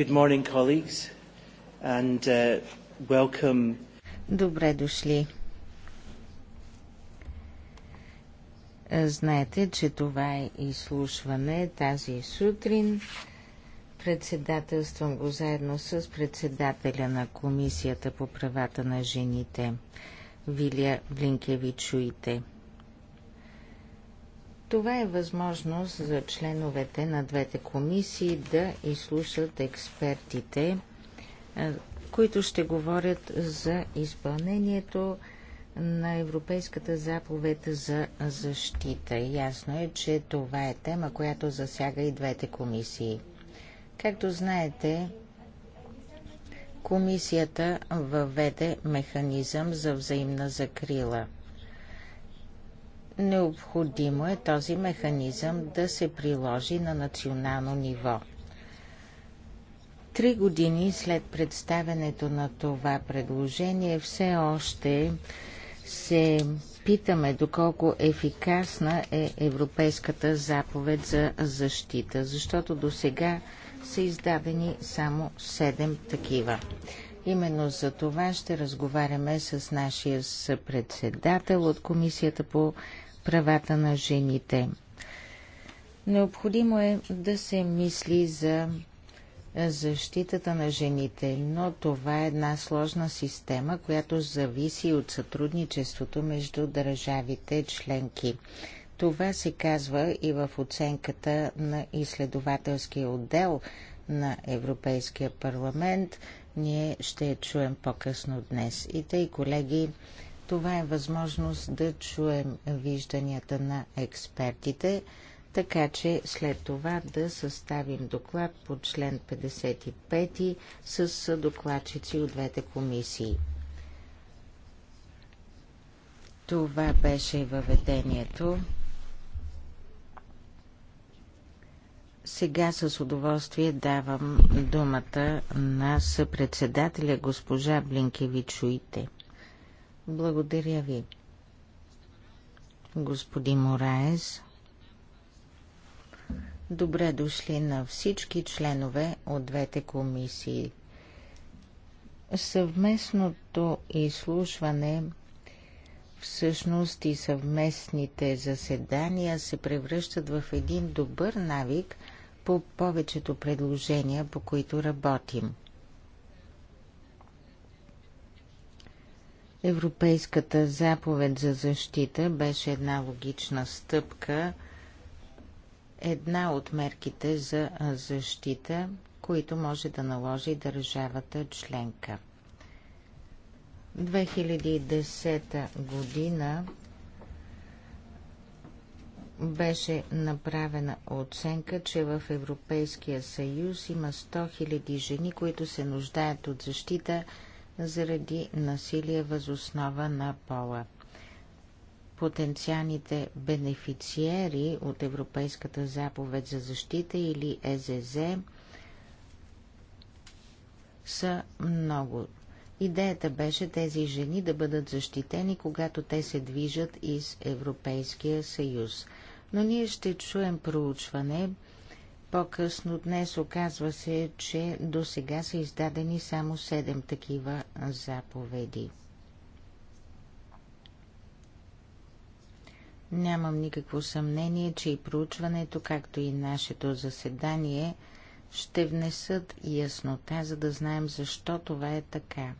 Good morning, colleagues, and uh, welcome. Добре дошли. Знаете, че това е изслушване тази сутрин. Председателствам го заедно с председателя на Комисията по правата на жените Вилия Блинкевич това е възможност за членовете на двете комисии да изслушат експертите, които ще говорят за изпълнението на Европейската заповед за защита. Ясно е, че това е тема, която засяга и двете комисии. Както знаете, комисията въведе механизъм за взаимна закрила – Необходимо е този механизъм да се приложи на национално ниво. Три години след представянето на това предложение все още се питаме доколко ефикасна е Европейската заповед за защита, защото до сега са издадени само 7 такива. Именно за това ще разговаряме с нашия съпредседател от Комисията по правата на жените. Необходимо е да се мисли за защитата на жените, но това е една сложна система, която зависи от сътрудничеството между държавите членки. Това се казва и в оценката на изследователския отдел на Европейския парламент. Ние ще я чуем по-късно днес. И тъй, колеги, това е възможност да чуем вижданията на експертите, така че след това да съставим доклад по член 55 с докладчици от двете комисии. Това беше въведението. Сега с удоволствие давам думата на съпредседателя госпожа Блинкевич Уите. Благодаря ви, господин Мораес. Добре дошли на всички членове от двете комисии. Съвместното изслушване всъщност и съвместните заседания се превръщат в един добър навик по повечето предложения, по които работим – Европейската заповед за защита беше една логична стъпка, една от мерките за защита, които може да наложи държавата членка. 2010 година беше направена оценка, че в Европейския съюз има 100 000 жени, които се нуждаят от защита – заради насилие възоснова на пола. Потенциалните бенефициери от Европейската заповед за защита или ЕЗЗ са много. Идеята беше тези жени да бъдат защитени, когато те се движат из Европейския съюз. Но ние ще чуем проучване, по-късно днес оказва се, че до сега са издадени само 7 такива заповеди. Нямам никакво съмнение, че и проучването, както и нашето заседание, ще внесат яснота, за да знаем защо това е така.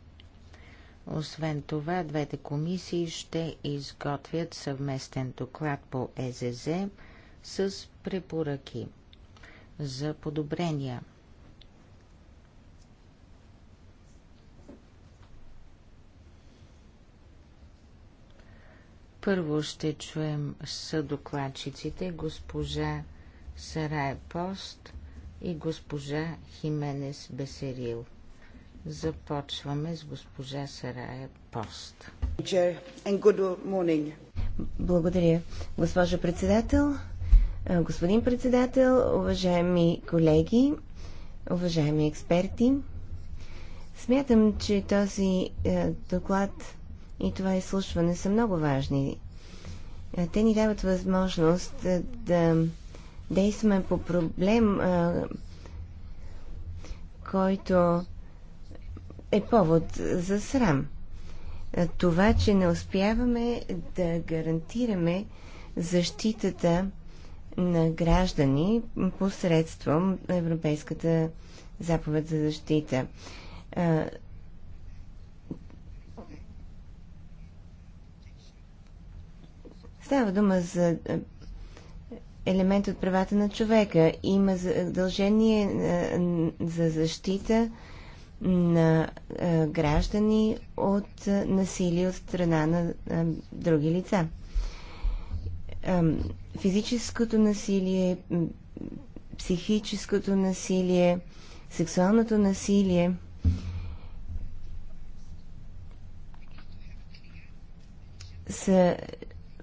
Освен това, двете комисии ще изготвят съвместен доклад по ЕЗЗ с препоръки за подобрения. Първо ще чуем съдокладчиците госпожа Сарай Пост и госпожа Хименес Бесерил. Започваме с госпожа Сарая Пост. Благодаря, госпожа председател. Господин председател, уважаеми колеги, уважаеми експерти, смятам, че този е, доклад и това изслушване са много важни. Те ни дават възможност е, да действаме по проблем, е, който е повод за срам. Това, че не успяваме да гарантираме защитата на граждани посредством Европейската заповед за защита. Става дума за елемент от правата на човека. Има задължение за защита на граждани от насилие от страна на други лица физическото насилие, психическото насилие, сексуалното насилие. са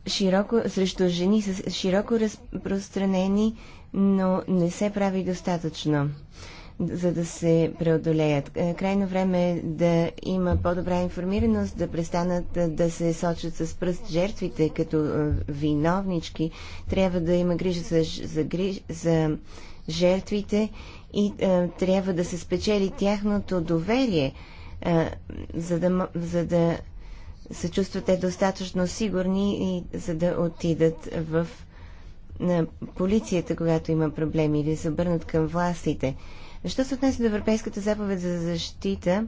широко, срещу жени са широко разпространени, но не се прави достатъчно за да се преодолеят. Е, крайно време е да има по-добра информираност, да престанат е, да се сочат с пръст жертвите като е, виновнички. Трябва да има грижа за, за, за жертвите и а, трябва да се спечели тяхното доверие, а, за, да, за да се чувствате достатъчно сигурни и за да отидат в на полицията, когато има проблеми или се обърнат към властите. Що се отнесе до Европейската заповед за защита,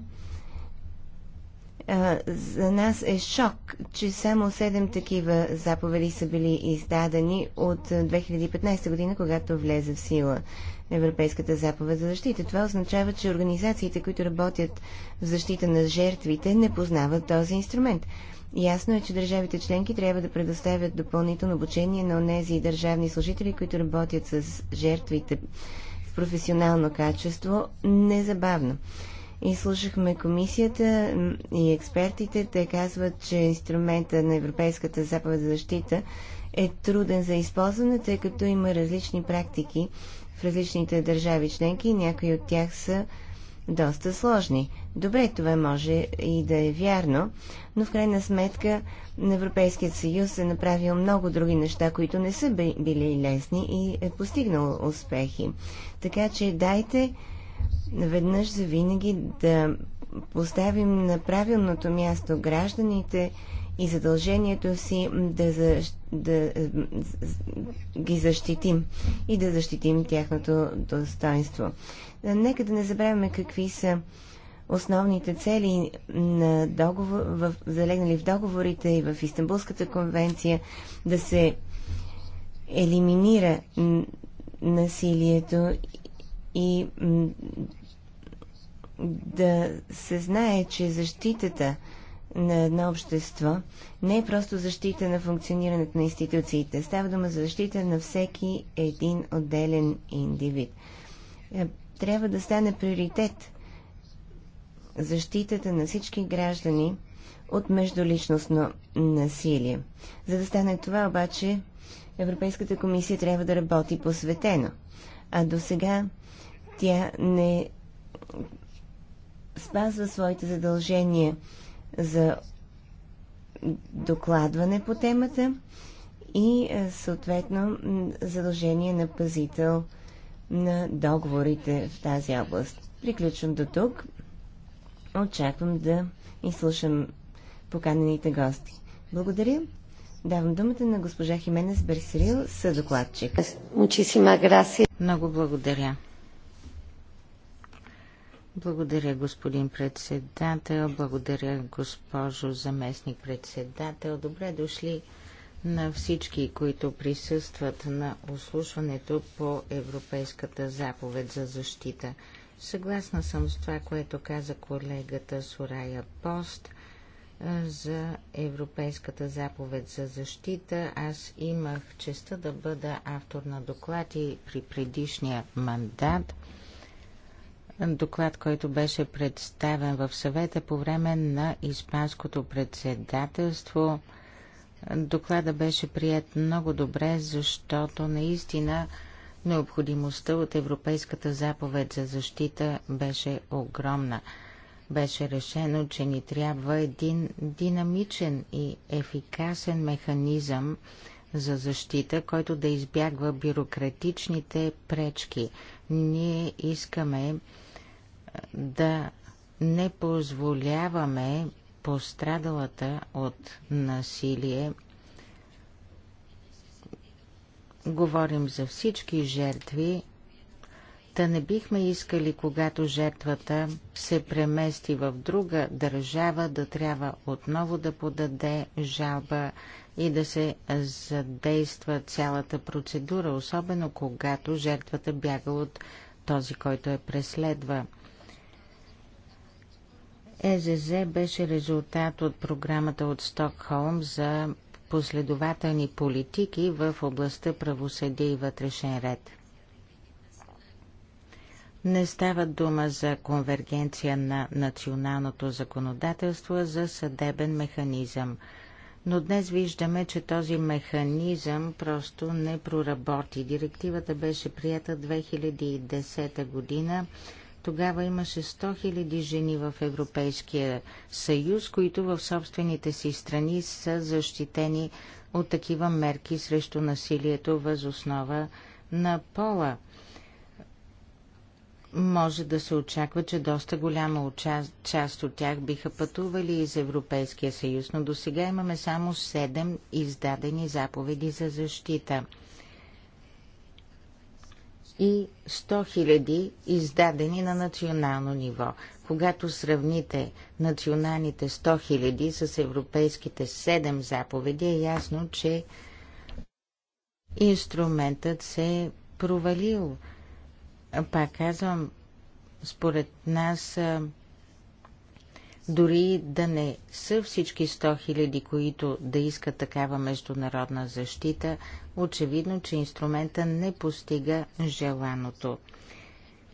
за нас е шок, че само 7 такива заповеди са били издадени от 2015 година, когато влезе в сила Европейската заповед за защита. Това означава, че организациите, които работят в защита на жертвите, не познават този инструмент. Ясно е, че държавите членки трябва да предоставят допълнително обучение на онези държавни служители, които работят с жертвите професионално качество незабавно. И слушахме комисията и експертите. Те казват, че инструмента на Европейската заповед за защита е труден за използване, тъй като има различни практики в различните държави членки и някои от тях са доста сложни. Добре, това може и да е вярно, но в крайна сметка на Европейският съюз е направил много други неща, които не са били лесни и е постигнал успехи. Така че дайте веднъж за винаги да поставим на правилното място гражданите и задължението си да, за, да е, ги защитим и да защитим тяхното достоинство. Нека да не забравяме какви са основните цели на договор, в, залегнали в договорите и в Истанбулската конвенция, да се елиминира насилието и да се знае, че защитата на едно общество не е просто защита на функционирането на институциите. Става дума за защита на всеки един отделен индивид. Е, трябва да стане приоритет защитата на всички граждани от междуличностно насилие. За да стане това обаче, Европейската комисия трябва да работи посветено. А до сега тя не спазва своите задължения за докладване по темата и е, съответно задължение на пазител на договорите в тази област. Приключвам до тук очаквам да изслушам поканените гости. Благодаря. Давам думата на госпожа Хименес Берсерил, граси. Много благодаря. Благодаря, господин председател. Благодаря, госпожо заместник председател. Добре дошли на всички, които присъстват на ослушването по Европейската заповед за защита – Съгласна съм с това, което каза колегата Сорая Пост за Европейската заповед за защита. Аз имах честа да бъда автор на доклад и при предишния мандат. Доклад, който беше представен в съвета по време на Испанското председателство. Доклада беше прият много добре, защото наистина Необходимостта от Европейската заповед за защита беше огромна. Беше решено, че ни трябва един динамичен и ефикасен механизъм за защита, който да избягва бюрократичните пречки. Ние искаме да не позволяваме пострадалата от насилие говорим за всички жертви, Та не бихме искали, когато жертвата се премести в друга държава, да трябва отново да подаде жалба и да се задейства цялата процедура, особено когато жертвата бяга от този, който я е преследва. ЕЗЗ беше резултат от програмата от Стокхолм за последователни политики в областта правосъдие и вътрешен ред. Не става дума за конвергенция на националното законодателство за съдебен механизъм. Но днес виждаме, че този механизъм просто не проработи. Директивата беше прията 2010 година тогава имаше 100 000 жени в Европейския съюз, които в собствените си страни са защитени от такива мерки срещу насилието въз основа на пола. Може да се очаква, че доста голяма част от тях биха пътували из Европейския съюз, но до сега имаме само 7 издадени заповеди за защита – и 100 000 издадени на национално ниво. Когато сравните националните 100 000 с европейските 7 заповеди, е ясно, че инструментът се е провалил. Пак казвам, според нас дори да не са всички 100 000, които да искат такава международна защита, очевидно, че инструмента не постига желаното.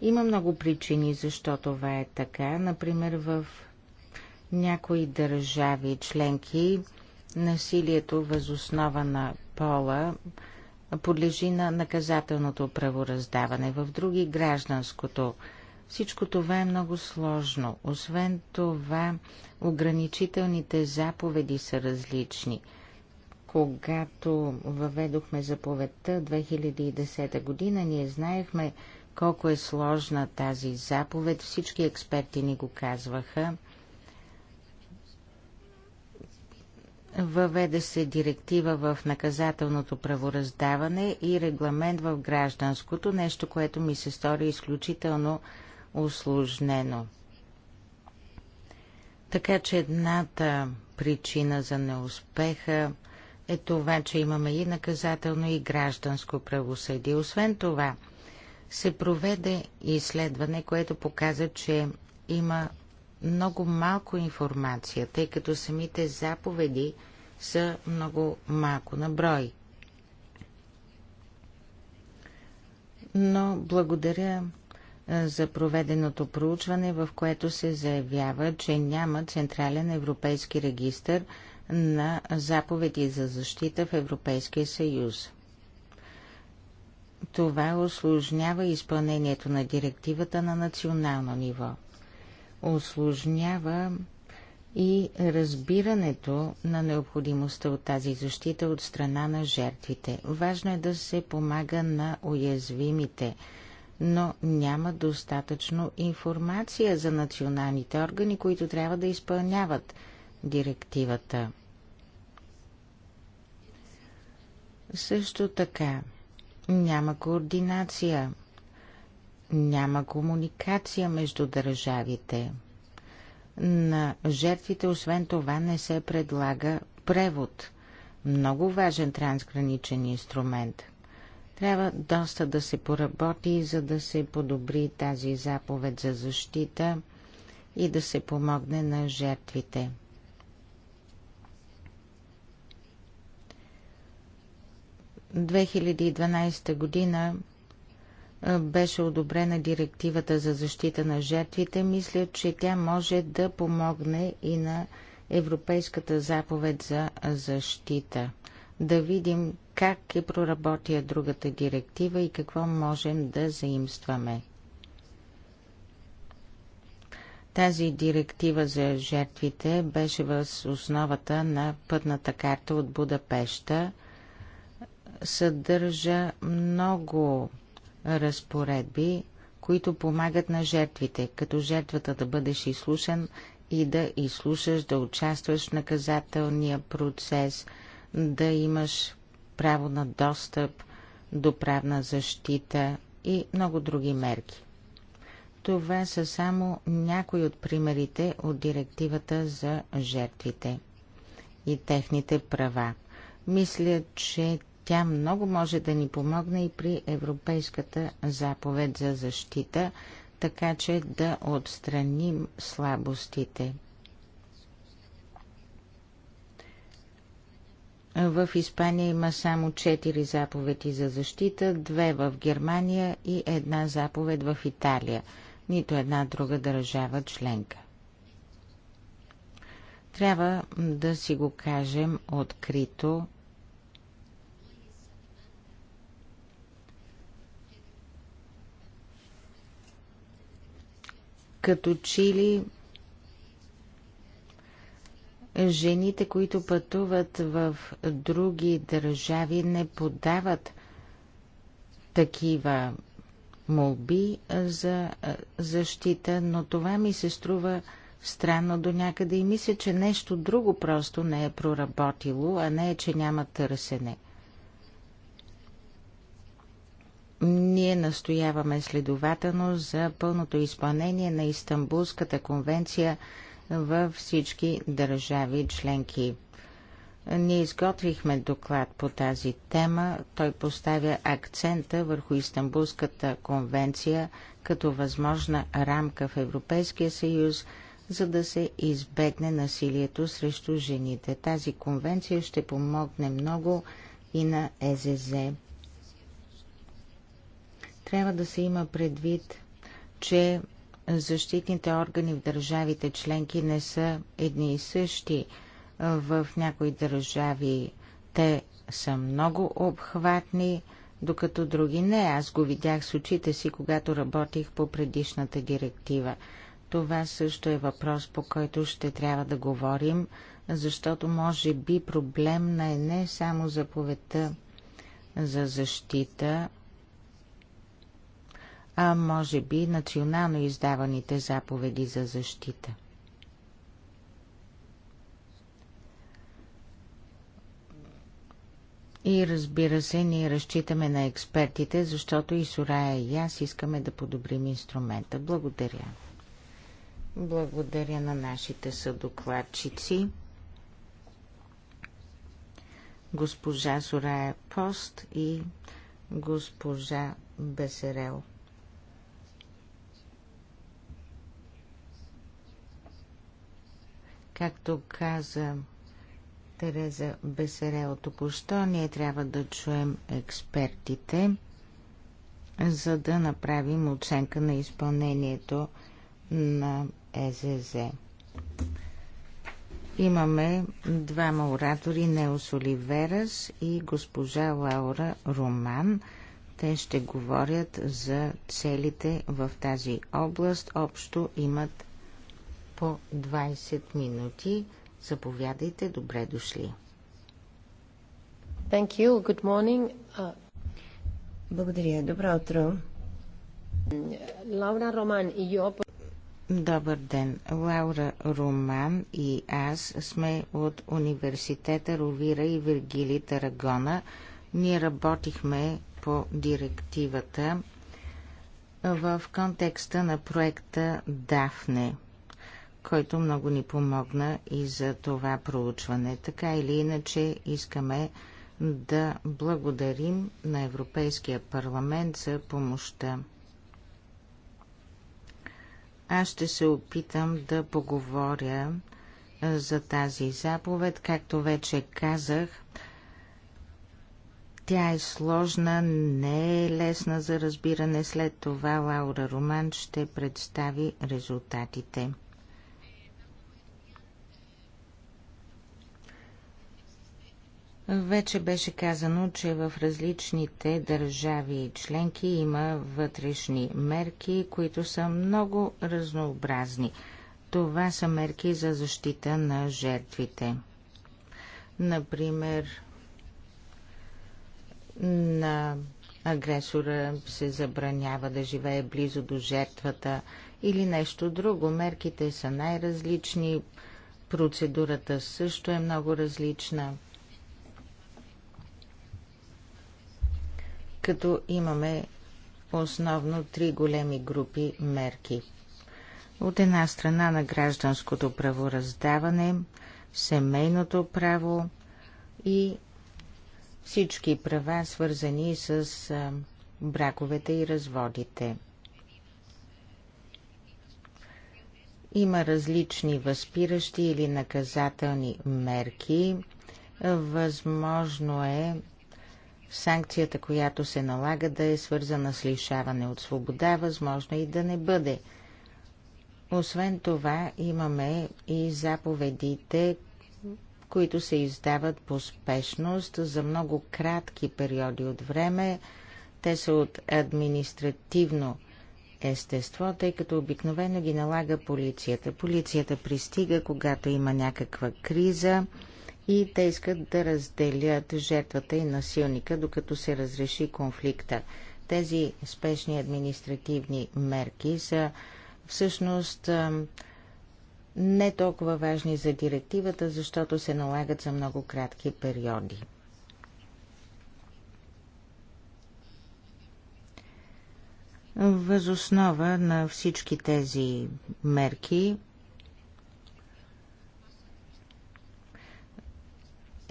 Има много причини защо това е така. Например, в някои държави членки насилието възоснова на пола подлежи на наказателното правораздаване, в други гражданското правораздаване всичко това е много сложно. Освен това, ограничителните заповеди са различни. Когато въведохме заповедта 2010 година, ние знаехме колко е сложна тази заповед. Всички експерти ни го казваха. Въведе се директива в наказателното правораздаване и регламент в гражданското, нещо, което ми се стори изключително усложнено. Така че едната причина за неуспеха е това, че имаме и наказателно и гражданско правосъдие. Освен това, се проведе изследване, което показа, че има много малко информация, тъй като самите заповеди са много малко на брой. Но благодаря за проведеното проучване, в което се заявява, че няма централен европейски регистр на заповеди за защита в Европейския съюз. Това осложнява изпълнението на директивата на национално ниво. Осложнява и разбирането на необходимостта от тази защита от страна на жертвите. Важно е да се помага на уязвимите – но няма достатъчно информация за националните органи, които трябва да изпълняват директивата. Също така, няма координация, няма комуникация между държавите. На жертвите, освен това, не се предлага превод. Много важен трансграничен инструмент – трябва доста да се поработи, за да се подобри тази заповед за защита и да се помогне на жертвите. В 2012 година беше одобрена директивата за защита на жертвите, мисля, че тя може да помогне и на Европейската заповед за защита да видим как е проработя другата директива и какво можем да заимстваме. Тази директива за жертвите беше в основата на пътната карта от Будапешта. Съдържа много разпоредби, които помагат на жертвите, като жертвата да бъдеш изслушан и да изслушаш, да участваш в наказателния процес – да имаш право на достъп до правна защита и много други мерки. Това са само някои от примерите от директивата за жертвите и техните права. Мисля, че тя много може да ни помогне и при Европейската заповед за защита, така че да отстраним слабостите. В Испания има само 4 заповеди за защита, две в Германия и една заповед в Италия, нито една друга държава членка. Трябва да си го кажем открито. Като чили жените, които пътуват в други държави, не подават такива молби за защита, но това ми се струва странно до някъде и мисля, че нещо друго просто не е проработило, а не е, че няма търсене. Ние настояваме следователно за пълното изпълнение на Истанбулската конвенция – във всички държави членки. Ние изготвихме доклад по тази тема. Той поставя акцента върху Истанбулската конвенция като възможна рамка в Европейския съюз, за да се избегне насилието срещу жените. Тази конвенция ще помогне много и на ЕЗЗ. Трябва да се има предвид, че защитните органи в държавите членки не са едни и същи. В някои държави те са много обхватни, докато други не. Аз го видях с очите си, когато работих по предишната директива. Това също е въпрос, по който ще трябва да говорим, защото може би проблемна е не само заповедта за защита, а може би национално издаваните заповеди за защита. И разбира се, ние разчитаме на експертите, защото и Сурая и аз искаме да подобрим инструмента. Благодаря. Благодаря на нашите съдокладчици. Госпожа Сурая Пост и госпожа Бесерел. Както каза Тереза от току-що, ние трябва да чуем експертите, за да направим оценка на изпълнението на ЕЗЗ. Имаме двама оратори, Неос Оливерас и госпожа Лаура Роман. Те ще говорят за целите в тази област. Общо имат по 20 минути. Заповядайте, добре дошли. Thank you. Good morning. Uh... Благодаря. Добро утро. Лаура Роман и я... Добър ден! Лаура Роман и аз сме от университета Ровира и Вергили Тарагона. Ние работихме по директивата в контекста на проекта Дафне – който много ни помогна и за това проучване. Така или иначе искаме да благодарим на Европейския парламент за помощта. Аз ще се опитам да поговоря за тази заповед. Както вече казах, тя е сложна, не е лесна за разбиране. След това Лаура Роман ще представи резултатите. Вече беше казано, че в различните държави и членки има вътрешни мерки, които са много разнообразни. Това са мерки за защита на жертвите. Например, на агресора се забранява да живее близо до жертвата или нещо друго. Мерките са най-различни, процедурата също е много различна. като имаме основно три големи групи мерки. От една страна на гражданското правораздаване, семейното право и всички права, свързани с браковете и разводите. Има различни възпиращи или наказателни мерки. Възможно е санкцията, която се налага да е свързана с лишаване от свобода, възможно и да не бъде. Освен това, имаме и заповедите, които се издават по спешност за много кратки периоди от време. Те са от административно естество, тъй като обикновено ги налага полицията. Полицията пристига, когато има някаква криза и те искат да разделят жертвата и насилника, докато се разреши конфликта. Тези спешни административни мерки са всъщност не толкова важни за директивата, защото се налагат за много кратки периоди. Възоснова на всички тези мерки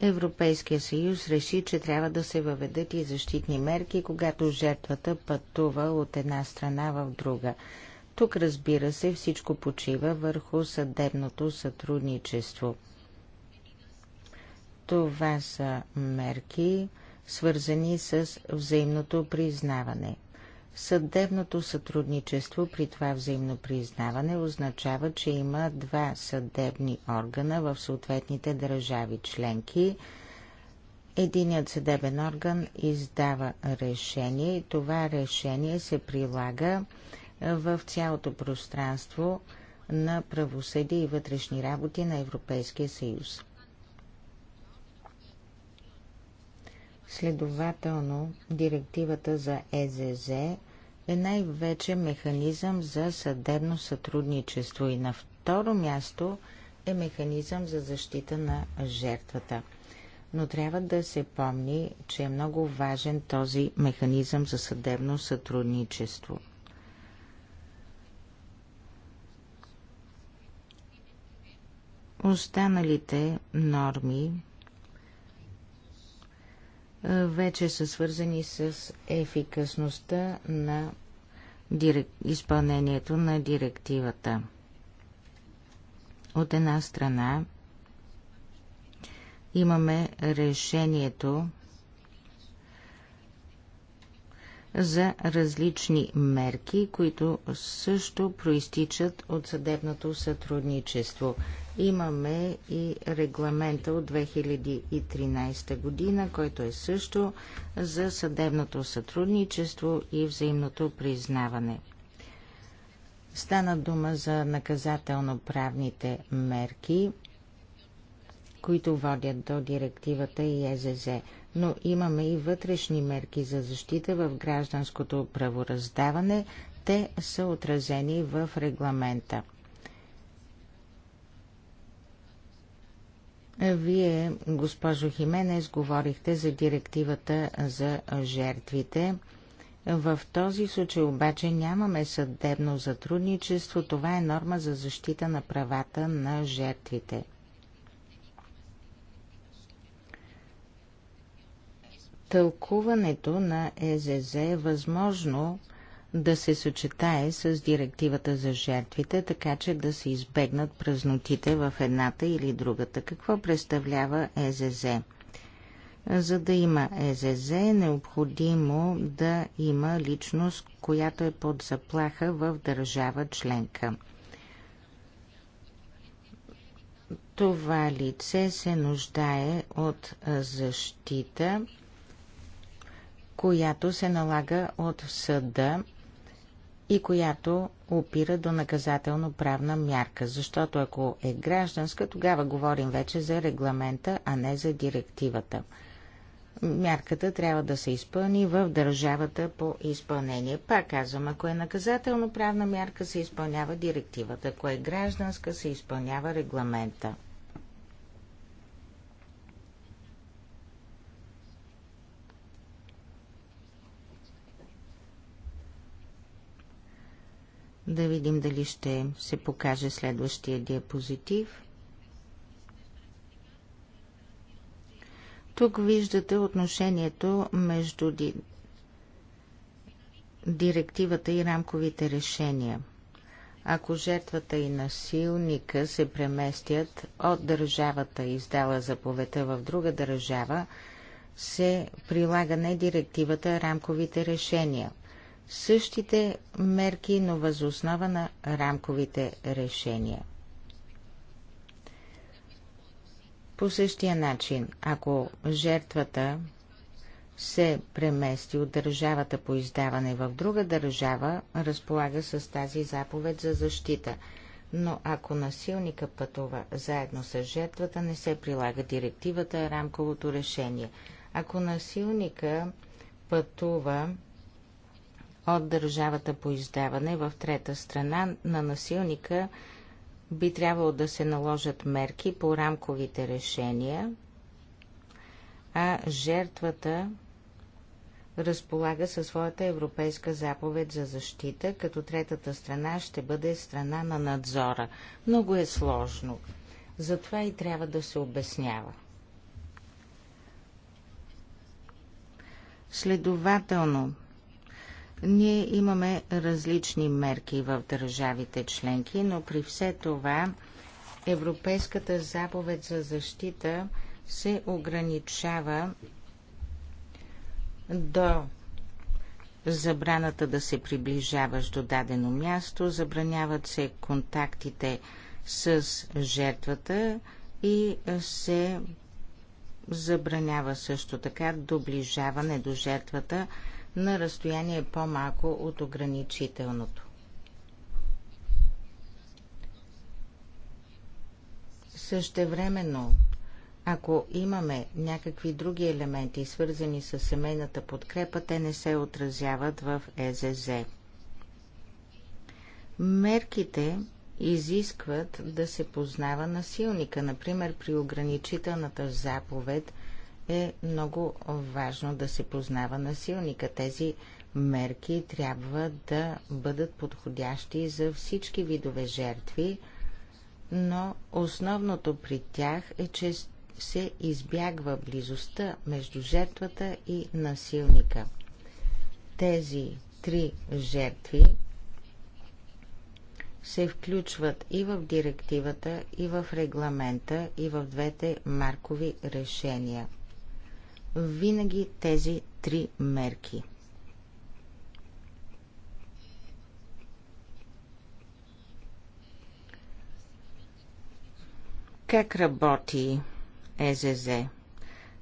Европейския съюз реши, че трябва да се въведат и защитни мерки, когато жертвата пътува от една страна в друга. Тук, разбира се, всичко почива върху съдебното сътрудничество. Това са мерки, свързани с взаимното признаване. Съдебното сътрудничество при това взаимно признаване означава, че има два съдебни органа в съответните държави членки. Единият съдебен орган издава решение и това решение се прилага в цялото пространство на правосъдие и вътрешни работи на Европейския съюз. Следователно, директивата за ЕЗЗ е най-вече механизъм за съдебно сътрудничество и на второ място е механизъм за защита на жертвата. Но трябва да се помни, че е много важен този механизъм за съдебно сътрудничество. Останалите норми вече са свързани с ефикасността на дирек... изпълнението на директивата. От една страна имаме решението за различни мерки, които също проистичат от съдебното сътрудничество. Имаме и регламента от 2013 година, който е също за съдебното сътрудничество и взаимното признаване. Стана дума за наказателно-правните мерки, които водят до директивата и ЕЗЗ но имаме и вътрешни мерки за защита в гражданското правораздаване. Те са отразени в регламента. Вие, госпожо Хименес, говорихте за директивата за жертвите. В този случай обаче нямаме съдебно затрудничество. Това е норма за защита на правата на жертвите. тълкуването на ЕЗЗ е възможно да се съчетае с директивата за жертвите, така че да се избегнат празнотите в едната или другата. Какво представлява ЕЗЗ? За да има ЕЗЗ е необходимо да има личност, която е под заплаха в държава членка. Това лице се нуждае от защита която се налага от съда и която опира до наказателно-правна мярка, защото ако е гражданска, тогава говорим вече за регламента, а не за директивата. Мярката трябва да се изпълни в държавата по изпълнение. Пак казвам, ако е наказателно-правна мярка, се изпълнява директивата, ако е гражданска, се изпълнява регламента. Да видим дали ще се покаже следващия диапозитив. Тук виждате отношението между ди... директивата и рамковите решения. Ако жертвата и насилника се преместят от държавата, издала заповедта в друга държава, се прилага не директивата, а рамковите решения – същите мерки, но възоснова на рамковите решения. По същия начин, ако жертвата се премести от държавата по издаване в друга държава, разполага с тази заповед за защита. Но ако насилника пътува заедно с жертвата, не се прилага директивата, рамковото решение. Ако насилника пътува от държавата по издаване в трета страна на насилника би трябвало да се наложат мерки по рамковите решения, а жертвата разполага със своята европейска заповед за защита, като третата страна ще бъде страна на надзора. Много е сложно. Затова и трябва да се обяснява. Следователно, ние имаме различни мерки в държавите членки, но при все това Европейската заповед за защита се ограничава до забраната да се приближаваш до дадено място, забраняват се контактите с жертвата и се забранява също така доближаване до жертвата на разстояние по-малко от ограничителното. Същевременно, ако имаме някакви други елементи, свързани с семейната подкрепа, те не се отразяват в ЕЗЗ. Мерките изискват да се познава насилника. Например, при ограничителната заповед – е много важно да се познава насилника. Тези мерки трябва да бъдат подходящи за всички видове жертви, но основното при тях е, че се избягва близостта между жертвата и насилника. Тези три жертви се включват и в директивата, и в регламента, и в двете маркови решения – винаги тези три мерки. Как работи ЕЗЗ?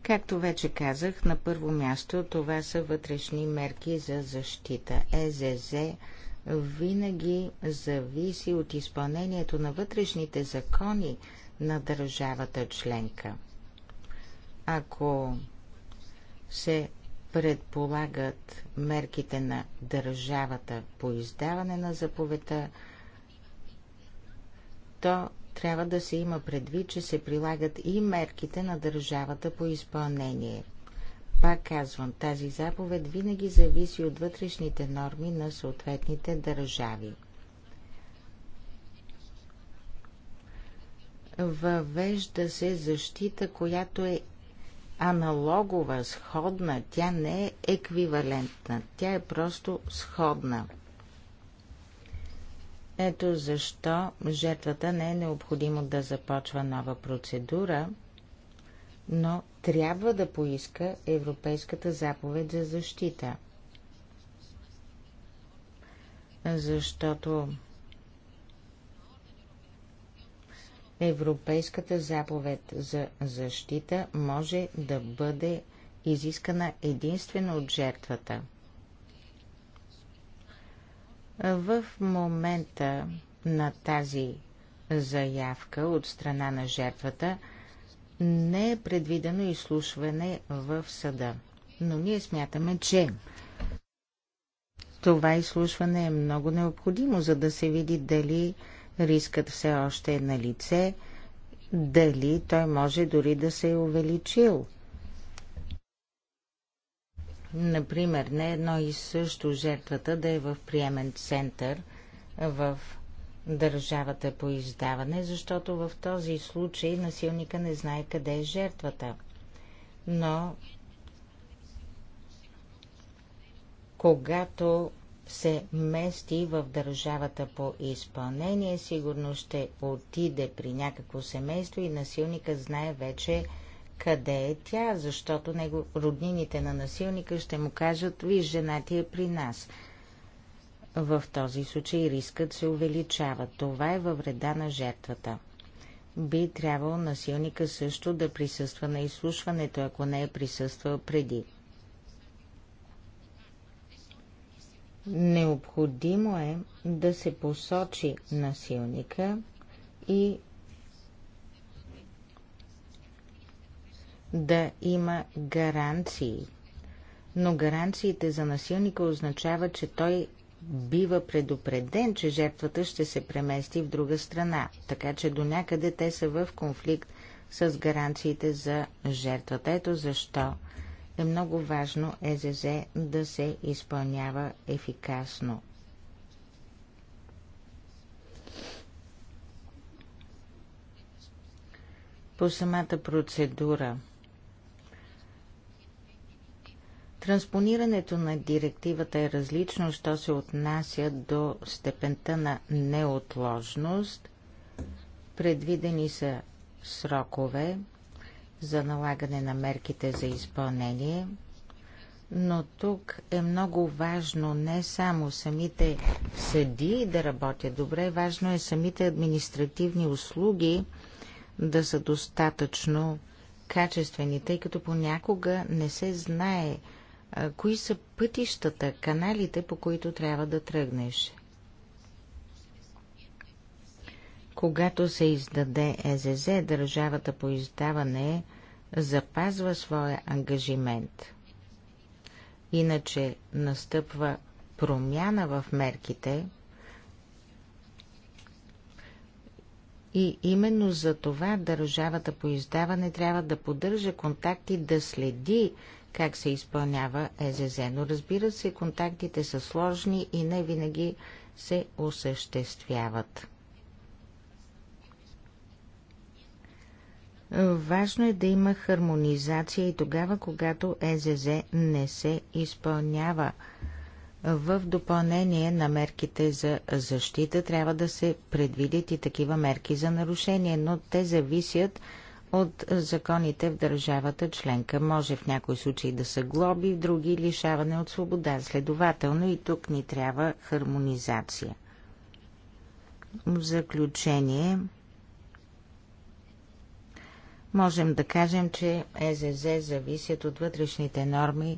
Както вече казах, на първо място това са вътрешни мерки за защита. ЕЗЗ винаги зависи от изпълнението на вътрешните закони на държавата членка. Ако се предполагат мерките на държавата по издаване на заповедта, то трябва да се има предвид, че се прилагат и мерките на държавата по изпълнение. Пак казвам, тази заповед винаги зависи от вътрешните норми на съответните държави. Въвежда се защита, която е аналогова, сходна, тя не е еквивалентна, тя е просто сходна. Ето защо жертвата не е необходимо да започва нова процедура, но трябва да поиска Европейската заповед за защита. Защото Европейската заповед за защита може да бъде изискана единствено от жертвата. В момента на тази заявка от страна на жертвата не е предвидено изслушване в съда. Но ние смятаме, че това изслушване е много необходимо, за да се види дали рискът все още е на лице, дали той може дори да се е увеличил. Например, не едно и също жертвата да е в приемен център в държавата по издаване, защото в този случай насилника не знае къде е жертвата. Но когато се мести в държавата по изпълнение, сигурно ще отиде при някакво семейство и насилника знае вече къде е тя, защото него, роднините на насилника ще му кажат, виж, жена ти е при нас. В този случай рискът се увеличава. Това е във вреда на жертвата. Би трябвало насилника също да присъства на изслушването, ако не е присъствал преди. Необходимо е да се посочи насилника и да има гаранции. Но гаранциите за насилника означава, че той бива предупреден, че жертвата ще се премести в друга страна, така че до някъде те са в конфликт с гаранциите за жертвата. Ето защо е много важно ЕЗЗ е да се изпълнява ефикасно. По самата процедура Транспонирането на директивата е различно, що се отнася до степента на неотложност. Предвидени са срокове за налагане на мерките за изпълнение, но тук е много важно не само самите съди да работят добре, важно е самите административни услуги да са достатъчно качествени, тъй като понякога не се знае кои са пътищата, каналите, по които трябва да тръгнеш. Когато се издаде ЕЗЗ, държавата по издаване запазва своя ангажимент. Иначе настъпва промяна в мерките и именно за това държавата по издаване трябва да поддържа контакти, да следи как се изпълнява ЕЗЗ. Но разбира се, контактите са сложни и не винаги се осъществяват. Важно е да има хармонизация и тогава, когато ЕЗЗ не се изпълнява. В допълнение на мерките за защита трябва да се предвидят и такива мерки за нарушение, но те зависят от законите в държавата членка. Може в някои случаи да са глоби, в други лишаване от свобода. Следователно и тук ни трябва хармонизация. В заключение, можем да кажем, че ЕЗЗ зависят от вътрешните норми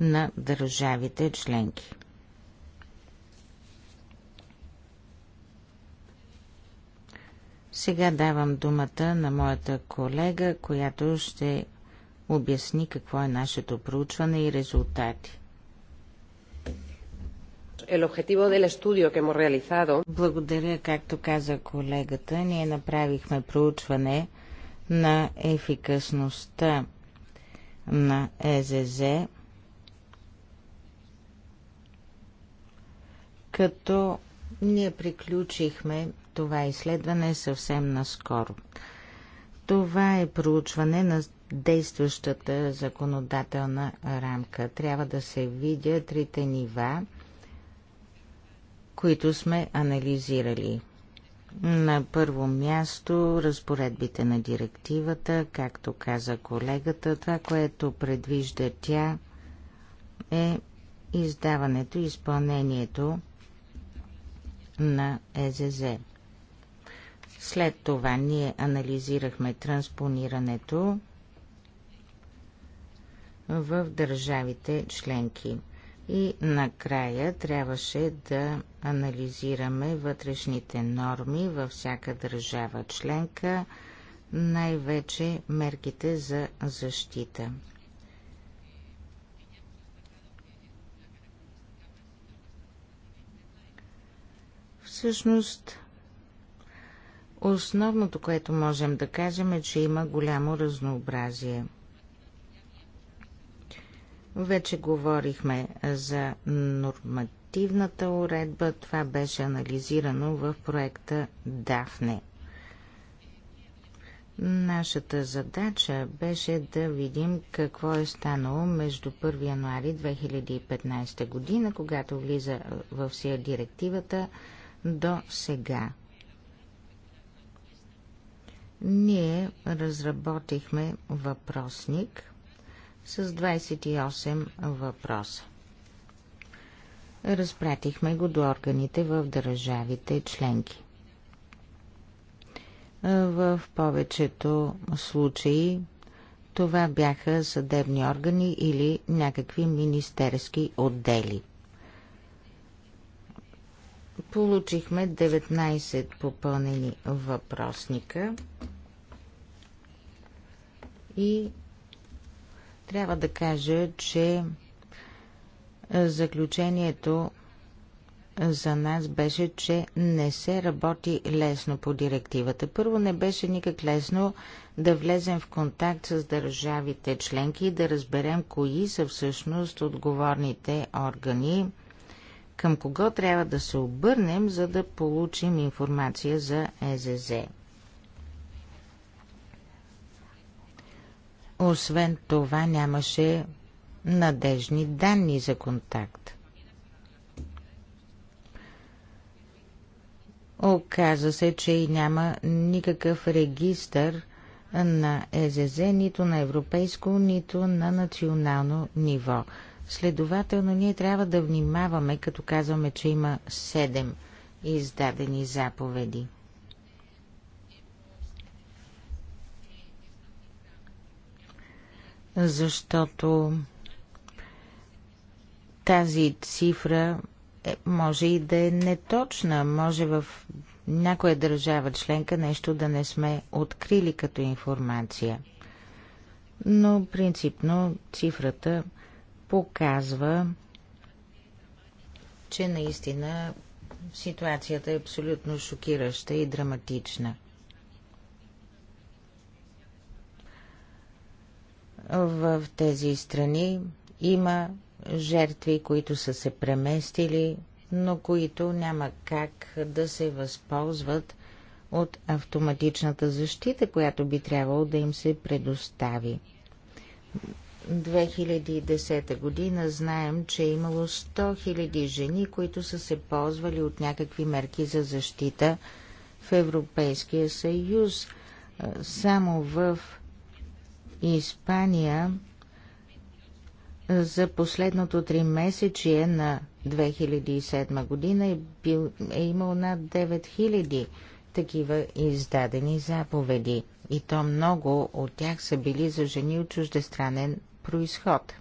на държавите членки. Сега давам думата на моята колега, която ще обясни какво е нашето проучване и резултати. Благодаря, както каза колегата, ние направихме проучване – на ефикасността на ЕЗЗ, като ние приключихме това изследване съвсем наскоро. Това е проучване на действащата законодателна рамка. Трябва да се видя трите нива, които сме анализирали. На първо място разпоредбите на директивата, както каза колегата, това, което предвижда тя е издаването и изпълнението на ЕЗЗ. След това ние анализирахме транспонирането в държавите членки – и накрая трябваше да анализираме вътрешните норми във всяка държава членка, най-вече мерките за защита. Всъщност, основното, което можем да кажем е, че има голямо разнообразие – вече говорихме за нормативната уредба. Това беше анализирано в проекта Дафне. Нашата задача беше да видим какво е станало между 1 януари 2015 година, когато влиза в сила директивата, до сега. Ние разработихме въпросник, с 28 въпроса. Разпратихме го до органите в държавите членки. В повечето случаи това бяха съдебни органи или някакви министерски отдели. Получихме 19 попълнени въпросника и трябва да кажа, че е, заключението е, за нас беше, че не се работи лесно по директивата. Първо не беше никак лесно да влезем в контакт с държавите членки и да разберем кои са всъщност отговорните органи, към кого трябва да се обърнем, за да получим информация за ЕЗЗ. Освен това нямаше надежни данни за контакт. Оказа се, че и няма никакъв регистър на ЕЗЗ, нито на европейско, нито на национално ниво. Следователно, ние трябва да внимаваме, като казваме, че има седем издадени заповеди. защото тази цифра е, може и да е неточна. Може в някоя държава членка нещо да не сме открили като информация. Но принципно цифрата показва, че наистина ситуацията е абсолютно шокираща и драматична – В тези страни има жертви, които са се преместили, но които няма как да се възползват от автоматичната защита, която би трябвало да им се предостави. 2010 година знаем, че е имало 100 000 жени, които са се ползвали от някакви мерки за защита в Европейския съюз. Само в Испания за последното три месечие на 2007 година е, бил, е имал над 9000 такива издадени заповеди и то много от тях са били за жени от чуждестранен происход.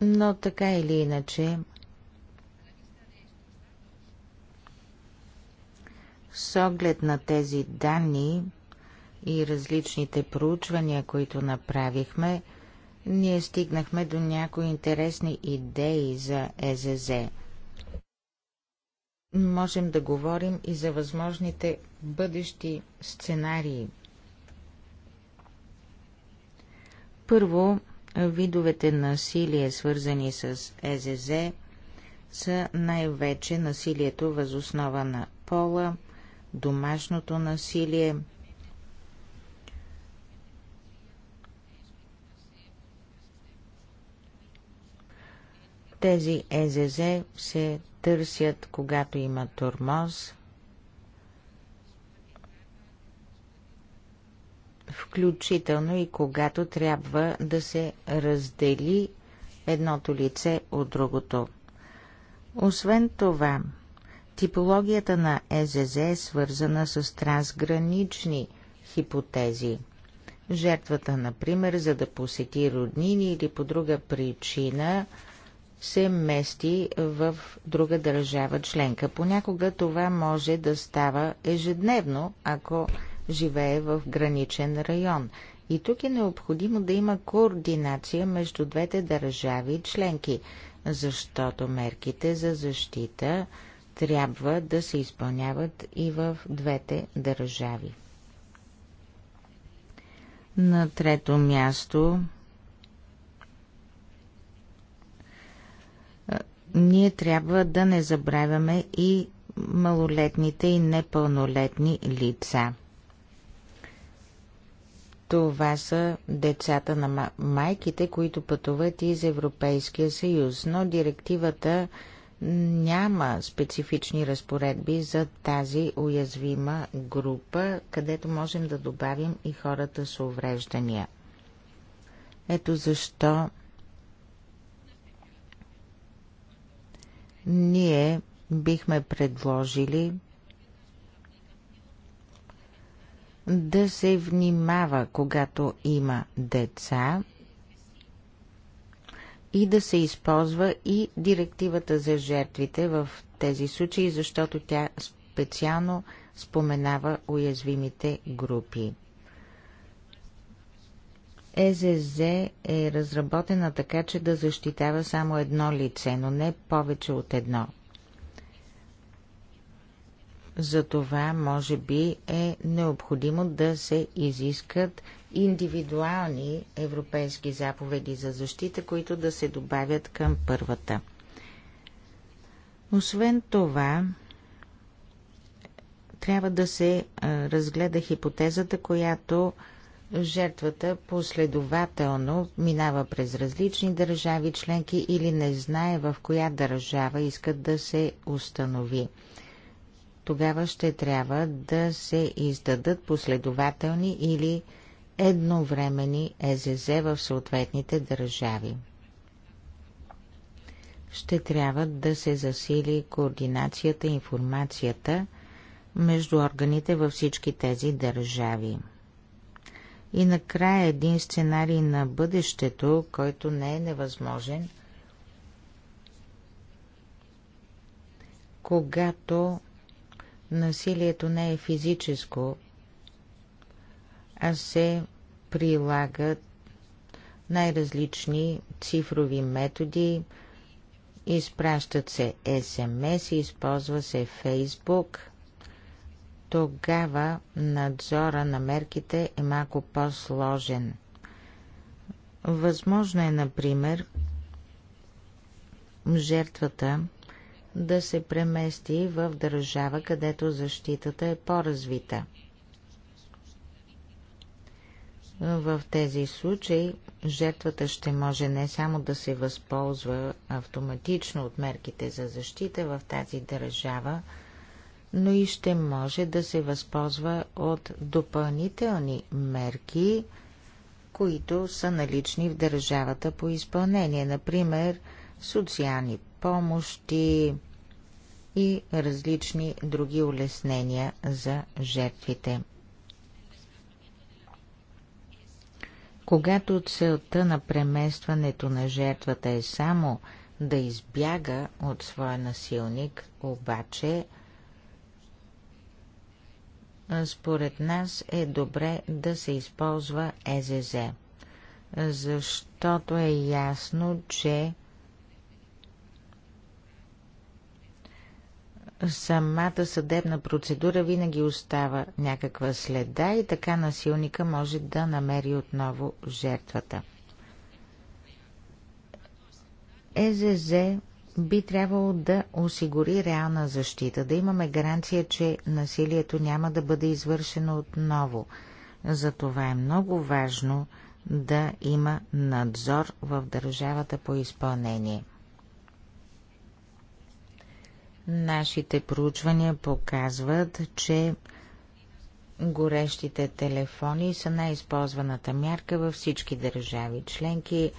Но така или иначе, С оглед на тези данни и различните проучвания, които направихме, ние стигнахме до някои интересни идеи за ЕЗЗ. Можем да говорим и за възможните бъдещи сценарии. Първо, видовете насилие, свързани с ЕЗЗ, са най-вече насилието възоснова на пола – домашното насилие. Тези ЕЗЗ се търсят, когато има тормоз, включително и когато трябва да се раздели едното лице от другото. Освен това, Типологията на ЕЗЗ е свързана с трансгранични хипотези. Жертвата, например, за да посети роднини или по друга причина, се мести в друга държава членка. Понякога това може да става ежедневно, ако живее в граничен район. И тук е необходимо да има координация между двете държави членки, защото мерките за защита трябва да се изпълняват и в двете държави. На трето място ние трябва да не забравяме и малолетните и непълнолетни лица. Това са децата на майките, които пътуват из Европейския съюз, но директивата няма специфични разпоредби за тази уязвима група, където можем да добавим и хората с увреждания. Ето защо ние бихме предложили да се внимава, когато има деца, и да се използва и директивата за жертвите в тези случаи, защото тя специално споменава уязвимите групи. ЕЗЗ е разработена така, че да защитава само едно лице, но не повече от едно. Затова, може би, е необходимо да се изискат индивидуални европейски заповеди за защита, които да се добавят към първата. Освен това, трябва да се разгледа хипотезата, която жертвата последователно минава през различни държави членки или не знае в коя държава искат да се установи. Тогава ще трябва да се издадат последователни или едновремени ЕЗЗ в съответните държави. Ще трябва да се засили координацията и информацията между органите във всички тези държави. И накрая един сценарий на бъдещето, който не е невъзможен, когато насилието не е физическо, а се прилагат най-различни цифрови методи, изпращат се СМС, използва се Фейсбук. Тогава надзора на мерките е малко по-сложен. Възможно е, например, жертвата да се премести в държава, където защитата е по-развита – в тези случаи жертвата ще може не само да се възползва автоматично от мерките за защита в тази държава, но и ще може да се възползва от допълнителни мерки, които са налични в държавата по изпълнение, например социални помощи и различни други улеснения за жертвите. Когато целта на преместването на жертвата е само да избяга от своя насилник, обаче според нас е добре да се използва ЕЗЗ, защото е ясно, че самата съдебна процедура винаги остава някаква следа и така насилника може да намери отново жертвата. ЕЗЗ би трябвало да осигури реална защита, да имаме гаранция, че насилието няма да бъде извършено отново. Затова е много важно да има надзор в държавата по изпълнение. Нашите проучвания показват, че горещите телефони са най-използваната мярка във всички държави членки.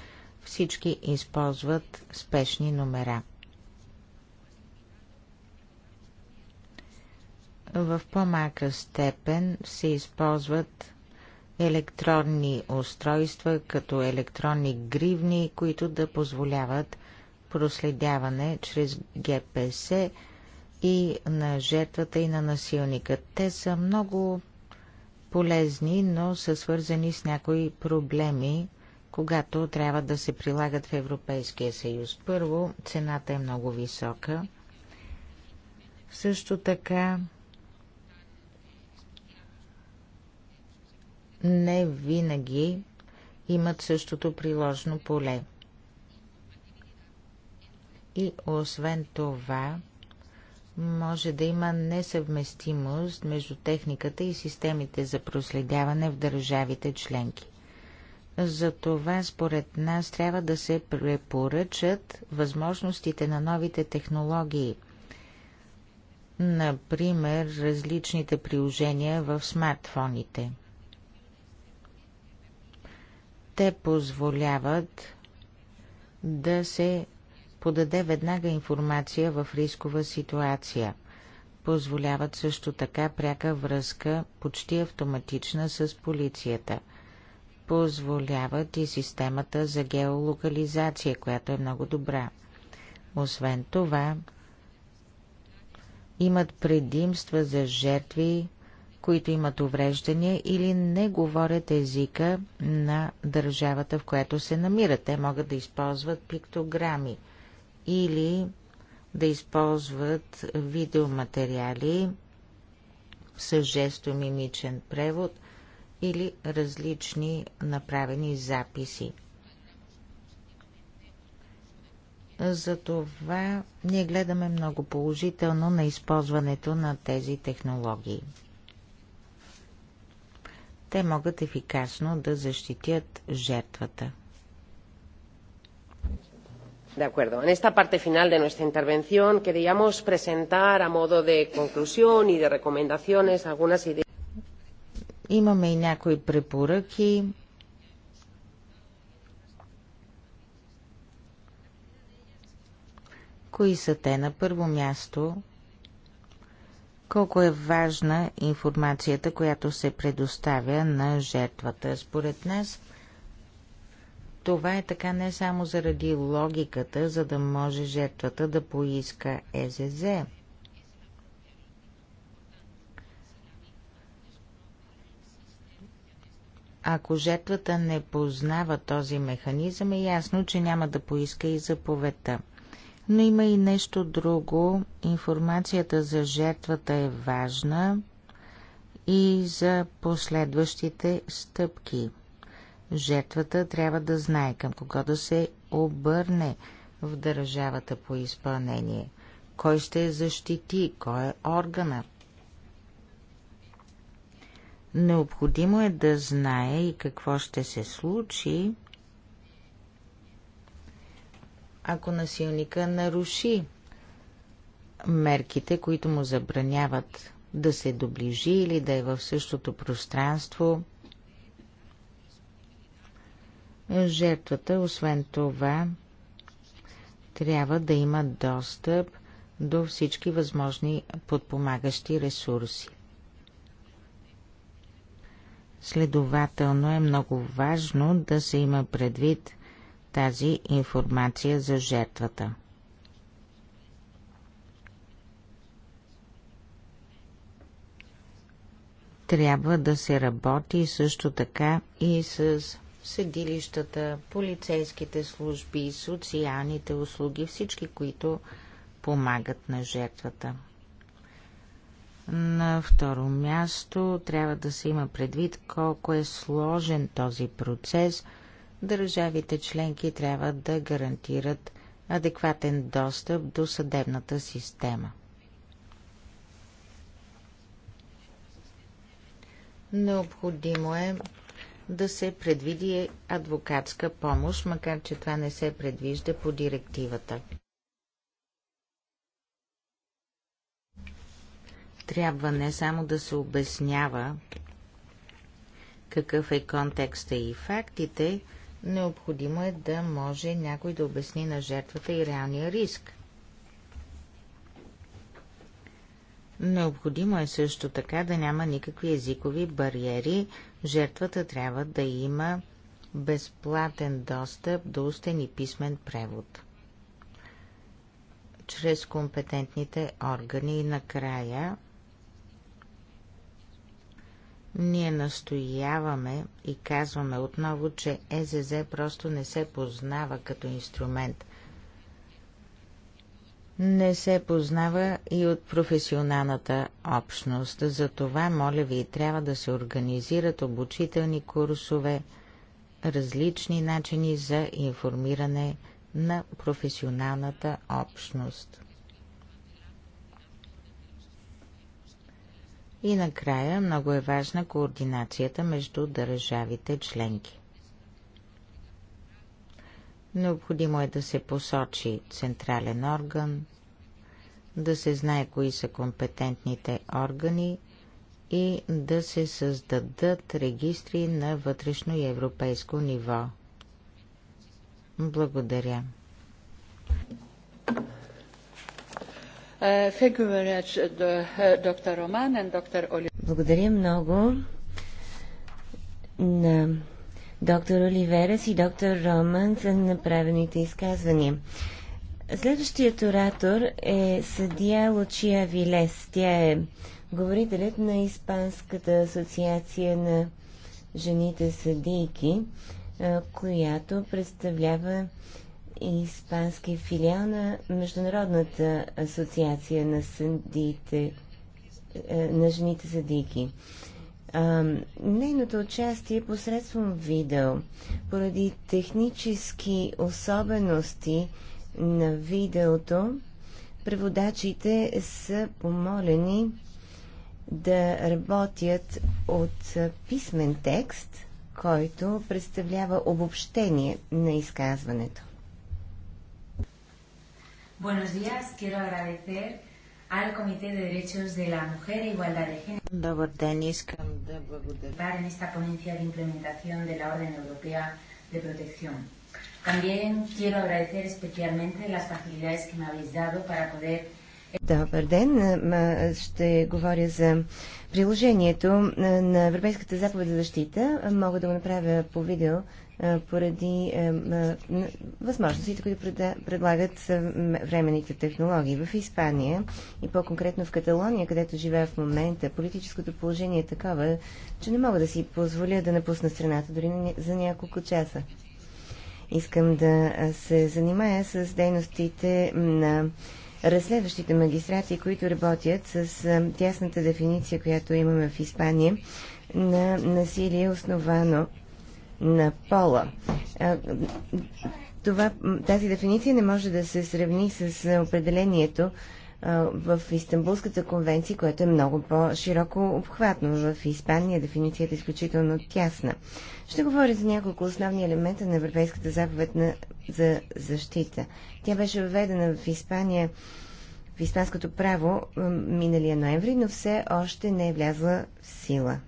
Всички използват спешни номера. В по-малка степен се използват електронни устройства, като електронни гривни, които да позволяват проследяване чрез ГПС и на жертвата и на насилника. Те са много полезни, но са свързани с някои проблеми, когато трябва да се прилагат в Европейския съюз. Първо, цената е много висока. Също така не винаги имат същото приложно поле. И освен това, може да има несъвместимост между техниката и системите за проследяване в държавите членки. Затова, според нас, трябва да се препоръчат възможностите на новите технологии. Например, различните приложения в смартфоните. Те позволяват да се подаде веднага информация в рискова ситуация. Позволяват също така пряка връзка, почти автоматична с полицията. Позволяват и системата за геолокализация, която е много добра. Освен това, имат предимства за жертви, които имат увреждания или не говорят езика на държавата, в която се намират. Те могат да използват пиктограми или да използват видеоматериали с жестомимичен превод или различни направени записи. Затова ние гледаме много положително на използването на тези технологии. Те могат ефикасно да защитят жертвата. De acuerdo. En esta parte final de nuestra intervención queríamos presentar a modo de conclusión y de recomendaciones algunas ideas. Имаме и някои препоръки. Кои са те на първо място? Колко е важна информацията, която се предоставя на жертвата? Според нас това е така не само заради логиката, за да може жертвата да поиска ЕЗЗ. Ако жертвата не познава този механизъм, е ясно, че няма да поиска и заповедта. Но има и нещо друго. Информацията за жертвата е важна и за последващите стъпки. Жертвата трябва да знае към кого да се обърне в държавата по изпълнение, кой ще защити, кой е органа. Необходимо е да знае и какво ще се случи, ако насилника наруши мерките, които му забраняват да се доближи или да е в същото пространство – Жертвата, освен това, трябва да има достъп до всички възможни подпомагащи ресурси. Следователно е много важно да се има предвид тази информация за жертвата. Трябва да се работи също така и с съдилищата, полицейските служби, социалните услуги, всички, които помагат на жертвата. На второ място трябва да се има предвид колко е сложен този процес. Държавите членки трябва да гарантират адекватен достъп до съдебната система. Необходимо е да се предвиди адвокатска помощ, макар че това не се предвижда по директивата. Трябва не само да се обяснява какъв е контекста и фактите, необходимо е да може някой да обясни на жертвата и реалния риск. Необходимо е също така да няма никакви езикови бариери жертвата трябва да има безплатен достъп до устен и писмен превод чрез компетентните органи и накрая ние настояваме и казваме отново, че ЕЗЗ просто не се познава като инструмент не се познава и от професионалната общност. За това моля ви, трябва да се организират обучителни курсове, различни начини за информиране на професионалната общност. И накрая много е важна координацията между държавите членки. Необходимо е да се посочи централен орган, да се знае кои са компетентните органи и да се създадат регистри на вътрешно и европейско ниво. Благодаря. Uh, uh, uh, Благодаря много на доктор Оливерес и доктор Роман за направените изказвания. Следващият оратор е съдия Лучия Вилес. Тя е говорителят на Испанската асоциация на жените съдийки, която представлява испански филиал на Международната асоциация на съдиите на жените съдийки. Нейното участие е посредством видео, поради технически особености на видеото, преводачите са помолени да работят от писмен текст, който представлява обобщение на изказването. Buenos días, quiero agradecer al Comité de Derechos de la Mujer e Igualdad de Género. Добър ден, искам да благодаря. En esta ponencia de implementación de la Orden Europea de Protección. También quiero agradecer especialmente las facilidades que me habéis dado para poder Добър ден. Ще говоря за приложението на Европейската заповед за защита. Мога да го направя по видео поради възможностите, които предлагат временните технологии. В Испания и по-конкретно в Каталония, където живея в момента, политическото положение е такова, че не мога да си позволя да напусна страната дори за няколко часа. Искам да се занимая с дейностите на разследващите магистрати, които работят с тясната дефиниция, която имаме в Испания на насилие, основано на пола. Това, тази дефиниция не може да се сравни с определението в Истанбулската конвенция, което е много по-широко обхватно. В Испания дефиницията е изключително тясна. Ще говоря за няколко основни елемента на Европейската заповед на, за защита. Тя беше введена в Испания в испанското право миналия ноември, но все още не е влязла в сила.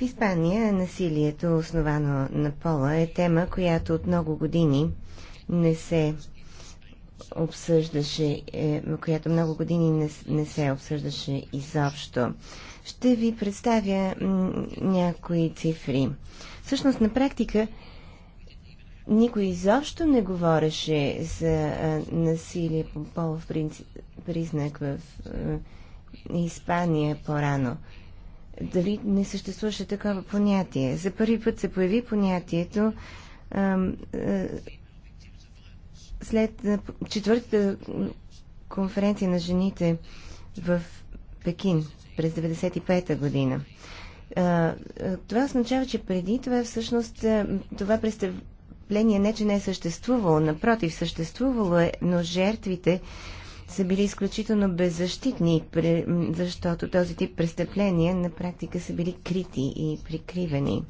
В Испания насилието, основано на пола, е тема, която от много години не се обсъждаше, е, която много години не, не се обсъждаше изобщо. Ще ви представя някои цифри. Всъщност, на практика, никой изобщо не говореше за насилие по полов признак в Испания по-рано дали не съществуваше такова понятие. За първи път се появи понятието а, а, е, след е, четвъртата конференция на жените в Пекин през 1995 година. А, е, това означава, че преди това всъщност това представление не, че не е съществувало, напротив, съществувало е, но жертвите са били изключително беззащитни, защото този тип престъпления на практика са били крити и прикривани.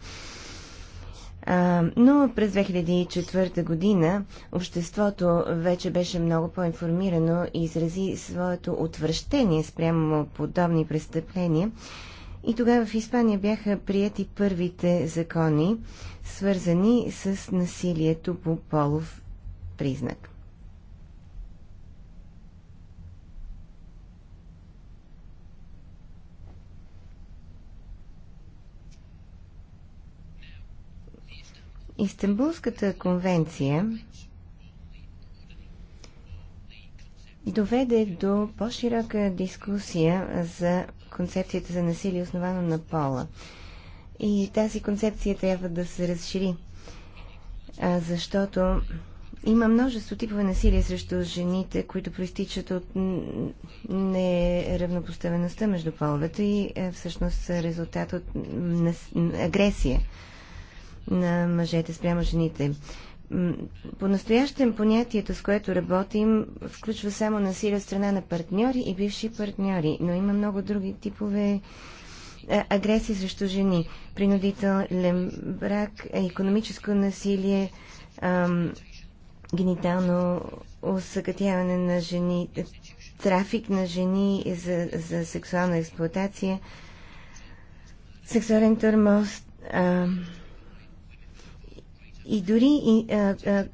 Но през 2004 година обществото вече беше много по-информирано и изрази своето отвръщение спрямо подобни престъпления. И тогава в Испания бяха прияти първите закони, свързани с насилието по полов признак. Истанбулската конвенция доведе до по-широка дискусия за концепцията за насилие, основано на пола. И тази концепция трябва да се разшири, защото има множество типове насилие срещу жените, които проистичат от неравнопоставеността между половете и е, всъщност резултат от агресия на мъжете спрямо жените. По-настоящем понятието, с което работим, включва само насилие страна на партньори и бивши партньори, но има много други типове е, агресии срещу жени, принудителен брак, економическо насилие, ам, генитално усъкътяване на жени, е, трафик на жени за, за сексуална експлуатация, сексуален тормоз, ам, и дори и, а, а,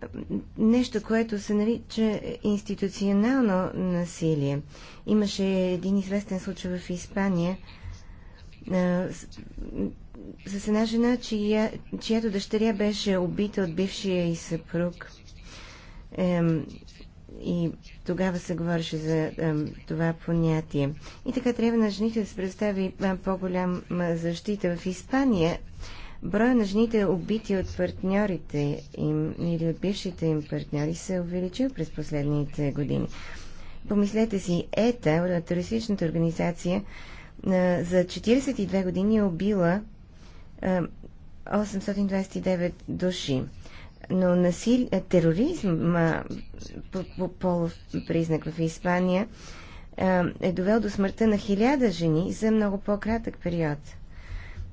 нещо, което се нарича институционално насилие. Имаше един известен случай в Испания а, с, с една жена, чия, чиято дъщеря беше убита от бившия и съпруг. Е, и тогава се говореше за е, това понятие. И така трябва на жените да се представи по-голяма защита в Испания. Броя на жените убити от партньорите им или от бившите им партньори се е увеличил през последните години. Помислете си, ЕТА, туристичната организация, за 42 години е убила 829 души. Но насили... тероризм по, по полов признак в Испания е довел до смъртта на хиляда жени за много по-кратък период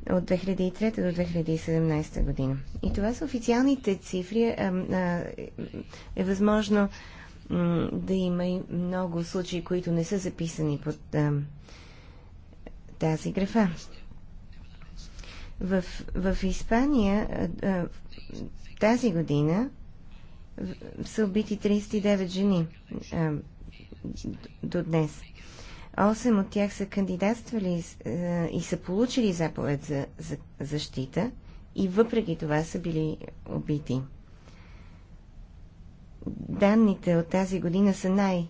от 2003 до 2017 година. И това са официалните цифри. Е, е, е възможно да има и много случаи, които не са записани под е, тази графа. В, в Испания тази година са убити 39 жени до днес. Осем от тях са кандидатствали е, и са получили заповед за, за защита и въпреки това са били убити. Данните от тази година са най-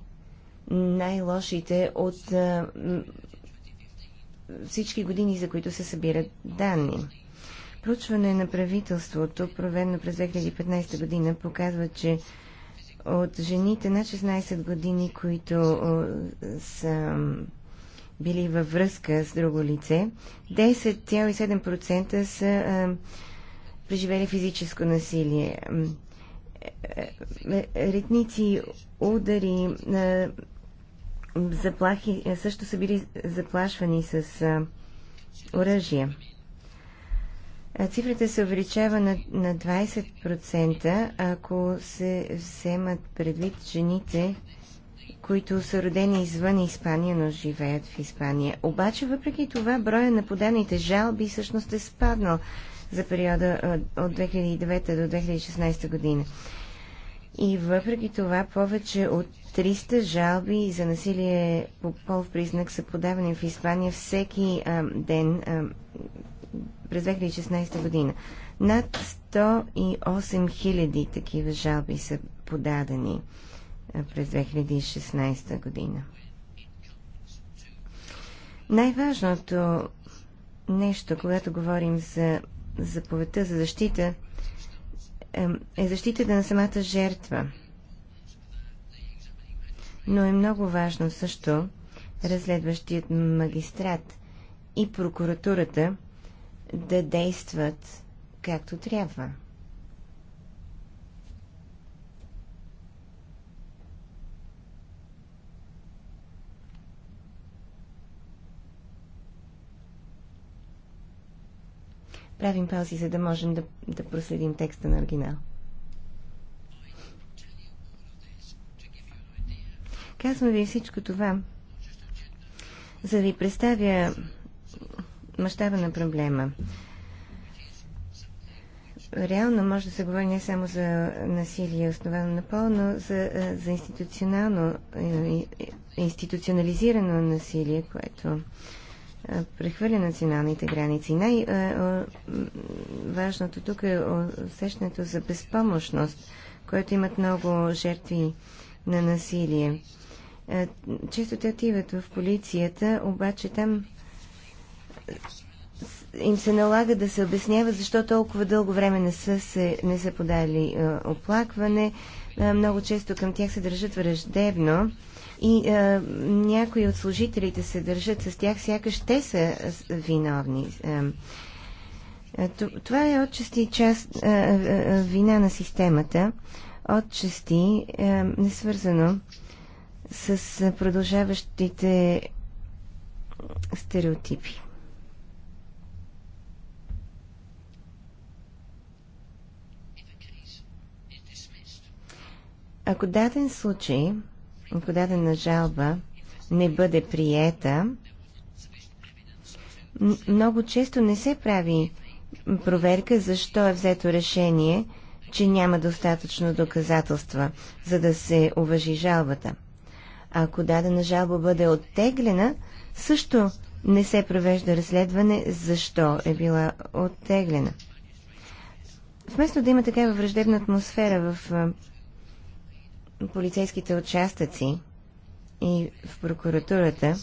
най-лошите от а, е, всички години, за които се събират данни. Проучване на правителството, проведено през 2015 година, показва, че от жените на 16 години, които са били във връзка с друго лице, 10,7% са преживели физическо насилие. Е, е, Ретници, удари, заплахи също са били заплашвани с оръжия. Цифрата се увеличава на, на 20%, ако се вземат предвид жените, които са родени извън Испания, но живеят в Испания. Обаче, въпреки това, броя на поданите жалби всъщност е спаднал за периода от 2009 до 2016 година. И въпреки това, повече от 300 жалби за насилие по полов признак са подавани в Испания всеки а, ден а, през 2016 година. Над 108 000 такива жалби са подадени през 2016 година. Най-важното нещо, когато говорим за заповедта за защита, е защитата на самата жертва. Но е много важно също разследващият магистрат и прокуратурата да действат както трябва. Правим паузи, за да можем да, да проследим текста на оригинал. Казвам ви всичко това, за да ви представя мащаба на проблема. Реално може да се говори не само за насилие основано на пол, но за, е, за институционално, е, институционализирано насилие, което е, прехвърля националните граници. Най-важното тук е усещането за безпомощност, което имат много жертви на насилие. Често те отиват в полицията, обаче там им се налага да се обяснява защо толкова дълго време не са, се, не са подали а, е, оплакване. А, е, много често към тях се държат враждебно и а, е, някои от служителите се държат с тях, сякаш те са виновни. А, това е отчасти част, а, а, вина на системата, отчасти а, несвързано с продължаващите стереотипи. Ако даден случай, ако дадена жалба не бъде приета, много често не се прави проверка защо е взето решение, че няма достатъчно доказателства, за да се уважи жалбата. Ако дадена жалба бъде оттеглена, също не се провежда разследване защо е била оттеглена. Вместо да има такава враждебна атмосфера в полицейските участъци и в прокуратурата,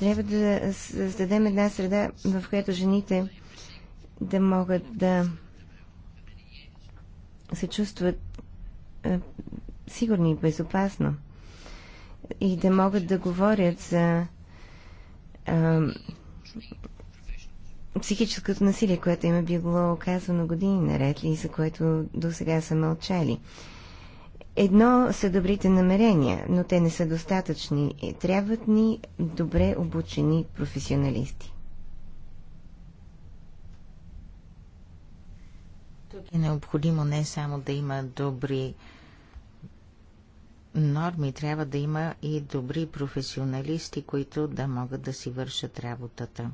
трябва да създадем една среда, в която жените да могат да се чувстват сигурни и безопасно и да могат да говорят за а, психическото насилие, което им е било оказано години наред и за което до сега са мълчали. Едно са добрите намерения, но те не са достатъчни. Трябват ни добре обучени професионалисти. Тук е необходимо не само да има добри норми, трябва да има и добри професионалисти, които да могат да си вършат работата.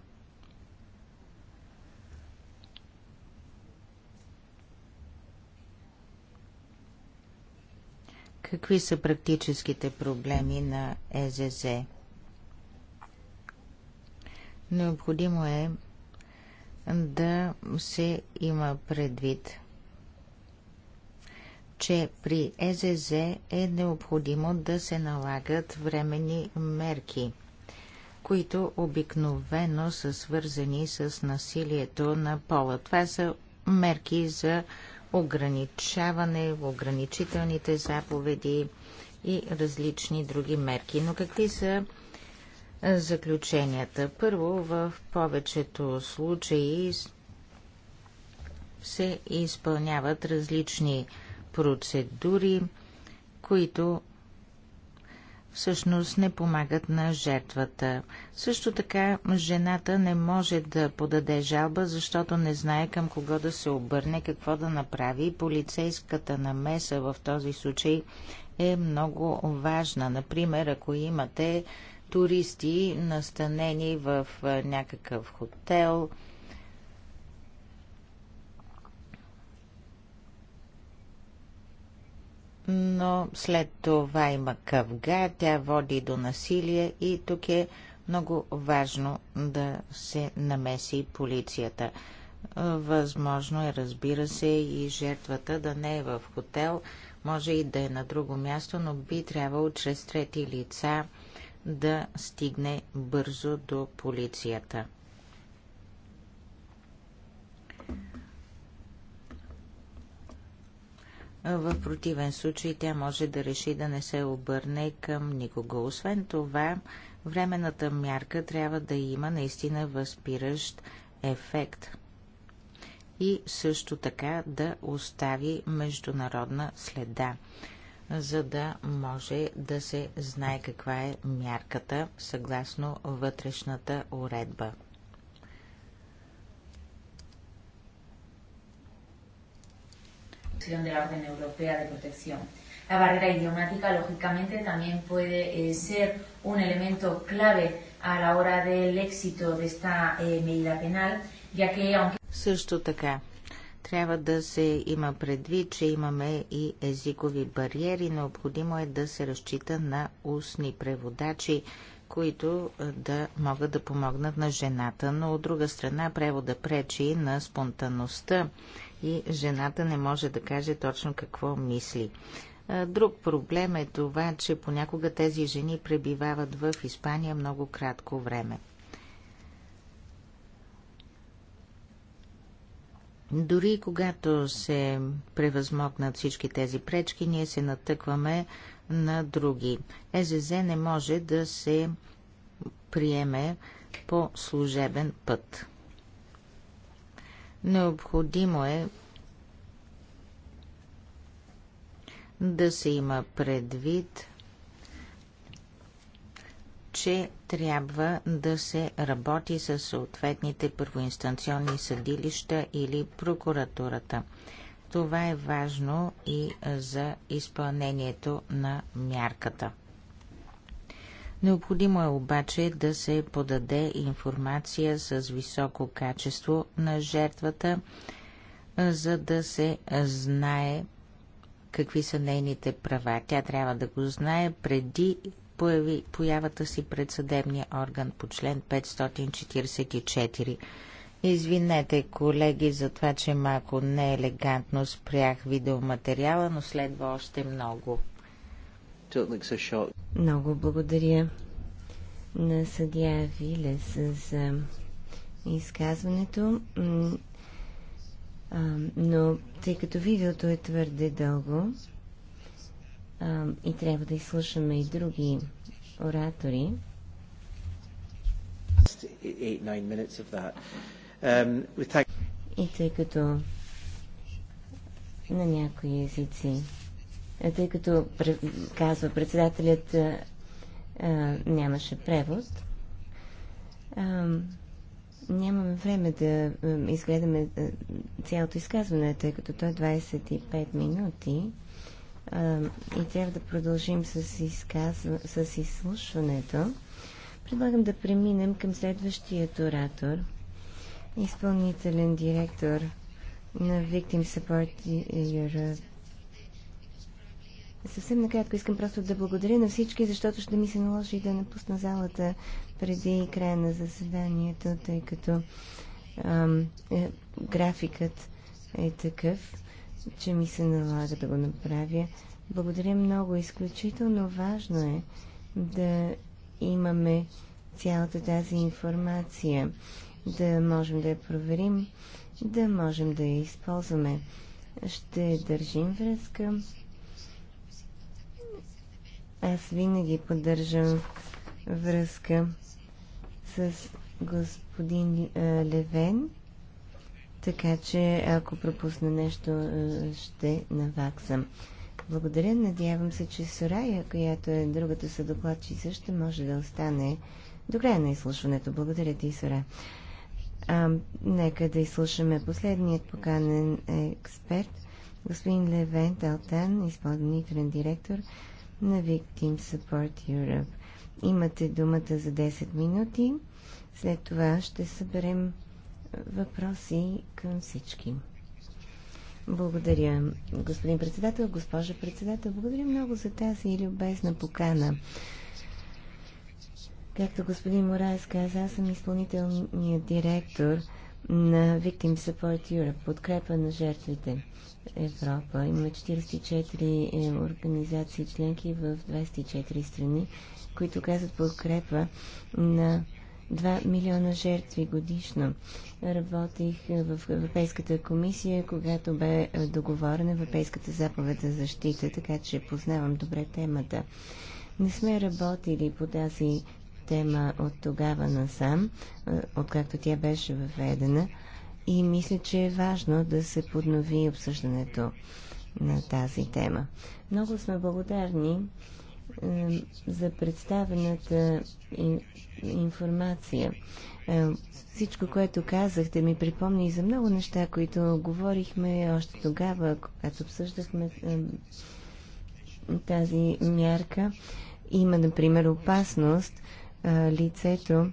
Какви са практическите проблеми на ЕЗЗ? Необходимо е да се има предвид, че при ЕЗЗ е необходимо да се налагат временни мерки, които обикновено са свързани с насилието на пола. Това са мерки за ограничаване, ограничителните заповеди и различни други мерки. Но какви са заключенията? Първо, в повечето случаи се изпълняват различни процедури, които всъщност не помагат на жертвата. Също така жената не може да подаде жалба, защото не знае към кого да се обърне, какво да направи. Полицейската намеса в този случай е много важна. Например, ако имате туристи настанени в някакъв хотел, но след това има къвга, тя води до насилие и тук е много важно да се намеси полицията. Възможно е, разбира се, и жертвата да не е в хотел, може и да е на друго място, но би трябвало чрез трети лица да стигне бързо до полицията. В противен случай тя може да реши да не се обърне към никого. Освен това, временната мярка трябва да има наистина възпиращ ефект и също така да остави международна следа, за да може да се знае каква е мярката съгласно вътрешната уредба. de la Orden Europea de Protección. La barrera idiomática, lógicamente, también puede eh, ser un elemento clave а la hora del éxito de esta eh, medida penal, ya que aunque... Също така, трябва да се има предвид, че имаме и езикови бариери. Необходимо е да се разчита на устни преводачи, които е, да могат да помогнат на жената. Но от друга страна превода пречи на спонтанността и жената не може да каже точно какво мисли. Друг проблем е това, че понякога тези жени пребивават в Испания много кратко време. Дори когато се превъзмогнат всички тези пречки, ние се натъкваме на други. ЕЗЗ не може да се приеме по служебен път. Необходимо е да се има предвид, че трябва да се работи с съответните първоинстанционни съдилища или прокуратурата. Това е важно и за изпълнението на мярката. Необходимо е обаче да се подаде информация с високо качество на жертвата, за да се знае какви са нейните права. Тя трябва да го знае преди появи, появата си пред съдебния орган по член 544. Извинете, колеги, за това, че малко неелегантно спрях видеоматериала, но следва още много. Много благодаря на съдия Вилес за изказването. Но тъй като видеото е твърде дълго и трябва да изслушаме и други оратори, um, и тъй като на някои езици е, тъй като, казва председателят, е, е, нямаше превод. Нямаме време да изгледаме цялото изказване, тъй като то е 25 минути и трябва да продължим с, изказва, с изслушването. Предлагам да преминем към следващия оратор, изпълнителен директор на Victim Support Europe Съвсем накратко искам просто да благодаря на всички, защото ще ми се наложи да напусна залата преди края на заседанието, тъй като ам, е, графикът е такъв, че ми се налага да го направя. Благодаря много. Изключително важно е да имаме цялата тази информация, да можем да я проверим, да можем да я използваме. Ще държим връзка аз винаги поддържам връзка с господин Левен, така че ако пропусна нещо, ще наваксам. Благодаря. Надявам се, че Сорая, която е другата съдокладчица, ще може да остане до края на изслушването. Благодаря ти, Сора. А, нека да изслушаме последният поканен експерт, господин Левен Талтан, изпълнителен директор на Victim Support Europe. Имате думата за 10 минути. След това ще съберем въпроси към всички. Благодаря, господин председател, госпожа председател. Благодаря много за тази любезна покана. Както господин Морайс каза, аз съм изпълнителният директор – на Victim Support Europe, подкрепа на жертвите Европа. Има 44 е, организации членки в 24 страни, които казват подкрепа на 2 милиона жертви годишно. Работих е, в Европейската комисия, когато бе е, договорена Европейската заповед за защита, така че познавам добре темата. Не сме работили по тази тема от тогава насам, откакто тя беше въведена. И мисля, че е важно да се поднови обсъждането на тази тема. Много сме благодарни е, за представената информация. Е, всичко, което казахте, ми припомни и за много неща, които говорихме още тогава, когато обсъждахме е, тази мярка. Има, например, опасност лицето,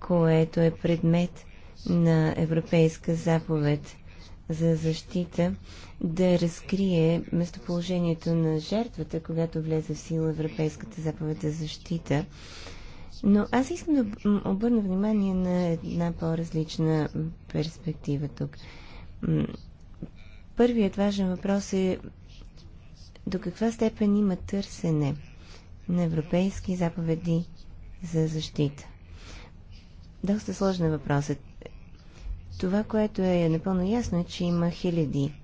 което е предмет на Европейска заповед за защита, да разкрие местоположението на жертвата, когато влезе в сила Европейската заповед за защита. Но аз искам да обърна внимание на една по-различна перспектива тук. Първият важен въпрос е до каква степен има търсене на европейски заповеди за защита. Доста сложен въпросът. Е. Това, което е напълно ясно, е, че има хиляди,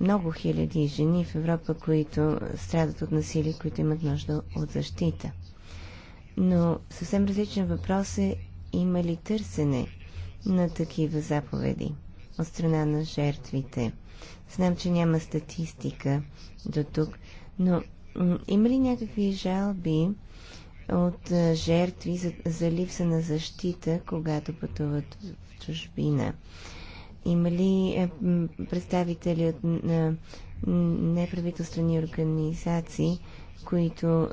много хиляди жени в Европа, които страдат от насилие, които имат нужда от защита. Но съвсем различен въпрос е има ли търсене на такива заповеди от страна на жертвите. Знам, че няма статистика до тук, но има ли някакви жалби от жертви за, за липса на защита, когато пътуват в чужбина? Има ли представители от неправителствени организации, които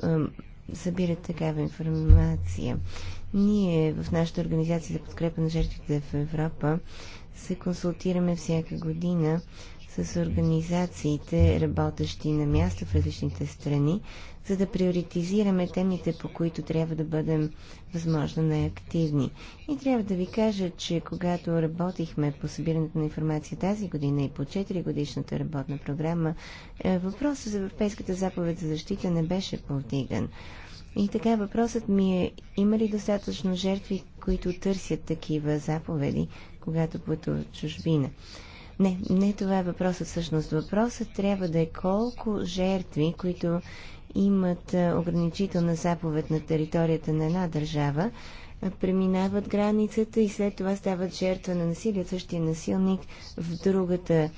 събират такава информация? Ние в нашата организация за подкрепа на жертвите в Европа се консултираме всяка година с организациите, работещи на място в различните страни, за да приоритизираме темите, по които трябва да бъдем възможно най-активни. И трябва да ви кажа, че когато работихме по събирането на информация тази година и по 4 годишната работна програма, е, въпросът за Европейската заповед за защита не беше повдиган. И така въпросът ми е, има ли достатъчно жертви, които търсят такива заповеди, когато пътуват чужбина? Не, не това е въпросът всъщност. Въпросът трябва да е колко жертви, които имат ограничителна заповед на територията на една държава, преминават границата и след това стават жертва на насилие от същия насилник в другата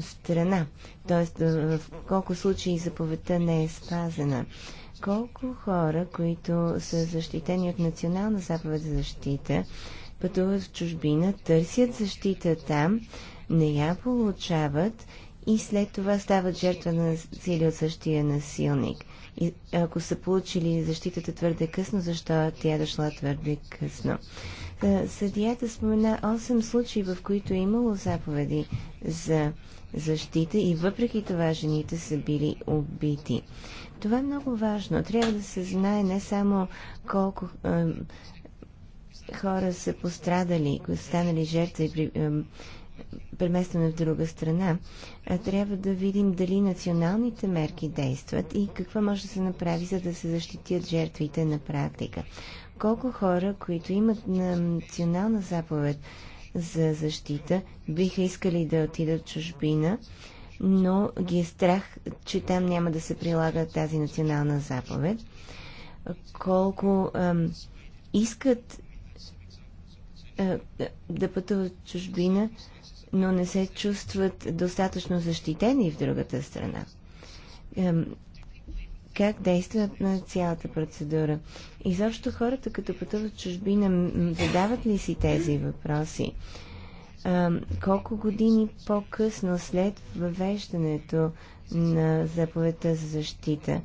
страна. Тоест, в колко случаи заповедта не е спазена. Колко хора, които са защитени от национална заповед за защита, пътуват в чужбина, търсят защита там, не я получават и след това стават жертва на цели от същия насилник. И ако са получили защитата твърде късно, защо тя е дошла твърде късно? Е, съдията спомена 8 случаи, в които е имало заповеди за защита и въпреки това жените са били убити. Това е много важно. Трябва да се знае не само колко е, хора са пострадали, станали жертва и при, е, преместваме в друга страна, трябва да видим дали националните мерки действат и какво може да се направи, за да се защитят жертвите на практика. Колко хора, които имат национална заповед за защита, биха искали да отидат в чужбина, но ги е страх, че там няма да се прилага тази национална заповед. Колко ам, искат а, да пътуват в чужбина, но не се чувстват достатъчно защитени в другата страна. Как действат на цялата процедура? Изобщо хората, като пътуват чужбина, задават ли си тези въпроси? Колко години по-късно след въвеждането на заповедта за защита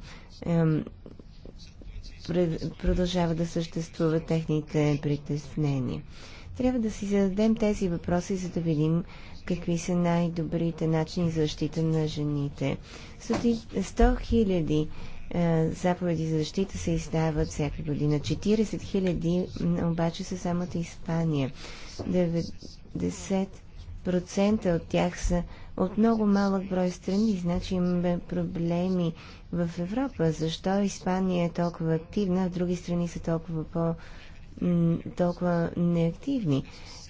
продължава да съществуват техните притеснения? Трябва да си зададем тези въпроси, за да видим какви са най-добрите начини за защита на жените. 100 хиляди е, заповеди за защита се издават всяка година. 40 хиляди обаче са само от Испания. 90% от тях са от много малък брой страни, значи имаме проблеми в Европа. Защо Испания е толкова активна, а други страни са толкова по- толкова неактивни.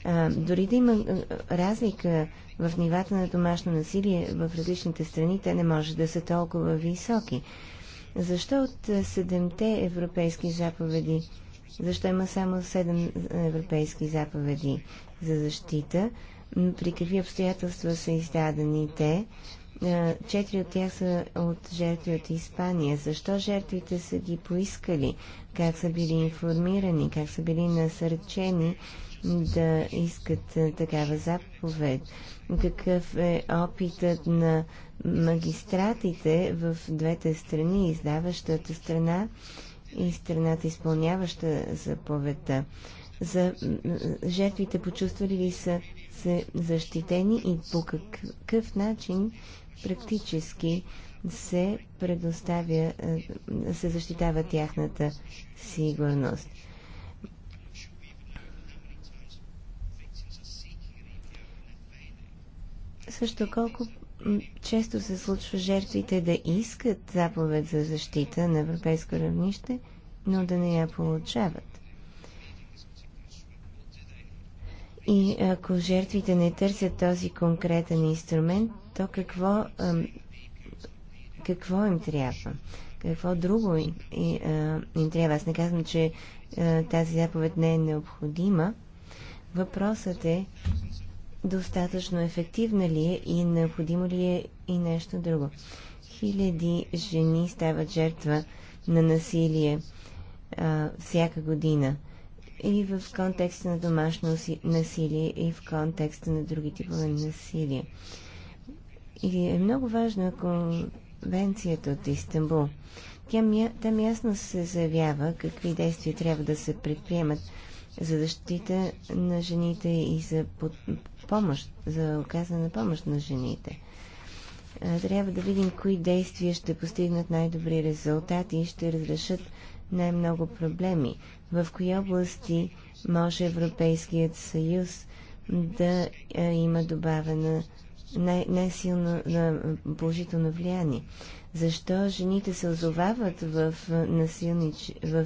А, дори да има разлика в нивата на домашно насилие в различните страни, те не може да са толкова високи. Защо от седемте европейски заповеди, защо има само седем европейски заповеди за защита, при какви обстоятелства са издадени те, е, четири от тях са от жертви от Испания. Защо жертвите са ги поискали? Как са били информирани? Как са били насърчени да искат е, такава заповед? Какъв е опитът на магистратите в двете страни, издаващата страна и страната изпълняваща заповедта? За жертвите почувствали ли са се защитени и по какъв начин практически се предоставя, е, се защитава тяхната сигурност. Също колко често се случва жертвите да искат заповед за защита на европейско равнище, но да не я получават. И ако жертвите не търсят този конкретен инструмент, то какво, какво им трябва? Какво друго им, им трябва? Аз не казвам, че тази заповед не е необходима. Въпросът е достатъчно ефективна ли е и необходимо ли е и нещо друго. Хиляди жени стават жертва на насилие а, всяка година – и в контекста на домашно насилие и в контекста на други типове насилие. И е много важна конвенцията от Истанбул. там ясно се заявява какви действия трябва да се предприемат за защита на жените и за под, помощ, за оказана помощ на жените. Трябва да видим кои действия ще постигнат най-добри резултати и ще разрешат най-много проблеми в кои области може Европейският съюз да е, има добавена най-силно е, положително влияние. Защо жените се озовават в, е, насилнич... в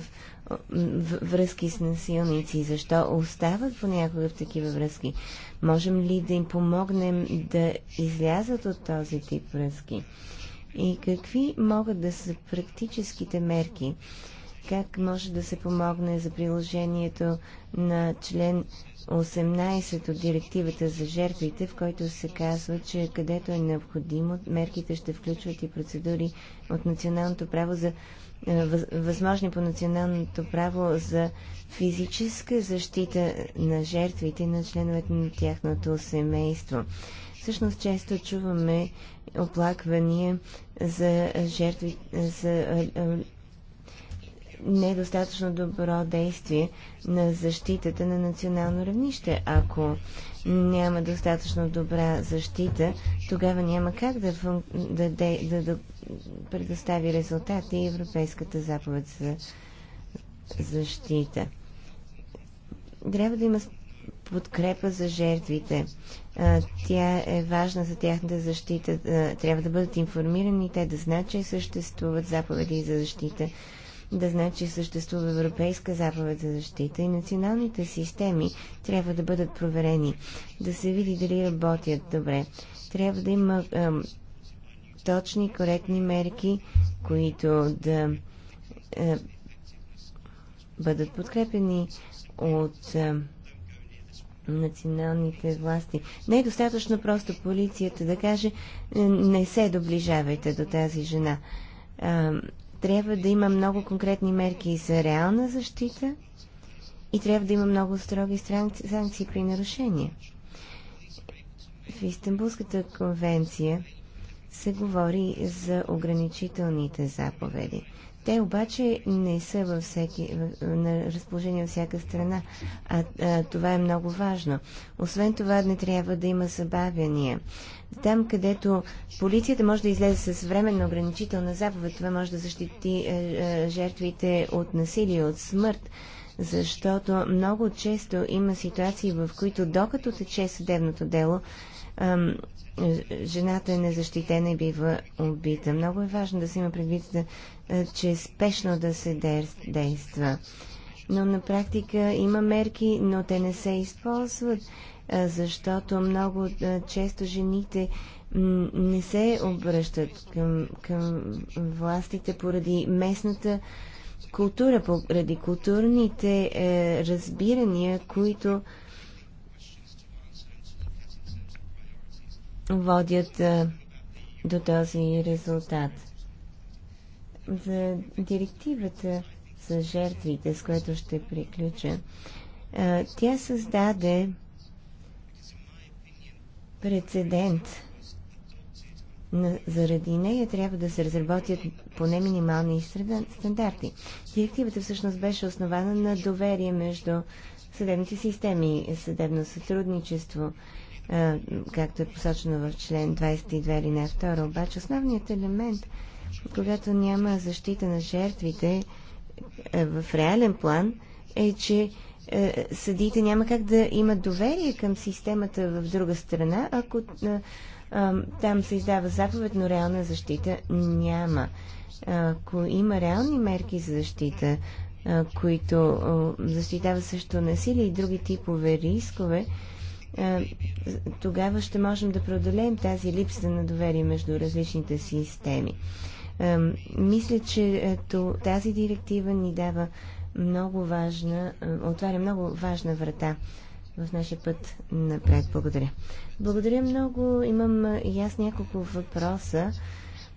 връзки с насилници? Защо остават понякога в такива връзки? Можем ли да им помогнем да излязат от този тип връзки? И какви могат да са практическите мерки, как може да се помогне за приложението на член 18 от директивата за жертвите, в който се казва, че където е необходимо, мерките ще включват и процедури от националното право за е, възможни по националното право за физическа защита на жертвите на членовете на тяхното семейство. Всъщност често чуваме оплаквания за жертви, за е, е, недостатъчно добро действие на защитата на национално равнище. Ако няма достатъчно добра защита, тогава няма как да, фун... да, де... да, да предостави резултати и Европейската заповед за защита. Трябва да има подкрепа за жертвите. Тя е важна за тяхната защита. Трябва да бъдат информирани и те да знаят, че съществуват заповеди за защита да знаят, че съществува Европейска заповед за защита и националните системи трябва да бъдат проверени, да се види дали работят добре. Трябва да има ам, точни, коректни мерки, които да е, бъдат подкрепени от е, националните власти. Не е достатъчно просто полицията да каже е, не се доближавайте до тази жена трябва да има много конкретни мерки за реална защита и трябва да има много строги санкции при нарушения. В Истанбулската конвенция се говори за ограничителните заповеди. Те обаче не са във всеки, на разположение във всяка страна, а, а това е много важно. Освен това не трябва да има забавяния. Там, където полицията може да излезе с временна ограничителна заповед, това може да защити а, е, а, е, жертвите от насилие, от смърт защото много често има ситуации, в които докато тече съдебното дело, жената е незащитена и бива убита. Много е важно да се има предвид, да, че е спешно да се действа. Но на практика има мерки, но те не се използват, защото много често жените не се обръщат към, към властите поради местната култура, поради културните е, разбирания, които водят до този резултат. За директивата за жертвите, с което ще приключа, тя създаде прецедент. Заради нея трябва да се разработят поне минимални стандарти. Директивата всъщност беше основана на доверие между съдебните системи, съдебно сътрудничество както е посочено в член 22 или не 2. Обаче основният елемент, когато няма защита на жертвите в реален план, е, че съдиите няма как да имат доверие към системата в друга страна, ако там се издава заповед, но реална защита няма. Ако има реални мерки за защита, които защитава също насилие и други типове рискове, е, тогава ще можем да преодолеем тази липса на доверие между различните системи. Е, мисля, че е, тази директива ни дава много важна, отваря много важна врата в нашия път напред. Благодаря. Благодаря много. Имам и аз няколко въпроса,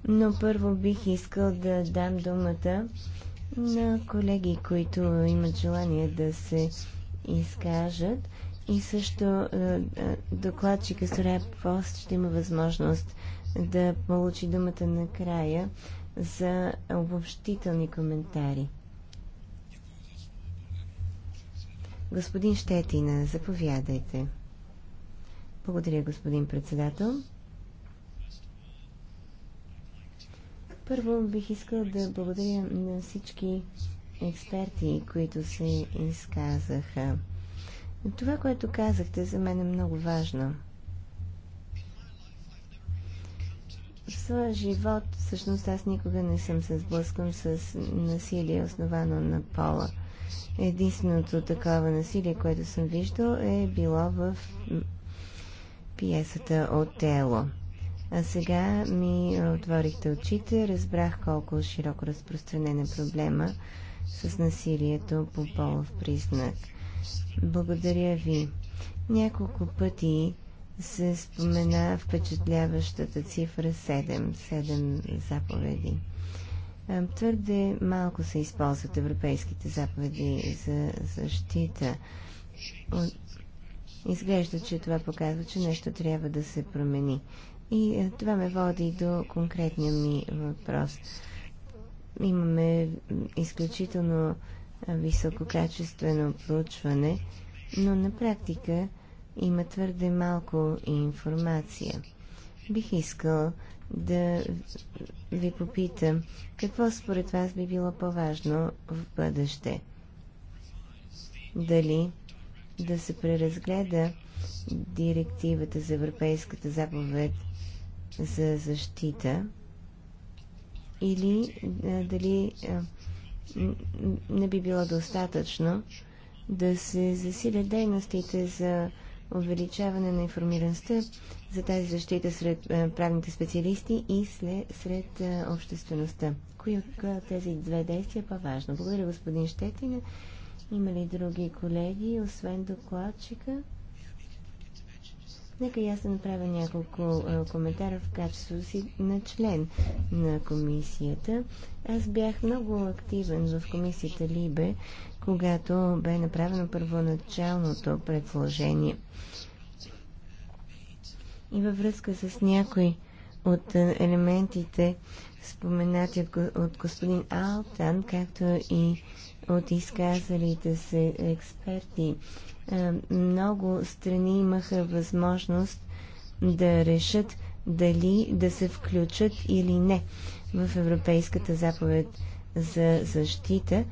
но първо бих искал да дам думата на колеги, които имат желание да се изкажат. И също е, е, докладчика Соря Пост ще има възможност да получи думата накрая за обобщителни коментари. Господин Щетина, заповядайте. Благодаря, господин председател. Първо бих искал да благодаря на всички експерти, които се изказаха. Това, което казахте, за мен е много важно. В своя живот, всъщност, аз никога не съм се сблъскан с насилие, основано на пола. Единственото такова насилие, което съм виждал, е било в пиесата от тело. А сега ми отворихте очите, разбрах колко широко разпространен е проблема с насилието по полов признак. Благодаря ви. Няколко пъти се спомена впечатляващата цифра 7, 7 заповеди. Твърде малко се използват европейските заповеди за защита. Изглежда, че това показва, че нещо трябва да се промени. И това ме води до конкретния ми въпрос. Имаме изключително висококачествено проучване, но на практика има твърде малко информация. Бих искал да ви попитам какво според вас би било по-важно в бъдеще. Дали да се преразгледа директивата за Европейската заповед за защита или дали не би било достатъчно да се засилят дейностите за увеличаване на информираността за тази защита сред е, правните специалисти и след, сред е, обществеността. Кои от тези две действия е по-важно? Благодаря, господин Щетина. Има ли други колеги, освен докладчика? Нека и аз да направя няколко е, коментара в качеството си на член на комисията. Аз бях много активен в комисията Либе, когато бе направено първоначалното предложение. И във връзка с някои от е, елементите, споменати от господин Алтан, както и от изказалите се експерти. Е, много страни имаха възможност да решат дали да се включат или не в Европейската заповед за защита.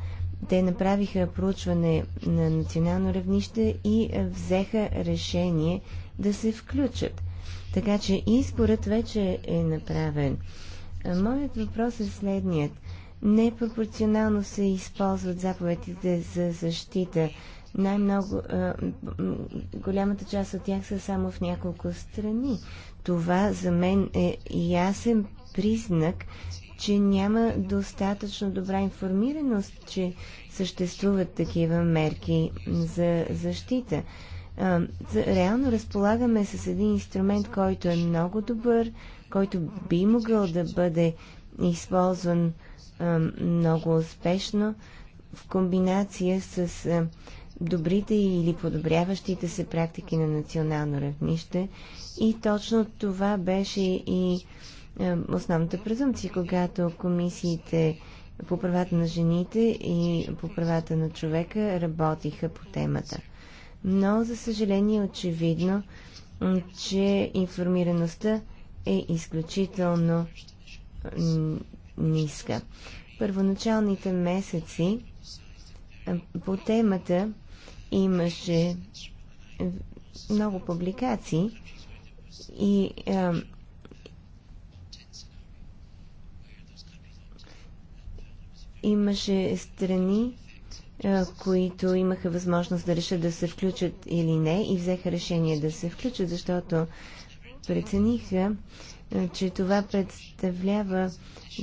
Те направиха проучване на национално равнище и взеха решение да се включат. Така че изборът вече е направен. Моят въпрос е следният – непропорционално се използват заповедите за защита. Най-много, е, голямата част от тях са само в няколко страни. Това за мен е ясен признак, че няма достатъчно добра информираност, че съществуват такива мерки за защита. реално разполагаме с един инструмент, който е много добър, който би могъл да бъде използван много успешно в комбинация с добрите или подобряващите се практики на национално равнище. И точно това беше и основната презумпция, когато комисиите по правата на жените и по правата на човека работиха по темата. Но, за съжаление, е очевидно, че информираността е изключително ниска. Първоначалните месеци по темата имаше много публикации и а, имаше страни, а, които имаха възможност да решат да се включат или не и взеха решение да се включат, защото прецениха, е, че това представлява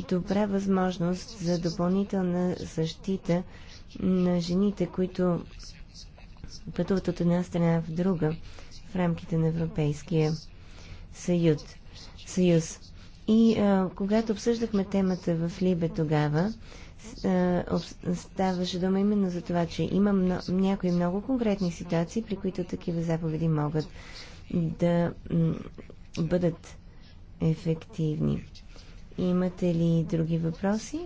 добра възможност за допълнителна защита на жените, които пътуват от една страна в друга в рамките на Европейския съюз. съюз. И а, когато обсъждахме темата в Либе тогава, ставаше дума именно за това, че има мно, някои много конкретни ситуации, при които такива заповеди могат да бъдат ефективни. Имате ли други въпроси?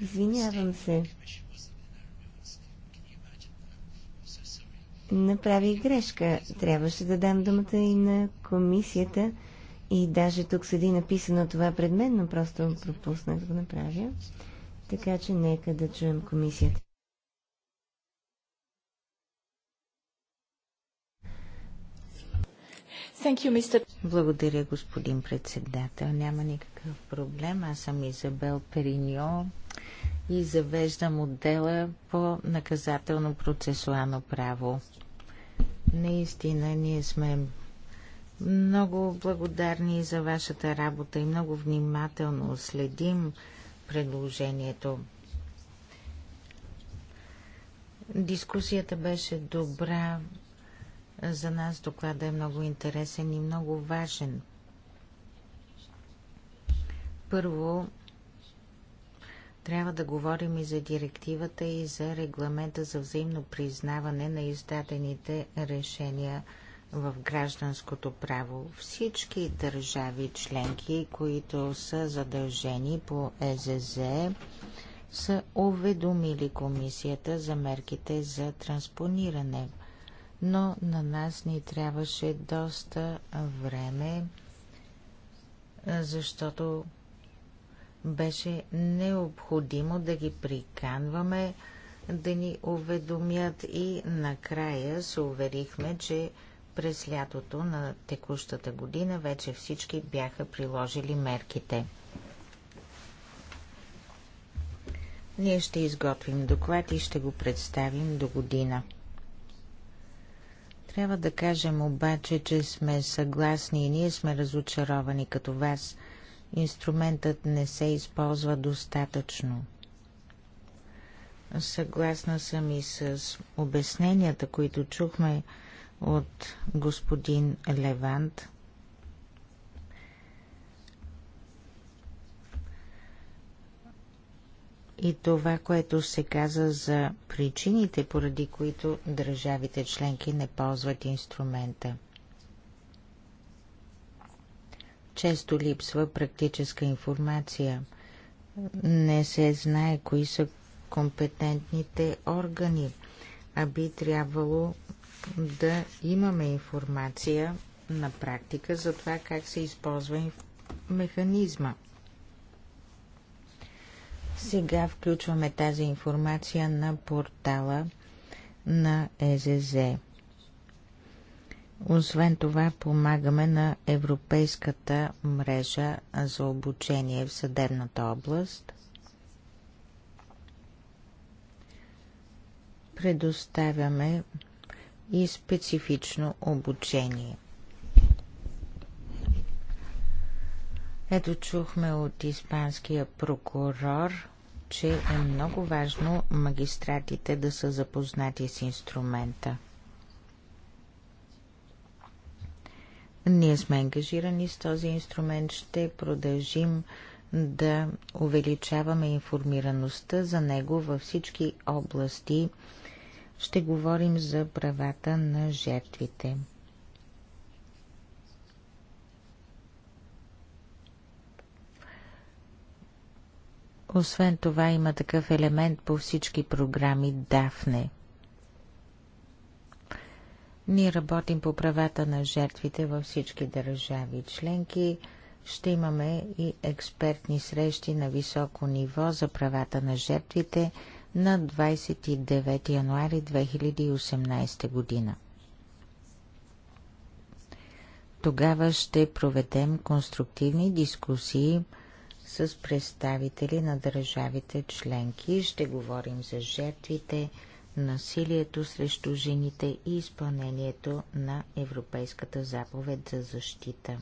Извинявам се. направи грешка. Трябваше да дам думата и на комисията. И даже тук седи написано това пред мен, но просто пропуснах да го направя. Така че нека да чуем комисията. You, Благодаря, господин председател. Няма никакъв проблем. Аз съм Изабел Периньо и завеждам отдела по наказателно-процесуално право. Наистина, ние сме много благодарни за вашата работа и много внимателно следим предложението. Дискусията беше добра. За нас доклада е много интересен и много важен. Първо, трябва да говорим и за директивата и за регламента за взаимно признаване на издадените решения – в гражданското право. Всички държави членки, които са задължени по ЕЗЗ, са уведомили комисията за мерките за транспониране. Но на нас ни трябваше доста време, защото беше необходимо да ги приканваме да ни уведомят и накрая се уверихме, че през лятото на текущата година вече всички бяха приложили мерките. Ние ще изготвим доклад и ще го представим до година. Трябва да кажем обаче, че сме съгласни и ние сме разочаровани като вас. Инструментът не се използва достатъчно. Съгласна съм и с обясненията, които чухме от господин Левант. И това, което се каза за причините, поради които държавите членки не ползват инструмента. Често липсва практическа информация. Не се знае кои са компетентните органи, а би трябвало да имаме информация на практика за това как се използва механизма. Сега включваме тази информация на портала на ЕЗЗ. Освен това, помагаме на Европейската мрежа за обучение в съдебната област. Предоставяме и специфично обучение. Ето чухме от испанския прокурор, че е много важно магистратите да са запознати с инструмента. Ние сме ангажирани с този инструмент, ще продължим да увеличаваме информираността за него във всички области ще говорим за правата на жертвите. Освен това има такъв елемент по всички програми ДАФНЕ. Ние работим по правата на жертвите във всички държави членки. Ще имаме и експертни срещи на високо ниво за правата на жертвите – на 29 януари 2018 година. Тогава ще проведем конструктивни дискусии с представители на държавите членки. Ще говорим за жертвите, насилието срещу жените и изпълнението на Европейската заповед за защита.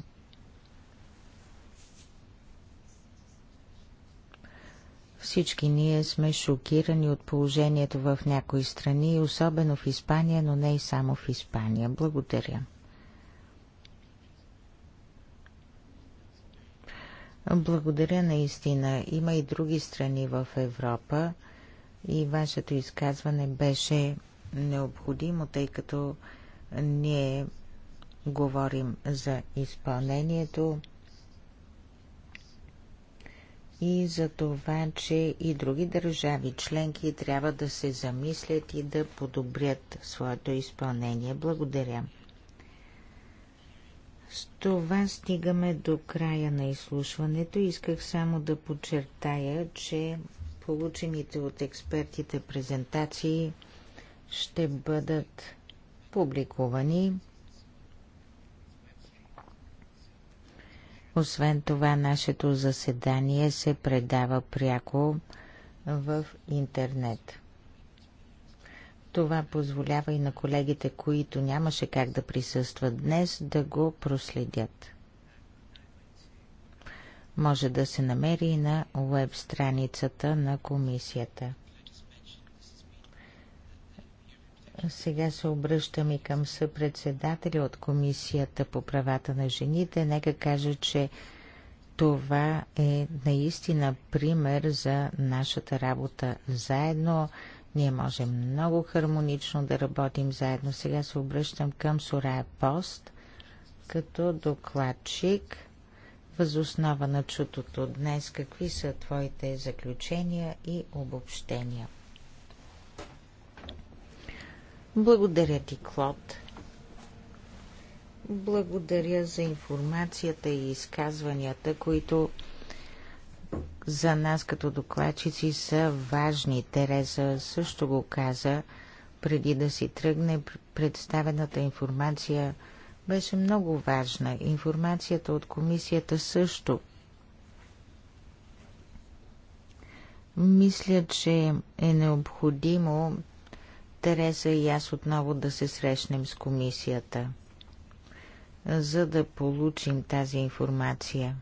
Всички ние сме шокирани от положението в някои страни, особено в Испания, но не и само в Испания. Благодаря. Благодаря наистина. Има и други страни в Европа и вашето изказване беше необходимо, тъй като ние говорим за изпълнението и за това, че и други държави членки трябва да се замислят и да подобрят своето изпълнение. Благодаря. С това стигаме до края на изслушването. Исках само да подчертая, че получените от експертите презентации ще бъдат публикувани Освен това, нашето заседание се предава пряко в интернет. Това позволява и на колегите, които нямаше как да присъстват днес, да го проследят. Може да се намери и на веб страницата на комисията. Сега се обръщам и към съпредседателя от Комисията по правата на жените. Нека кажа, че това е наистина пример за нашата работа заедно. Ние можем много хармонично да работим заедно. Сега се обръщам към Сурая Пост като докладчик. Възоснова на чутото днес, какви са твоите заключения и обобщения? Благодаря ти, Клод. Благодаря за информацията и изказванията, които за нас като докладчици са важни. Тереза също го каза преди да си тръгне. Представената информация беше много важна. Информацията от комисията също. Мисля, че е необходимо Тереза и аз отново да се срещнем с комисията, за да получим тази информация.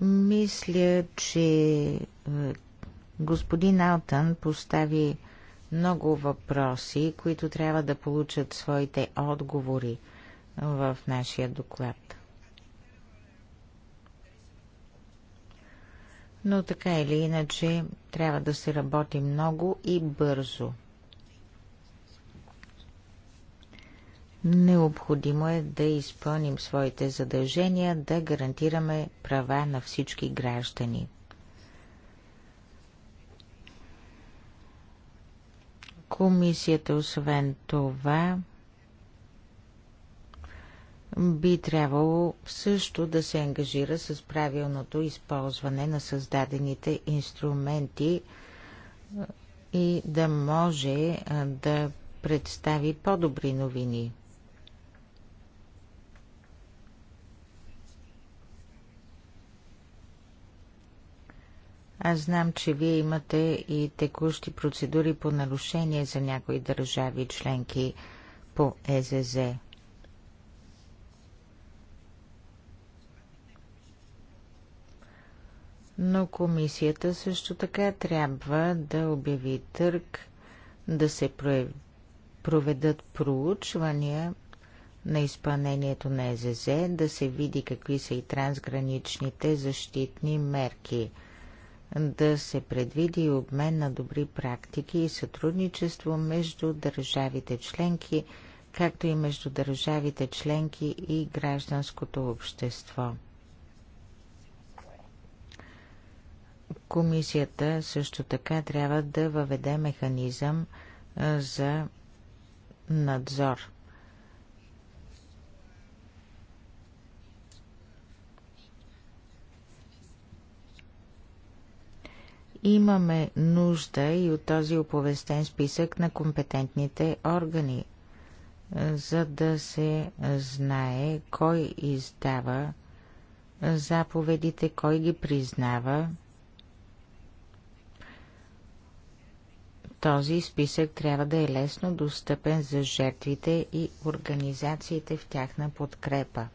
Мисля, че е, господин Алтън постави много въпроси, които трябва да получат своите отговори в нашия доклад. но така или иначе трябва да се работи много и бързо. Необходимо е да изпълним своите задължения, да гарантираме права на всички граждани. Комисията освен това би трябвало също да се ангажира с правилното използване на създадените инструменти и да може да представи по-добри новини. Аз знам, че вие имате и текущи процедури по нарушение за някои държави членки по ЕЗЗ. но комисията също така трябва да обяви търг, да се проведат проучвания на изпълнението на ЕЗЗ, да се види какви са и трансграничните защитни мерки, да се предвиди обмен на добри практики и сътрудничество между държавите членки, както и между държавите членки и гражданското общество. Комисията също така трябва да въведе механизъм за надзор. Имаме нужда и от този оповестен списък на компетентните органи, за да се знае кой издава заповедите, кой ги признава Този списък трябва да е лесно достъпен за жертвите и организациите в тяхна подкрепа.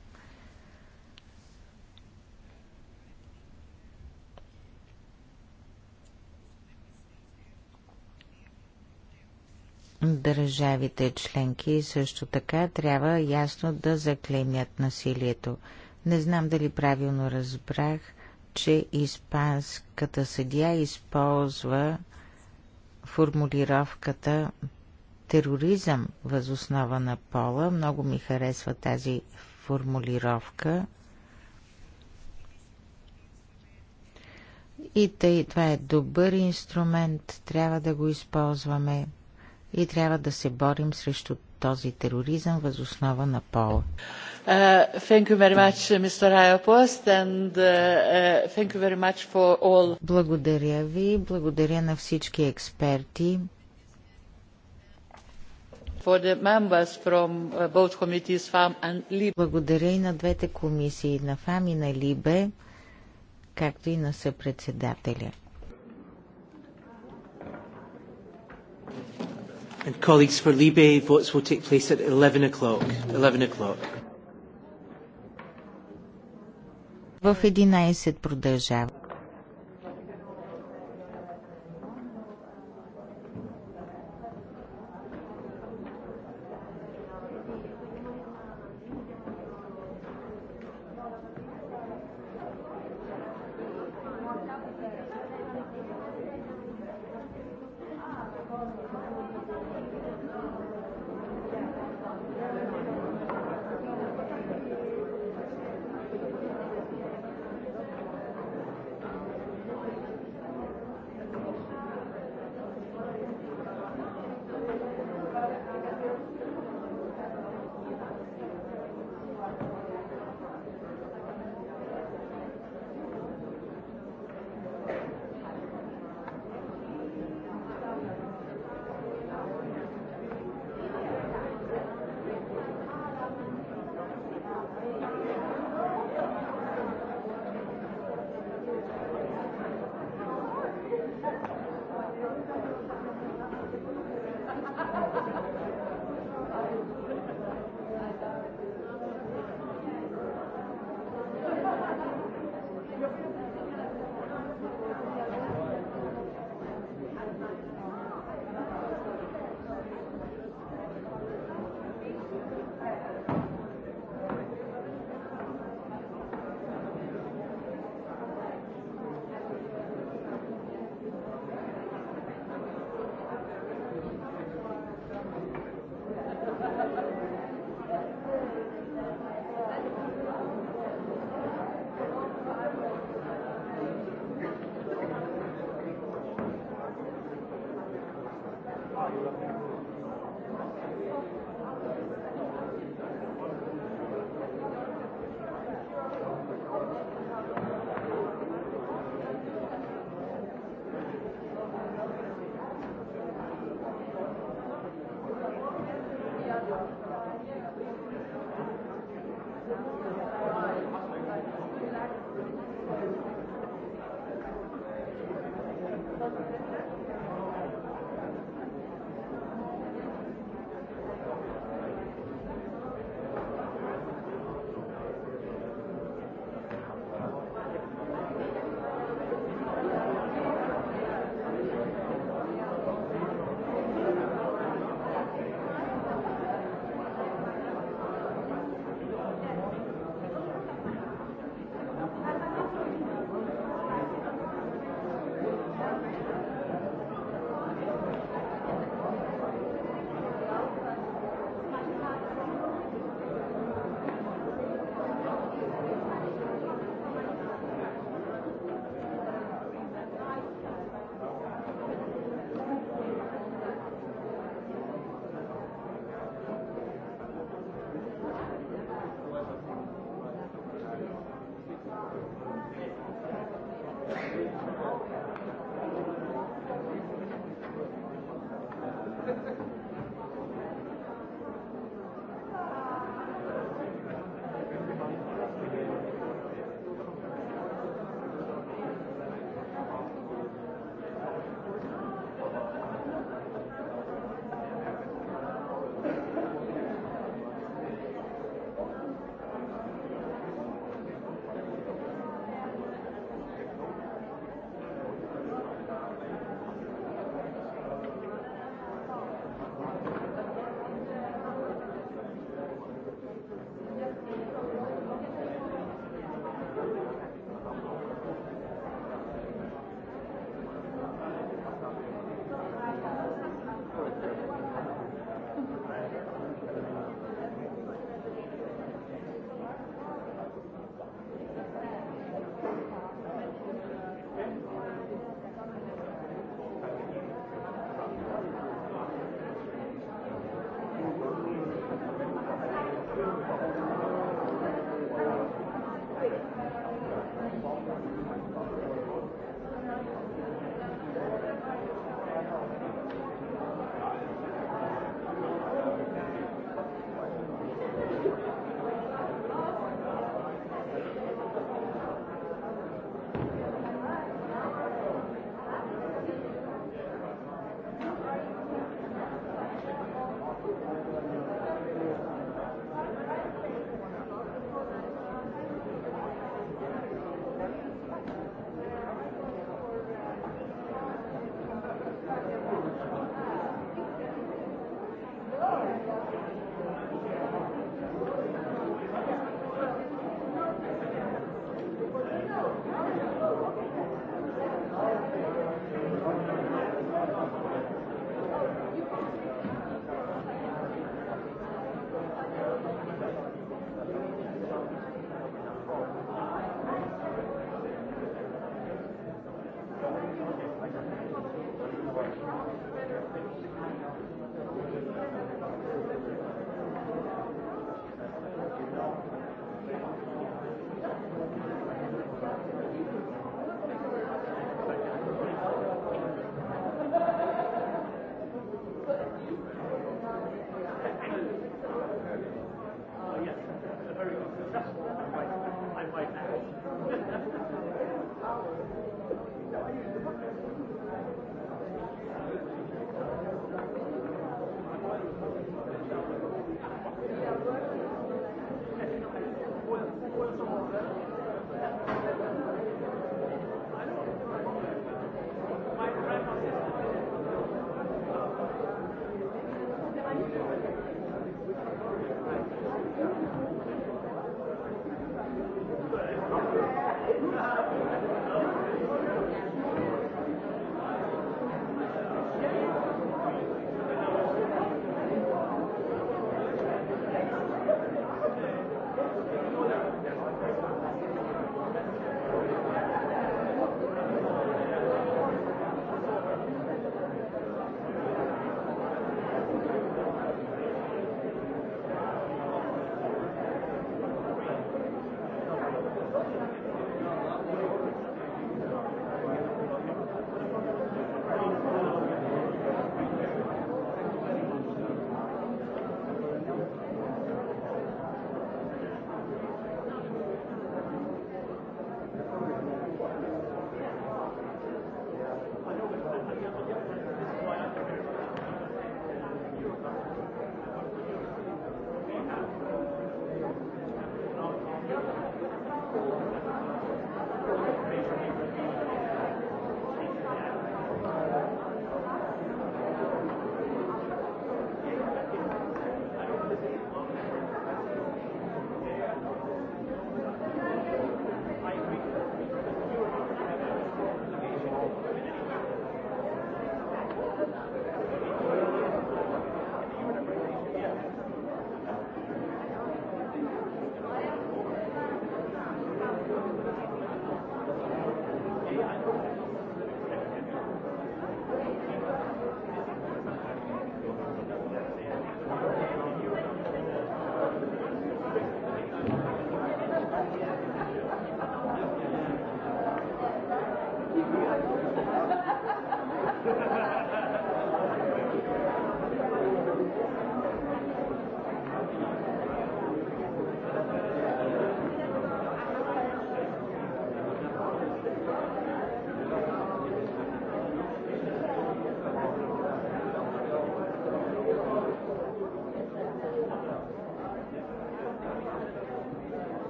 Държавите членки също така трябва ясно да заклемят насилието. Не знам дали правилно разбрах, че испанската съдия използва формулировката тероризъм възоснова на пола. Много ми харесва тази формулировка. И тъй, това е добър инструмент, трябва да го използваме и трябва да се борим срещу този тероризъм въз основа на Пол. Uh, uh, uh, благодаря ви, благодаря на всички експерти. E. Благодаря и на двете комисии, на ФАМ и на ЛИБЕ, e, както и на съпредседателя. And colleagues for Libe, votes will take place at 11 o'clock. 11 o'clock. В 11 продължава.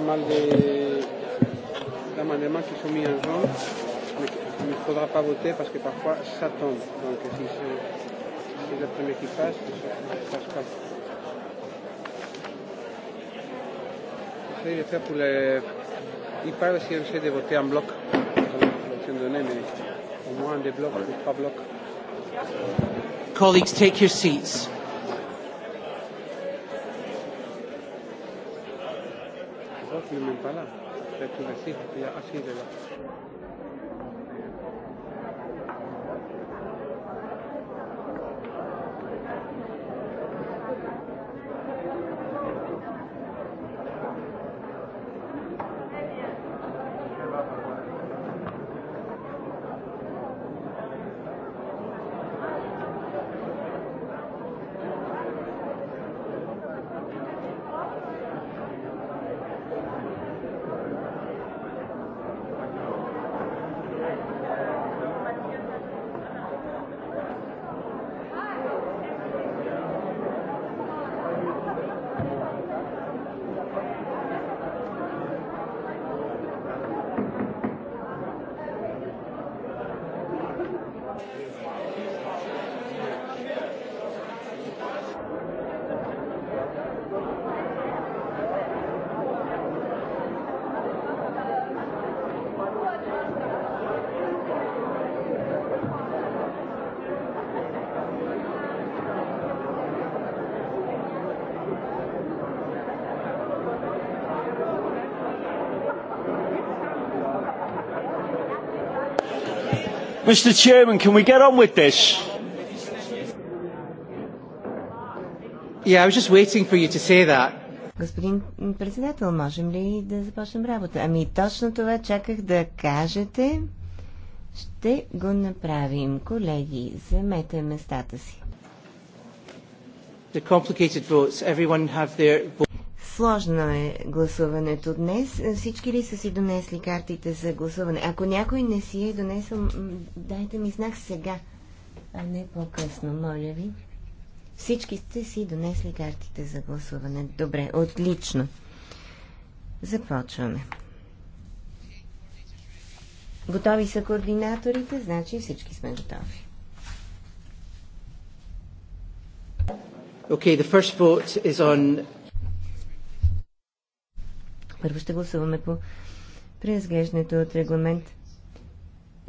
pas mal d'amendements qui sont mis en jeu, mais il ne faudra pas voter parce que parfois ça tombe. Donc si c'est le premier qui passe, ça ne passe pas. J'essaie de faire pour les... Il parle si on essaie de voter en bloc, l'option donnée, mais au moins des blocs ou trois blocs. Colleagues, take your seats. palabra, de tu tout le y a de la. Mr Chairman, can we get on with this? Yeah, I was just waiting for you to say that. Господин председател, можем ли да започнем работа? Ами точно това чаках да кажете. Ще го направим, колеги. Замете местата си. The complicated votes. Everyone have their Сложно е гласуването днес. Всички ли са си донесли картите за гласуване? Ако някой не си е донесъл, дайте ми знак сега, а не по-късно, моля ви. Всички сте си донесли картите за гласуване. Добре, отлично. Започваме. Готови са координаторите, значи всички сме готови. Okay, the first vote is on първо ще гласуваме по преразглеждането от регламент.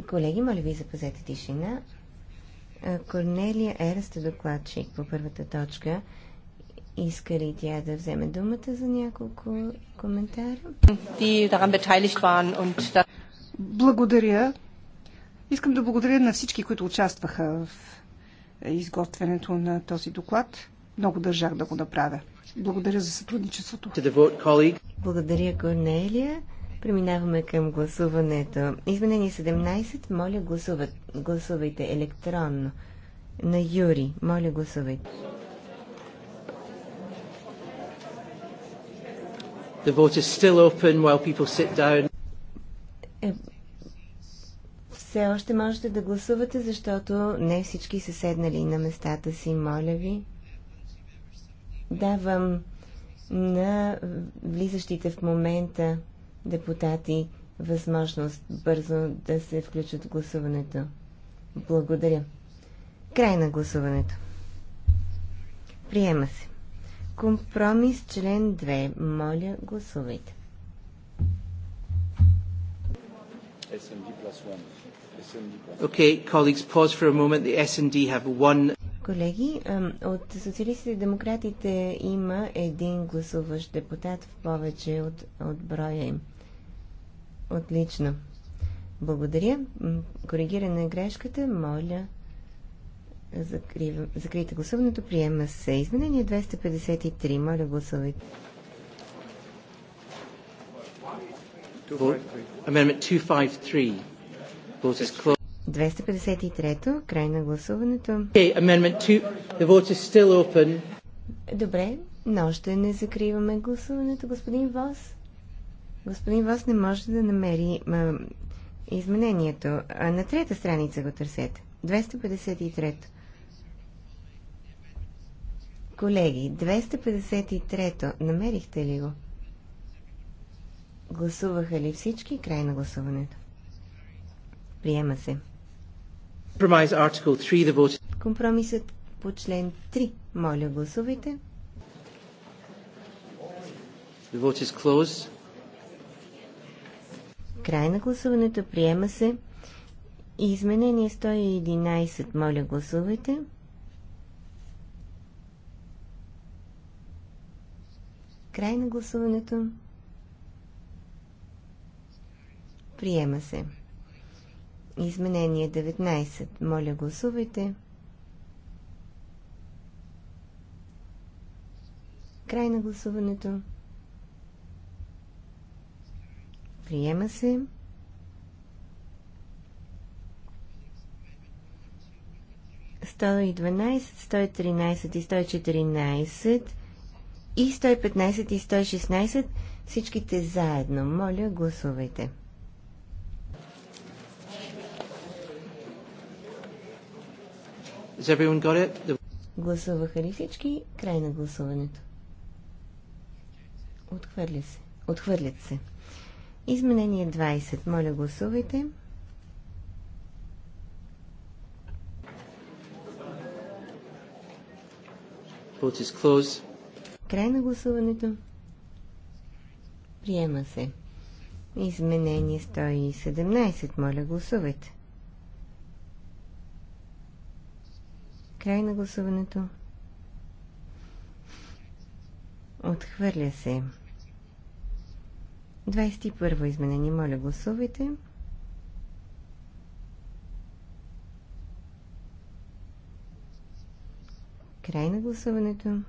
Колеги, моля ви, запазете тишина. Корнелия Ерста е докладчик по първата точка. Иска ли тя да вземе думата за няколко коментара? Благодаря. Искам да благодаря на всички, които участваха в изготвянето на този доклад. Много държах да го направя. Благодаря за сътрудничеството. Благодаря, Корнелия. Преминаваме към гласуването. Изменение 17. Моля, гласуват. гласувайте електронно. На Юри. Моля, гласувайте. The vote is still open while people sit down. Е, все още можете да гласувате, защото не всички са седнали на местата си. Моля ви давам на влизащите в момента депутати възможност бързо да се включат в гласуването. Благодаря. Край на гласуването. Приема се. Компромис член 2. Моля, гласувайте. Okay, colleagues, pause for a moment. The S&D have one Колеги, от социалистите и демократите има един гласуващ депутат в повече от, от броя им. Отлично. Благодаря. Коригиране на грешката, моля. Закрива, закрийте гласуването. Приема се изменение 253. Моля, гласувайте. Amendment 253. is closed. 253-то, край на гласуването. Okay, amendment two. The vote is still open. Добре, но още не закриваме гласуването, господин Вос. Господин Вос не може да намери ма, изменението. А на трета страница го търсете. 253-то. Колеги, 253-то. Намерихте ли го? Гласуваха ли всички край на гласуването? Приема се. Компромисът по член 3. Моля, гласувайте. Край на гласуването приема се. Изменение 111. Моля, гласувайте. Край на гласуването. Приема се. Изменение 19. Моля, гласувайте. Край на гласуването. Приема се. Сто 113 и 114 и 115 и 116 всичките заедно. Моля, гласувайте. The... Гласуваха ли всички? Край на гласуването. Отхвърля се. Отхвърлят се. Изменение 20. Моля, гласувайте. Край на гласуването. Приема се. Изменение 117. Моля, гласувайте. Край на гласуването. Отхвърля се. 21 изменение. Моля, гласувайте. Край на гласуването.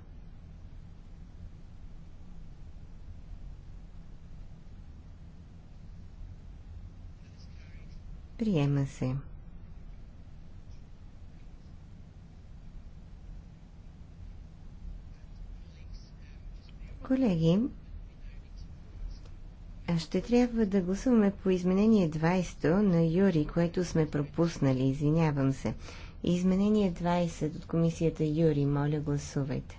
Приема се. Колеги, ще трябва да гласуваме по изменение 20 на Юри, което сме пропуснали. Извинявам се. Изменение 20 от комисията Юри. Моля, гласувайте.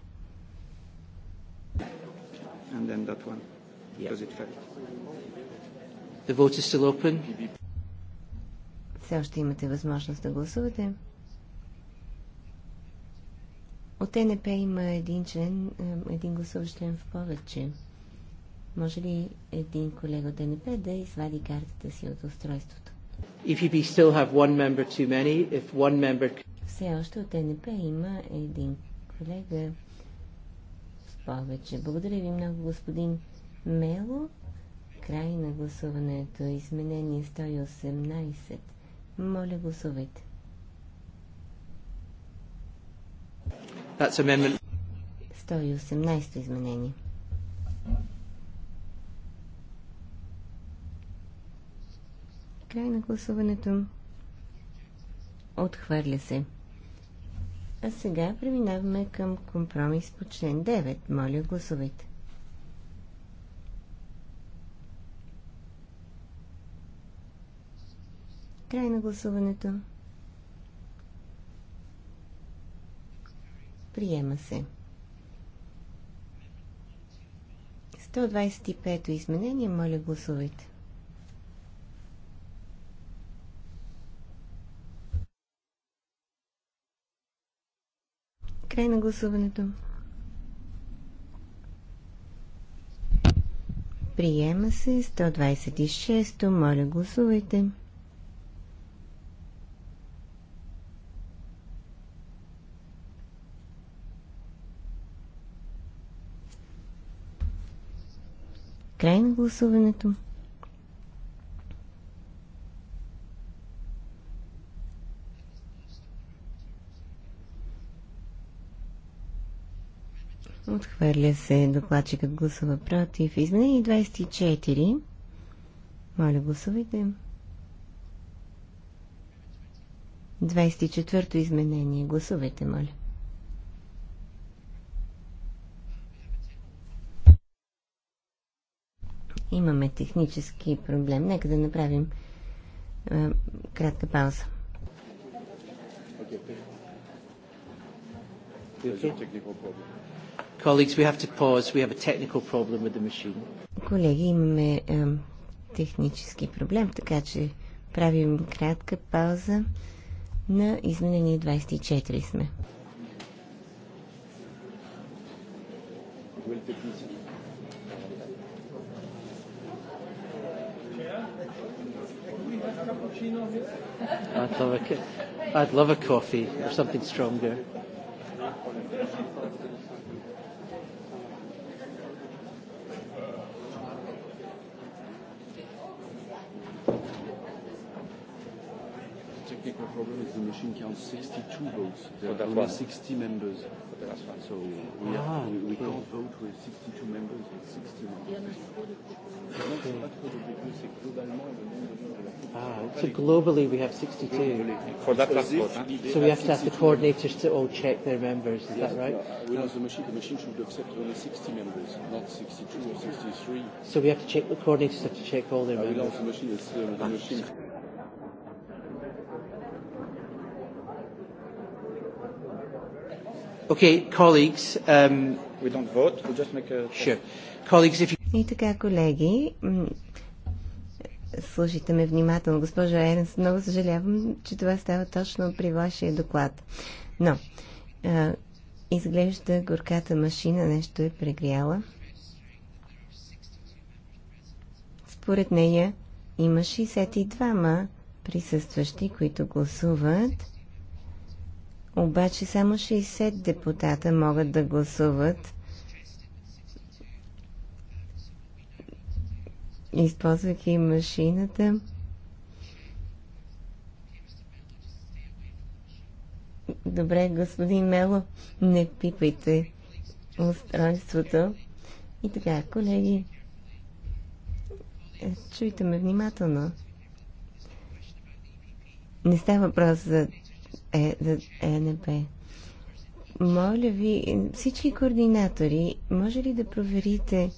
And then that one. it The vote is still open. Все още имате възможност да гласувате. От НП има един член, един гласуващ член в повече. Може ли един колега от НП да извади картата си от устройството? you still have one member too many. If one member... Все още от НП има един колега в повече. Благодаря ви много, господин Мело. Край на гласуването. Изменение 118. Моля, гласувайте. That's amendment. 118 изменение. Край на гласуването. Отхвърля се. А сега преминаваме към компромис по член 9. Моля, гласувайте. Край на гласуването. Приема се. 125-то изменение. Моля, гласувайте. Край на гласуването. Приема се 126-то. Моля, гласувайте. Край на гласуването. Отхвърля се. Докладчикът гласува против. Изменение 24. Моля, гласувайте. 24-то изменение. Гласувайте, моля. Имаме технически проблем. Нека да направим а, кратка пауза. Колеги, имаме а, технически проблем, така че правим кратка пауза на изменение 24 сме. Will I'd love a, I'd love a coffee or something stronger. voting counts 62 votes. There are only 60 members. So we, ah, we, we can't vote with 62 members, with 60 members. Ah, so globally we have 62. For that last vote, So we have to ask the coordinators to all check their members, is yes, that right? Uh, we know the machine, the machine should accept only 60 members, not 62 or 63. So we have to check, the coordinators have to check all their members. We know the machine, is, uh, the machine. Okay, colleagues, um... We don't vote, we just make a... Sure. Colleagues, if you... И така, колеги, слушайте ме внимателно, госпожа Еренс, много съжалявам, че това става точно при вашия доклад. Но, а, изглежда горката машина нещо е прегряла. Според нея има 62-ма присъстващи, които гласуват обаче само 60 депутата могат да гласуват, използвайки машината. Добре, господин Мело, не пипайте устройството. И така, колеги, чуйте ме внимателно. Не става въпрос за е, ЕНП. Е, Моля ви, всички координатори, може ли да проверите...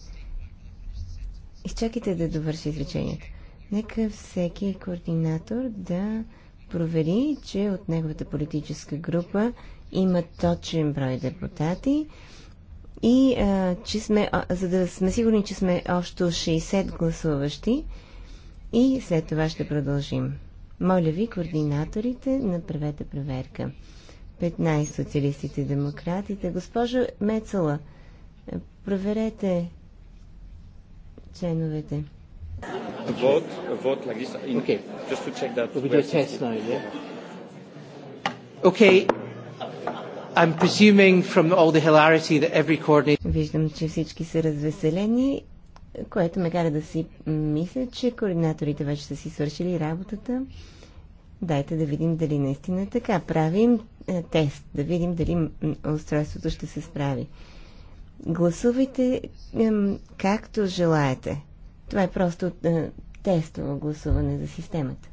Изчакайте да довърши изречението. Нека всеки координатор да провери, че от неговата политическа група има точен брой депутати и а, че сме, а, за да сме сигурни, че сме още 60 гласуващи и след това ще продължим. Моля ви, координаторите, направете проверка. 15 социалистите и демократите. Госпожо Мецала, проверете членовете. Вот, вот, Okay. I'm presuming from all the hilarity that every coordinator... Виждам, че всички са развеселени което ме кара да си мисля, че координаторите вече са си свършили работата. Дайте да видим дали наистина е така. Правим е, тест, да видим дали устройството ще се справи. Гласувайте е, както желаете. Това е просто е, тестово гласуване за системата.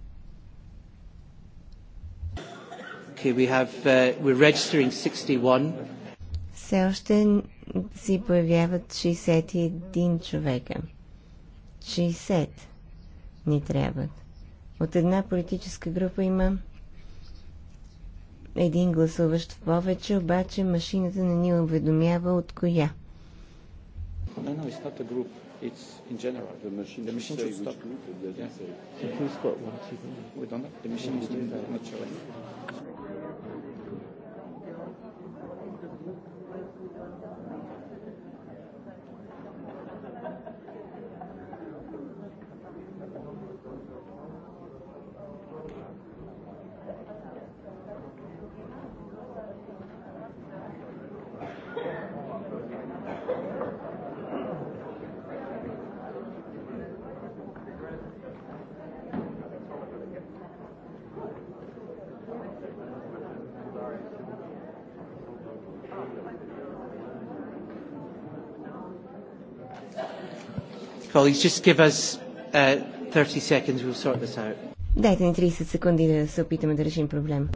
Okay, we have, uh, we're registering 61. Все още си появяват 61 човека. 60 ни трябват. От една политическа група има един гласуващ повече, обаче машината не ни уведомява от коя. No, no, Colleagues, just give us uh, 30 seconds, we'll sort this out. Дайте ни 30 секунди да се опитаме да решим проблема.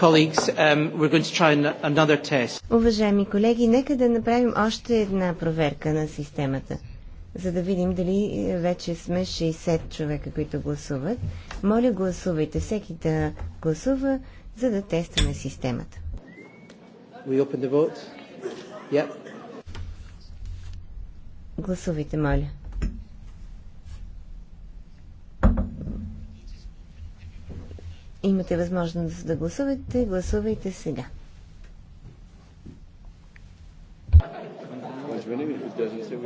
Um, Уважаеми колеги, нека да направим още една проверка на системата, за да видим дали е, вече сме 60 човека, които гласуват. Моля, гласувайте всеки да гласува, за да тестваме системата. Гласувайте, моля. имате възможност да гласувате, гласувайте сега. Значи,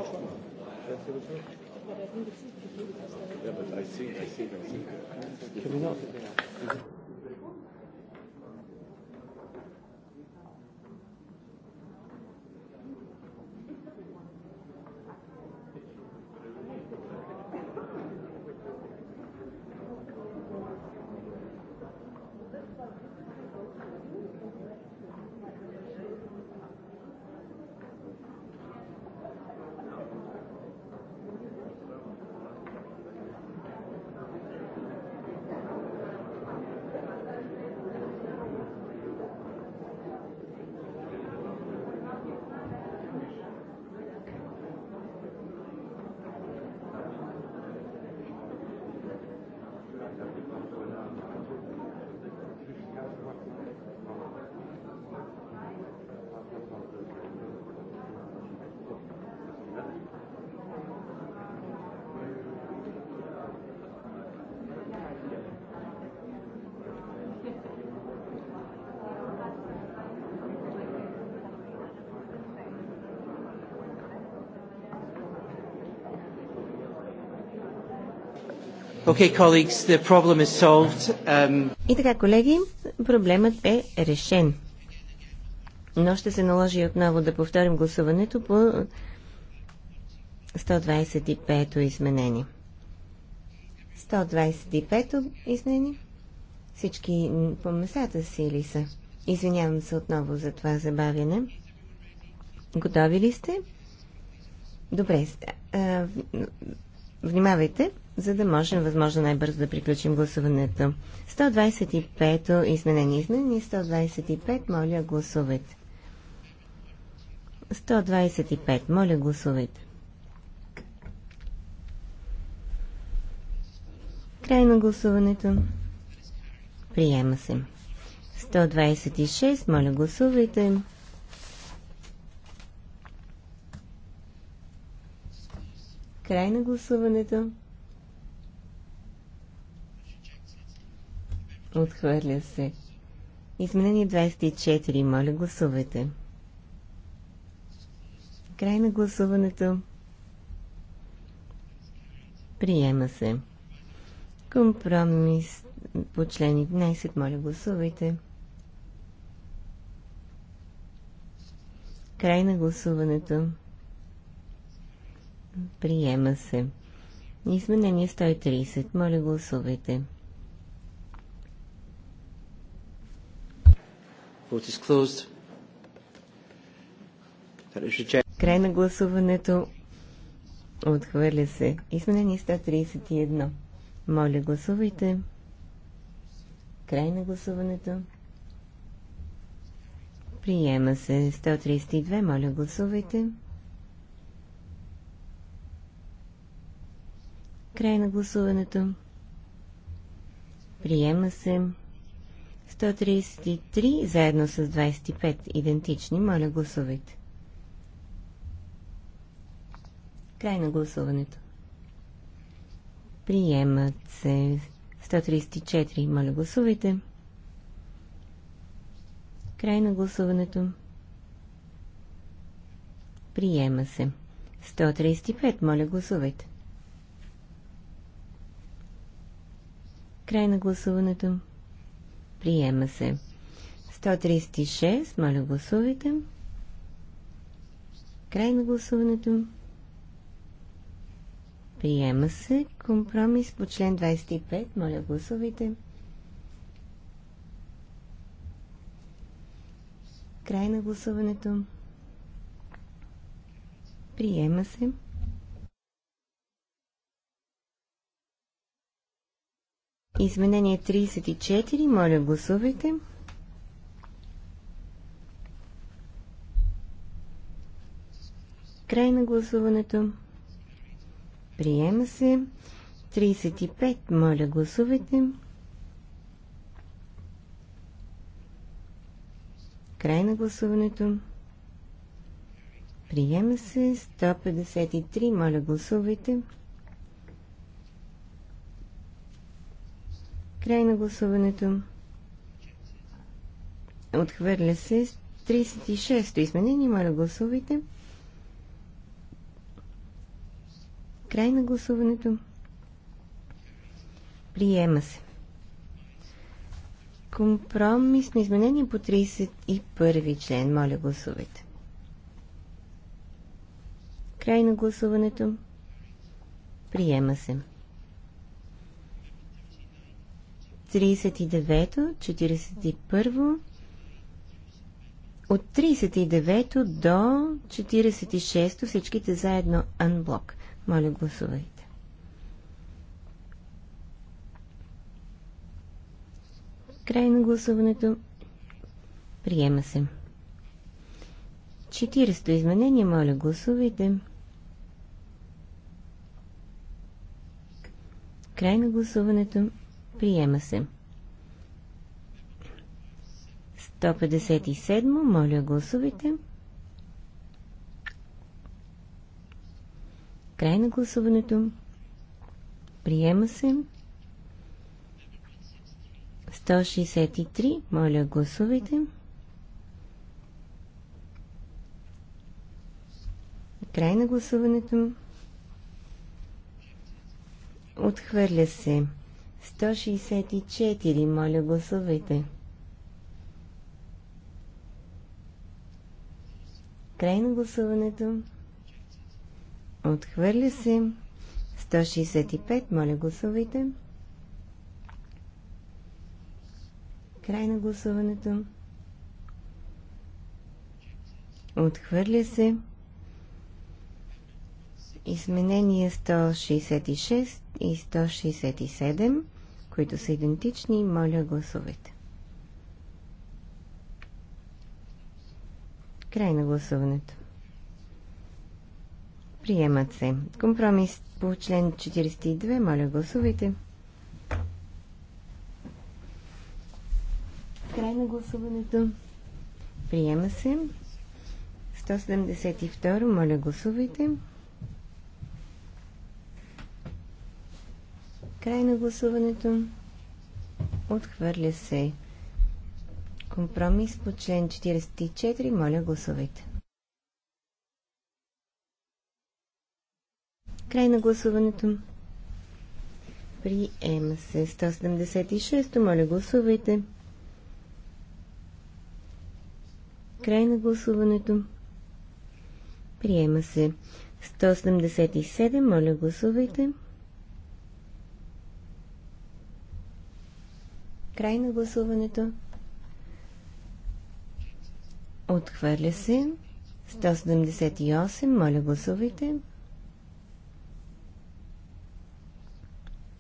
Okay, colleagues, the problem is solved. Um... И така, колеги, проблемът е решен. Но ще се наложи отново да повторим гласуването по 125-то изменение. 125-то изменение. Всички по местата си ли са? Извинявам се отново за това забавяне. Готови ли сте? Добре. А, внимавайте за да можем възможно най-бързо да приключим гласуването. 125-то изменение. Изменение 125. Моля, гласувайте. 125. Моля, гласувайте. Край на гласуването. Приема се. 126. Моля, гласувайте. Край на гласуването. Отхвърля се. Изменение 24. Моля, гласувайте. Край на гласуването. Приема се. Компромис по член 11. Моля, гласувайте. Край на гласуването. Приема се. Изменение 130. Моля, гласувайте. Vote is closed. Край на гласуването. Отхвърля се. Изменение 131. Моля, гласувайте. Край на гласуването. Приема се 132. Моля, гласувайте. Край на гласуването. Приема се 133 заедно с 25 идентични. Моля, гласувайте. Край на гласуването. Приемат се 134. Моля, гласувайте. Край на гласуването. Приема се. 135. Моля, гласувайте. Край на гласуването. Приема се. 136. Моля, гласувайте. Край на гласуването. Приема се. Компромис по член 25. Моля, гласувайте. Край на гласуването. Приема се. Изменение 34. Моля, гласувайте. Край на гласуването. Приема се. 35. Моля, гласувайте. Край на гласуването. Приема се. 153. Моля, гласувайте. Край на гласуването. Отхвърля се 36-то изменение. Моля, гласувайте. Край на гласуването. Приема се. Компромис на изменение по 31 член. Моля, гласувайте. Край на гласуването. Приема се. 39, 41, от 39 до 46 всичките заедно анблок. Моля, гласувайте. Край на гласуването. Приема се. 40-то изменение, моля, гласувайте. Край на гласуването. Приема се. 157. Моля, гласувайте. Край на гласуването. Приема се. 163. Моля, гласувайте. Край на гласуването. Отхвърля се. 164. Моля, гласувайте. Край на гласуването. Отхвърля се. 165. Моля, гласувайте. Край на гласуването. Отхвърля се. Изменение 166 и 167 които са идентични. Моля, гласувайте. Край на гласуването. Приемат се. Компромис по член 42. Моля, гласувайте. Край на гласуването. Приема се. 172. Моля, гласувайте. Край на гласуването. Отхвърля се. Компромис по член 44. Моля, гласувайте. Край на гласуването. Приема се 176. Моля, гласувайте. Край на гласуването. Приема се 177. Моля, гласувайте. Край на гласуването. Отхвърля се. 178. Моля, гласувайте.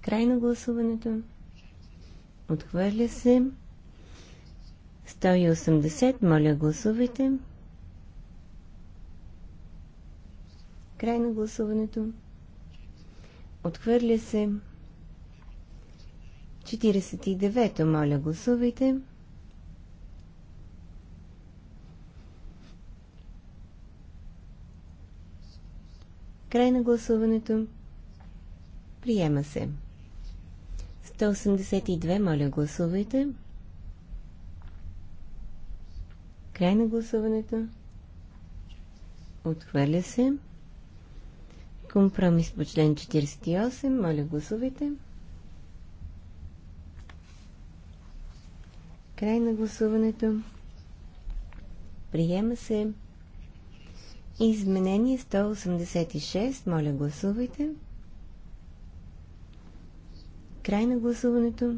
Край на гласуването. Отхвърля се. 180. Моля, гласувайте. Край на гласуването. Отхвърля се. 49-то, моля, гласувайте. Край на гласуването. Приема се. 182, моля, гласувайте. Край на гласуването. Отхвърля се. Компромис по член 48. Моля, гласувайте. Край на гласуването. Приема се. Изменение 186. Моля, гласувайте. Край на гласуването.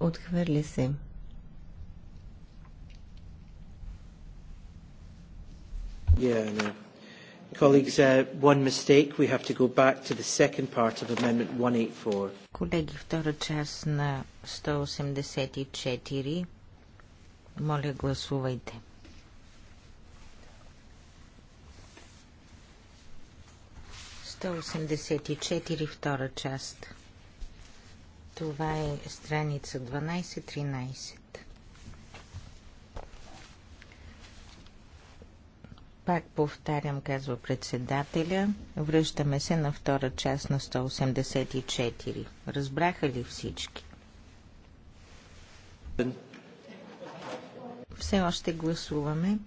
Отхвърля се. Yeah, no. Colleagues, uh, one mistake. We have to go back to the second part of Amendment 184. Колеги, втора част на 184. Моля, гласувайте. Сто осемдесет и четири, втора част. Това е страница 12-13. Пак повтарям, казва председателя, връщаме се на втора част на 184. Разбраха ли всички? Все още гласуваме.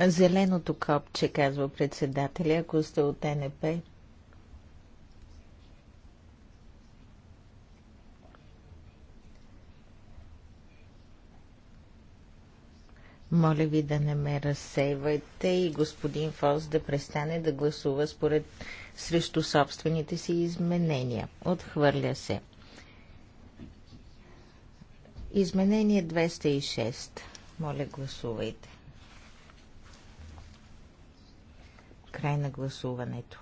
Зеленото копче, казва председателя, ако сте от НП. Моля ви да не ме разсейвайте и господин Фос да престане да гласува според срещу собствените си изменения. Отхвърля се. Изменение 206. Моля, гласувайте. Край на гласуването.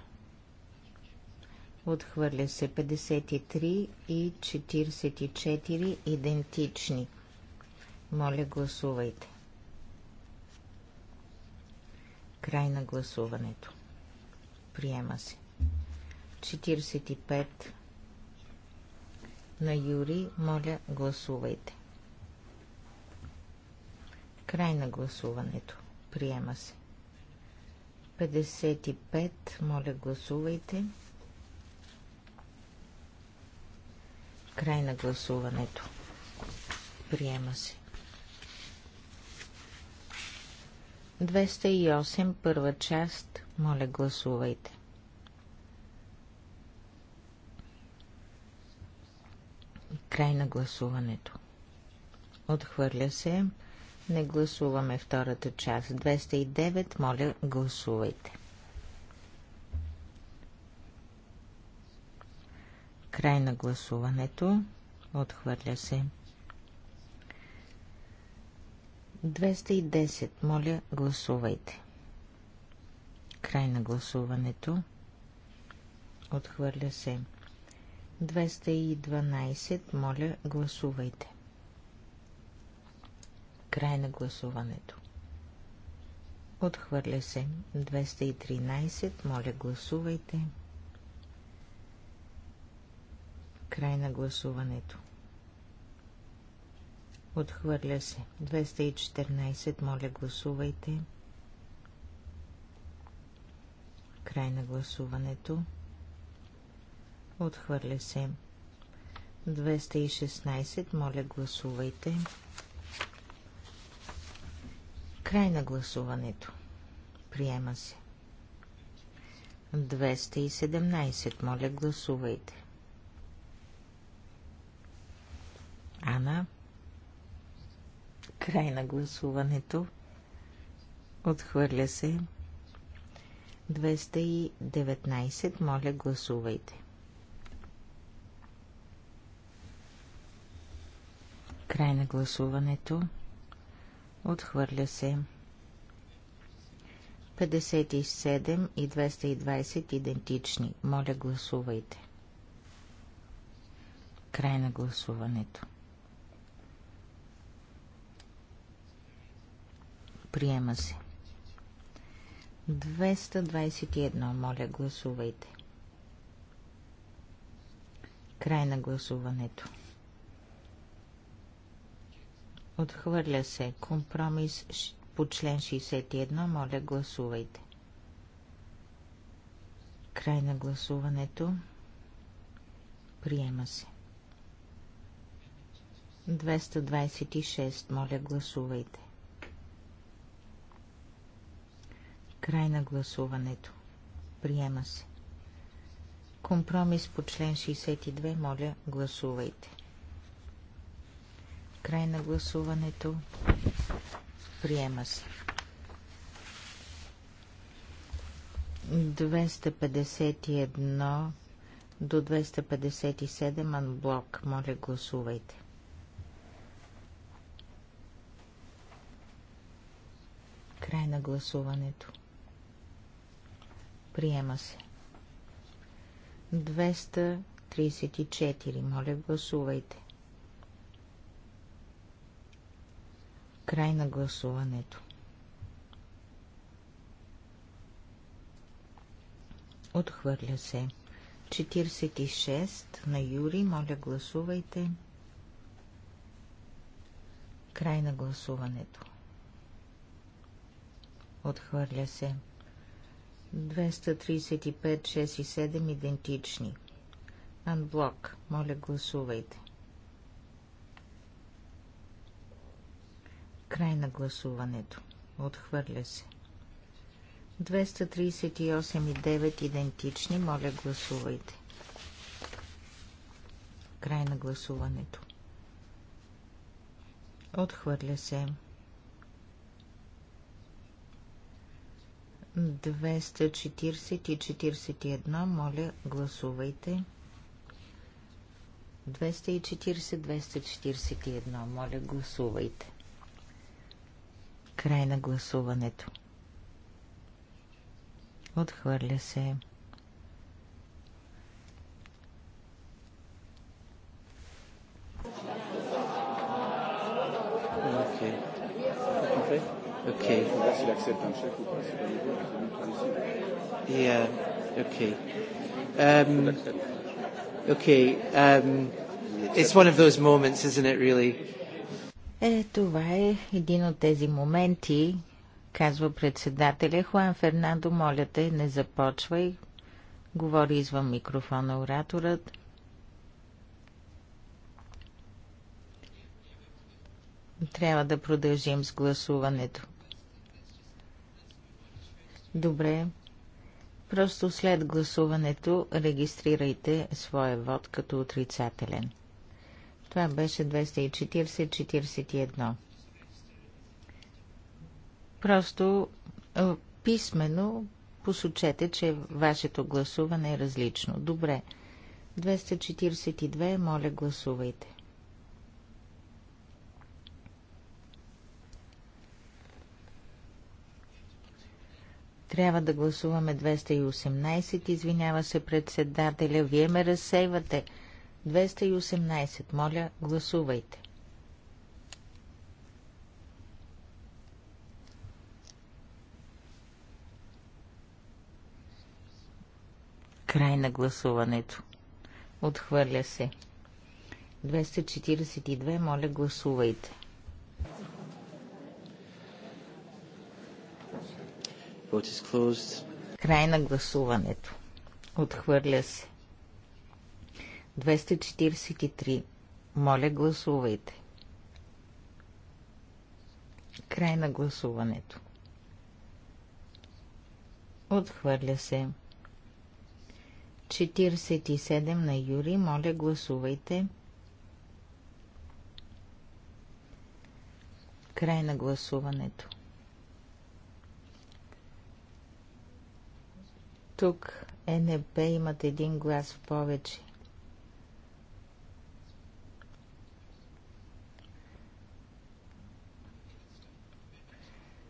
Отхвърля се 53 и 44 идентични. Моля, гласувайте. Край на гласуването. Приема се. 45 на Юри. Моля, гласувайте. Край на гласуването. Приема се. 55. Моля, гласувайте. Край на гласуването. Приема се. 208 първа част. Моля, гласувайте. Край на гласуването. Отхвърля се. Не гласуваме втората част. 209. Моля, гласувайте. Край на гласуването. Отхвърля се. 210. Моля, гласувайте. Край на гласуването. Отхвърля се. 212. Моля, гласувайте. Край на гласуването. Отхвърля се. 213. Моля, гласувайте. Край на гласуването. Отхвърля се. 214. Моля, гласувайте. Край на гласуването. Отхвърля се. 216. Моля, гласувайте. Край на гласуването. Приема се. 217. Моля, гласувайте. Ана. Край на гласуването. Отхвърля се. 219. Моля, гласувайте. Край на гласуването. Отхвърля се. 57 и 220 идентични. Моля, гласувайте. Край на гласуването. Приема се. 221. Моля, гласувайте. Край на гласуването. Отхвърля се. Компромис по член 61. Моля, гласувайте. Край на гласуването. Приема се. 226. Моля, гласувайте. Край на гласуването. Приема се. Компромис по член 62. Моля, гласувайте. Край на гласуването. Приема се. 251 до 257 анблок. Моля, гласувайте. Край на гласуването. Приема се. 234. Моля, гласувайте. Край на гласуването. Отхвърля се. 46 на Юри. Моля, гласувайте. Край на гласуването. Отхвърля се. 235, 6 и 7 идентични. Анблок. Моля, гласувайте. Край на гласуването. Отхвърля се. 238 и 9 идентични. Моля, гласувайте. Край на гласуването. Отхвърля се. 240 и 41, моля, гласувайте. 240-241, моля, гласувайте. Край на гласуването. Отхвърля се. Okay. Ok. S'il accepte un chèque ou pas, c'est pas nouveau, c'est lui qui décide. Yeah. Ok. Um, ok. Um, it's one of those moments, isn't it, really? Е, това е един от тези моменти, казва председателя. Хуан Фернандо, моля те, не започвай. Говори извън микрофона ораторът. Трябва да продължим с гласуването. Добре. Просто след гласуването регистрирайте своя вод като отрицателен. Това беше 240-41. Просто е, писменно посочете, че вашето гласуване е различно. Добре. 242, моля гласувайте. Трябва да гласуваме 218. Извинява се председателя. Вие ме разсейвате. 218. Моля, гласувайте. Край на гласуването. Отхвърля се. 242. Моля, гласувайте. 242. Край на гласуването. Отхвърля се. 243. Моля, гласувайте. Край на гласуването. Отхвърля се. 47 на Юри. Моля, гласувайте. Край на гласуването. Тук НП имат един глас в повече.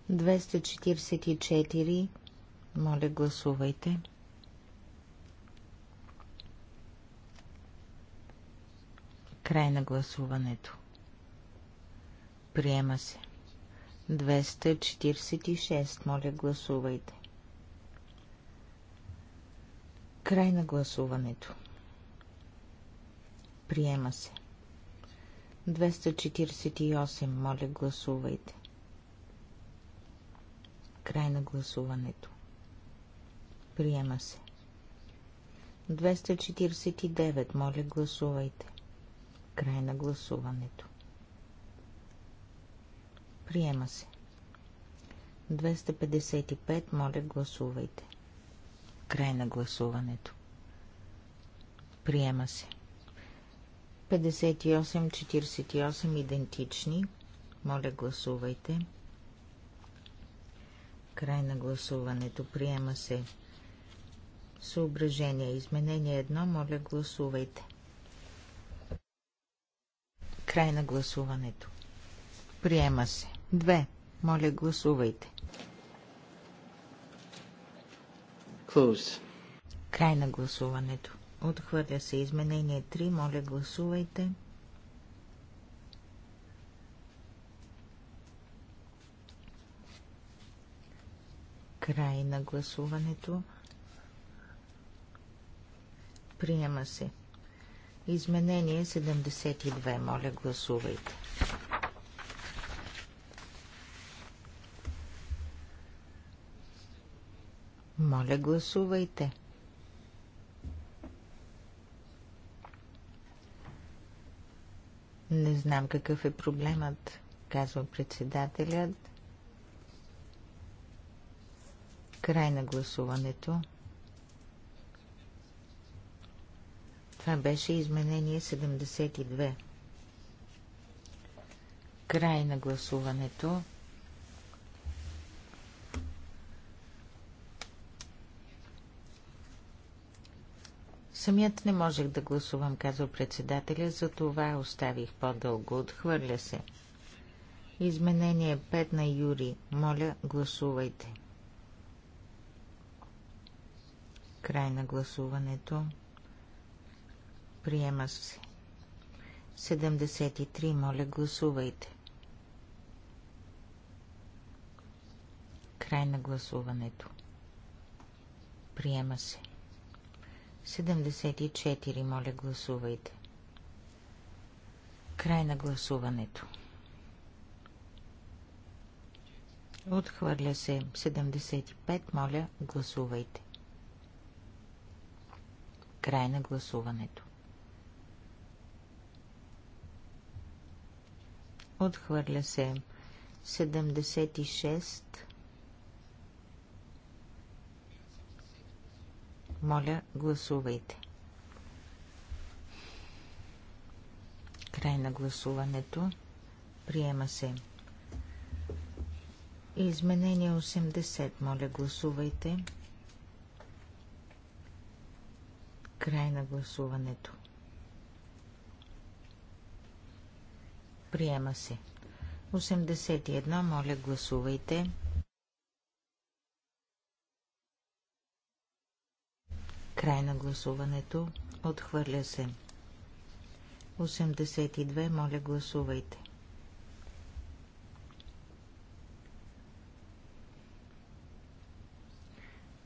Двеста четиридесет и четири. Моля, гласувайте. Край на гласуването. Приема се. 246. Моля, гласувайте. Край на гласуването. Приема се. 248. Моля, гласувайте. Край на гласуването. Приема се. 249. Моля, гласувайте. Край на гласуването. Приема се. 255. Моля, гласувайте. Край на гласуването. Приема се. 58-48 идентични. Моля, гласувайте. Край на гласуването. Приема се. Съображение. Изменение 1. Моля, гласувайте. Край на гласуването. Приема се. 2. Моля, гласувайте. closed. Край на гласуването. Отхвърля се изменение 3. Моля, гласувайте. Край на гласуването. Приема се. Изменение 72. Моля, гласувайте. Моля, гласувайте. Не знам какъв е проблемът, казва председателят. Край на гласуването. Това беше изменение 72. Край на гласуването. Самият не можех да гласувам, казва председателя, за това оставих по-дълго. Отхвърля се. Изменение 5 на Юри. Моля, гласувайте. Край на гласуването. Приема се. 73. Моля, гласувайте. Край на гласуването. Приема се. 74. Моля, гласувайте. Край на гласуването. Отхвърля се 75. Моля, гласувайте. Край на гласуването. Отхвърля се 76. Моля, гласувайте. Край на гласуването. Приема се. Изменение 80. Моля, гласувайте. Край на гласуването. Приема се. 81. Моля, гласувайте. Край на гласуването. Отхвърля се. 82. Моля, гласувайте.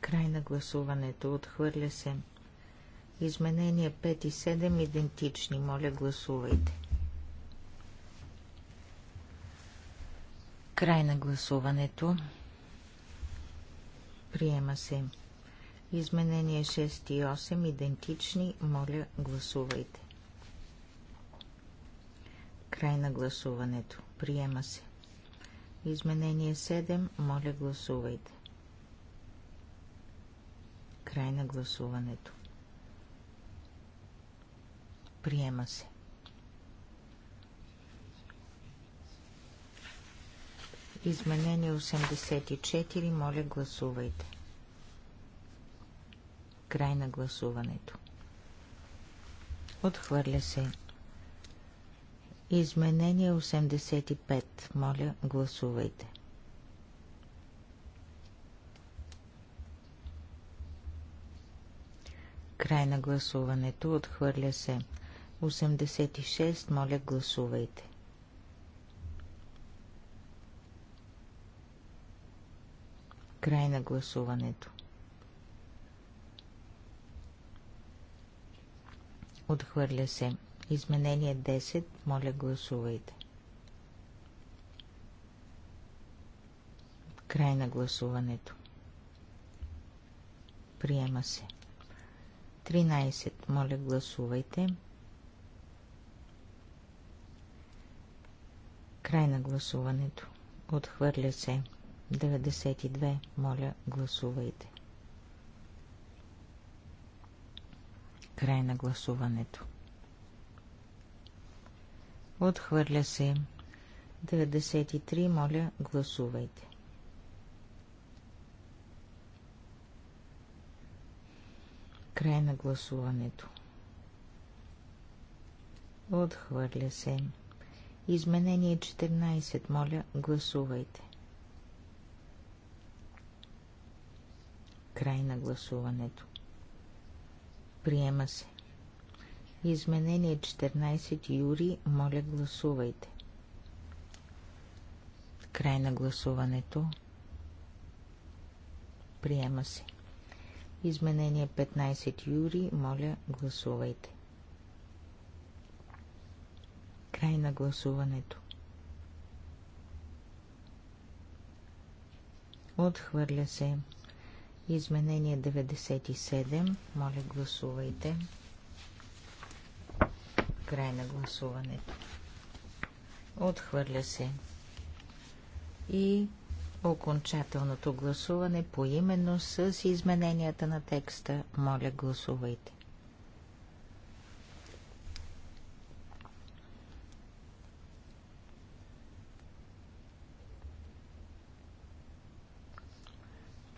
Край на гласуването. Отхвърля се. Изменения 5 и 7 идентични. Моля, гласувайте. Край на гласуването. Приема се. Изменение 6 и 8 идентични. Моля, гласувайте. Край на гласуването. Приема се. Изменение 7. Моля, гласувайте. Край на гласуването. Приема се. Изменение 84. Моля, гласувайте. Край на гласуването. Отхвърля се. Изменение 85. Моля, гласувайте. Край на гласуването. Отхвърля се. 86. Моля, гласувайте. Край на гласуването. Отхвърля се. Изменение 10. Моля, гласувайте. Край на гласуването. Приема се. 13. Моля, гласувайте. Край на гласуването. Отхвърля се. 92. Моля, гласувайте. Край на гласуването. Отхвърля се. 93. Моля, гласувайте. Край на гласуването. Отхвърля се. Изменение 14. Моля, гласувайте. Край на гласуването. Приема се. Изменение 14 юри. Моля, гласувайте. Край на гласуването. Приема се. Изменение 15 юри. Моля, гласувайте. Край на гласуването. Отхвърля се. Изменение 97. Моля, гласувайте. Край на гласуването. Отхвърля се. И окончателното гласуване по именно с измененията на текста. Моля, гласувайте.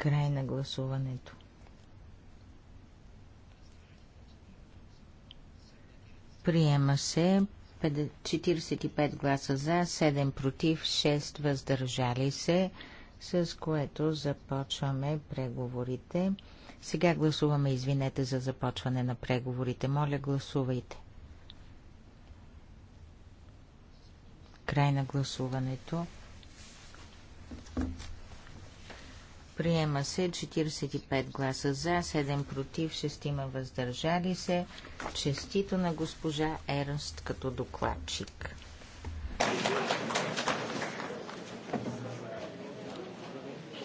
Край на гласуването. Приема се 45 гласа за, 7 против, 6 въздържали се, с което започваме преговорите. Сега гласуваме извинете за започване на преговорите. Моля, гласувайте. Край на гласуването. Приема се 45 гласа за, 7 против, 6 има въздържали се. Честито на госпожа Ернст като докладчик.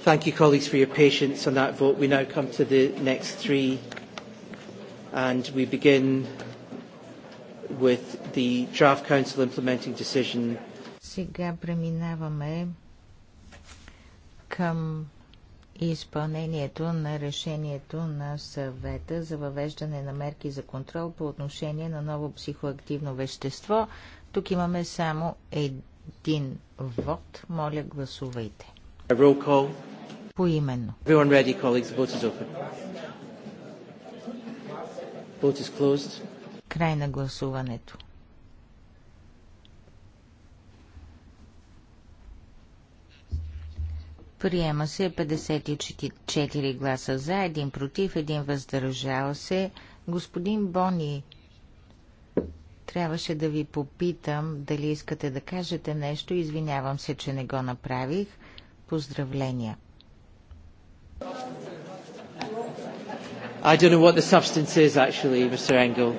Thank you, colleagues, for your patience on that vote. We now come to the next three, and we begin with the draft council implementing decision. Сега преминаваме към изпълнението на решението на съвета за въвеждане на мерки за контрол по отношение на ново психоактивно вещество. Тук имаме само един вод. Моля, гласувайте. Поименно. Край на гласуването. Приема се 54 гласа за, един против, един въздържал се. Господин Бони, трябваше да ви попитам дали искате да кажете нещо. Извинявам се, че не го направих. Поздравления. I don't know what the substance is actually, Mr. Engel.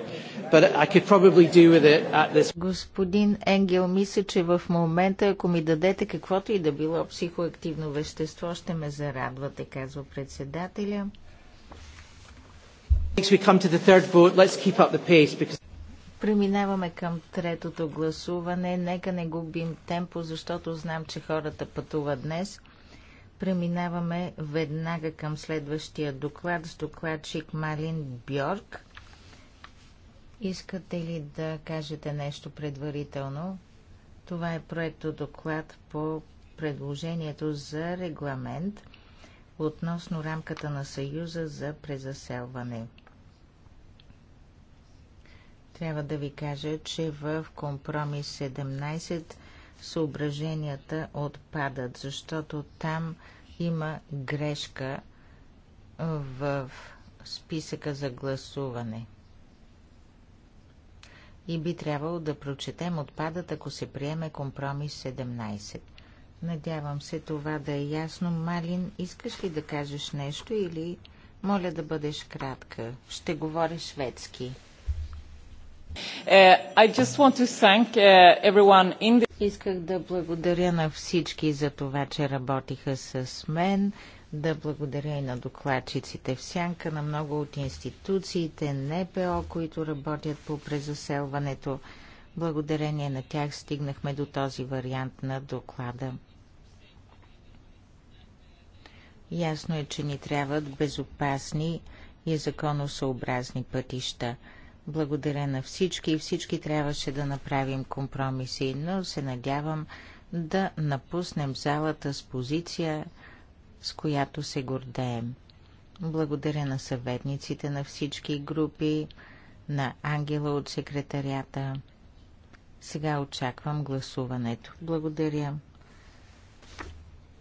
Господин Енгел, мисля, че в момента, ако ми дадете каквото и да било психоактивно вещество, ще ме зарадвате, казва председателя. Преминаваме към третото гласуване. Нека не губим темпо, защото знам, че хората пътуват днес. Преминаваме веднага към следващия доклад с докладчик Малин Бьорк Искате ли да кажете нещо предварително? Това е проекто доклад по предложението за регламент относно рамката на Съюза за презаселване. Трябва да ви кажа, че в компромис 17 съображенията отпадат, защото там има грешка в списъка за гласуване – и би трябвало да прочетем отпадът, ако се приеме компромис 17. Надявам се това да е ясно. Малин, искаш ли да кажеш нещо или моля да бъдеш кратка? Ще говоря шведски. Е, е, Исках да благодаря на всички за това, че работиха с мен да благодаря и на докладчиците в сянка, на много от институциите, НПО, които работят по презаселването. Благодарение на тях стигнахме до този вариант на доклада. Ясно е, че ни трябват безопасни и законосъобразни пътища. Благодаря на всички и всички трябваше да направим компромиси, но се надявам да напуснем залата с позиция – с която се гордеем. Благодаря на съветниците на всички групи, на Ангела от секретарята. Сега очаквам гласуването. Благодаря.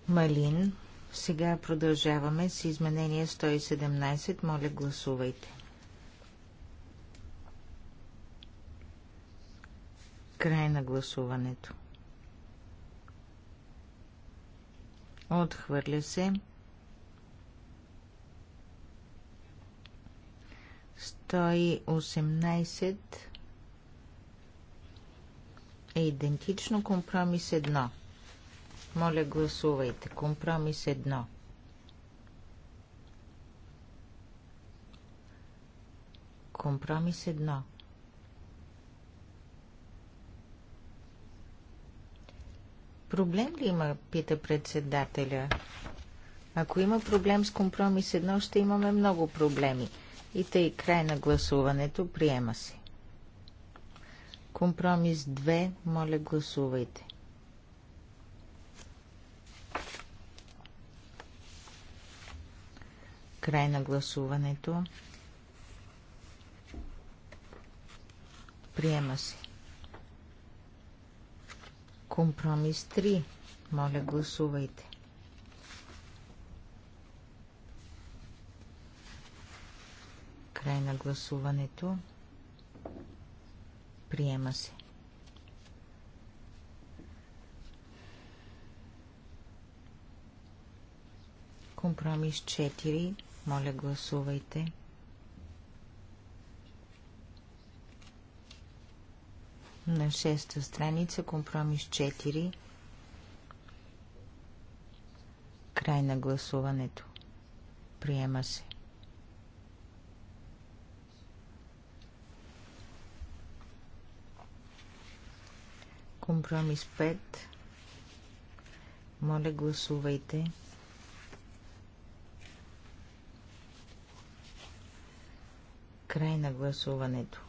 Малин, сега продължаваме с изменение 117. Моля, гласувайте. Край на гласуването. Отхвърля се. 118 е идентично компромис 1. Моля, гласувайте. Компромис 1. Компромис 1. Проблем ли има, пита председателя. Ако има проблем с компромис едно, ще имаме много проблеми. И тъй край на гласуването приема се. Компромис 2, моля гласувайте. Край на гласуването. Приема се. Компромис 3. Моля, гласувайте. Край на гласуването. Приема се. Компромис 4. Моля, гласувайте. на шеста страница, компромис 4, край на гласуването. Приема се. Компромис 5. Моля, гласувайте. Край на гласуването.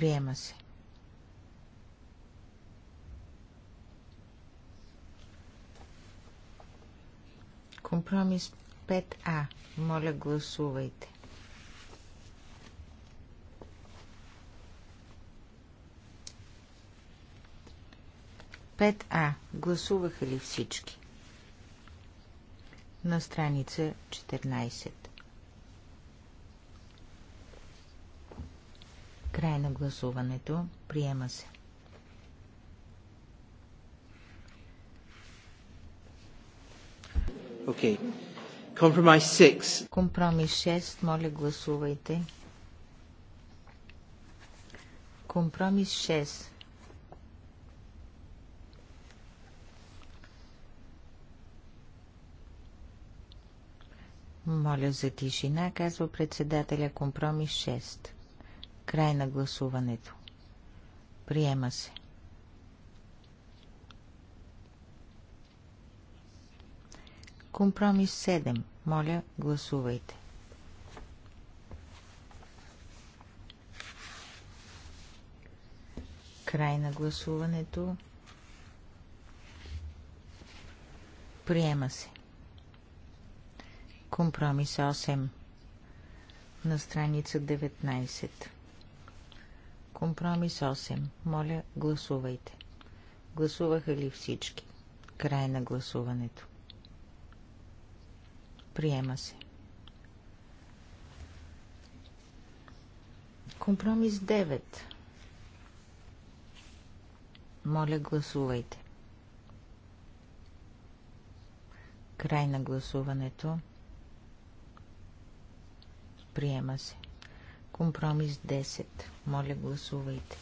Приема се. Компромис 5А. Моля, гласувайте. А. Гласуваха ли всички? На страница 14. Край на гласуването. Приема се. Okay. Компромис 6. Компромис 6. Моля, гласувайте. Компромис 6. Моля за тишина, казва председателя компромис 6. Край на гласуването. Приема се. Компромис 7. Моля, гласувайте. Край на гласуването. Приема се. Компромис 8 на страница 19. Компромис 8. Моля, гласувайте. Гласуваха ли всички? Край на гласуването. Приема се. Компромис 9. Моля, гласувайте. Край на гласуването. Приема се. Компромис 10. Моля, гласувайте.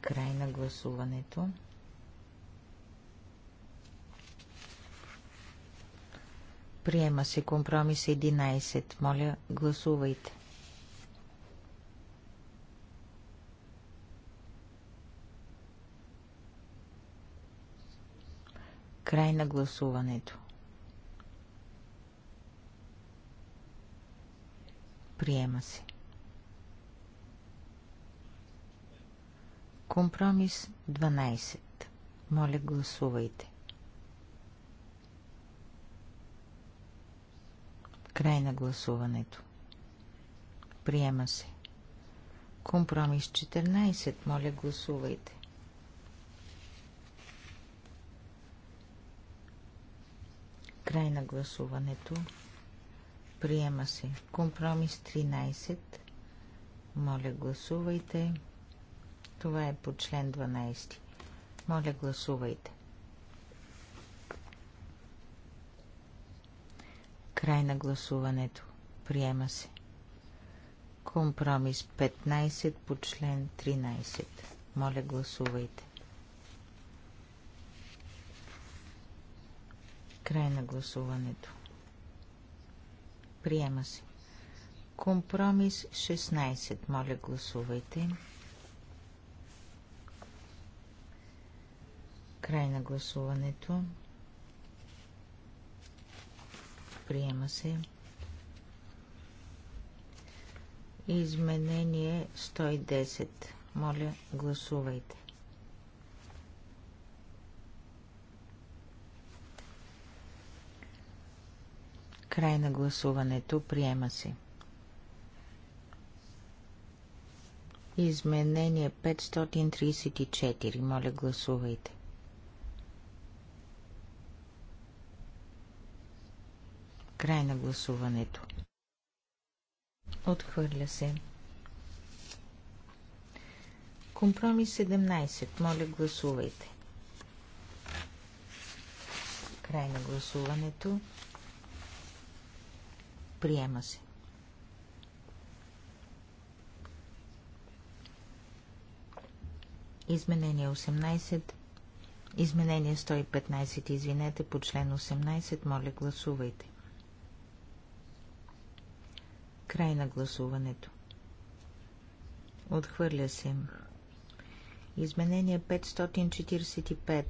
Край на гласуването. Приема се компромис 11. Моля, гласувайте. Край на гласуването. Приема се. Компромис 12. Моля, гласувайте. Край на гласуването. Приема се. Компромис 14. Моля, гласувайте. Край на гласуването. Приема се. Компромис 13. Моля, гласувайте. Това е по член 12. Моля, гласувайте. Край на гласуването. Приема се. Компромис 15 по член 13. Моля, гласувайте. Край на гласуването. Приема се. Компромис 16. Моля, гласувайте. Край на гласуването. Приема се. Изменение 110. Моля, гласувайте. Край на гласуването. Приема се. Изменение 534. Моля, гласувайте. Край на гласуването. Отхвърля се. Компромис 17. Моля, гласувайте. Край на гласуването. Приема се. Изменение 18. Изменение 115, извинете, по член 18, моля гласувайте. Край на гласуването. Отхвърля се. Изменение 545.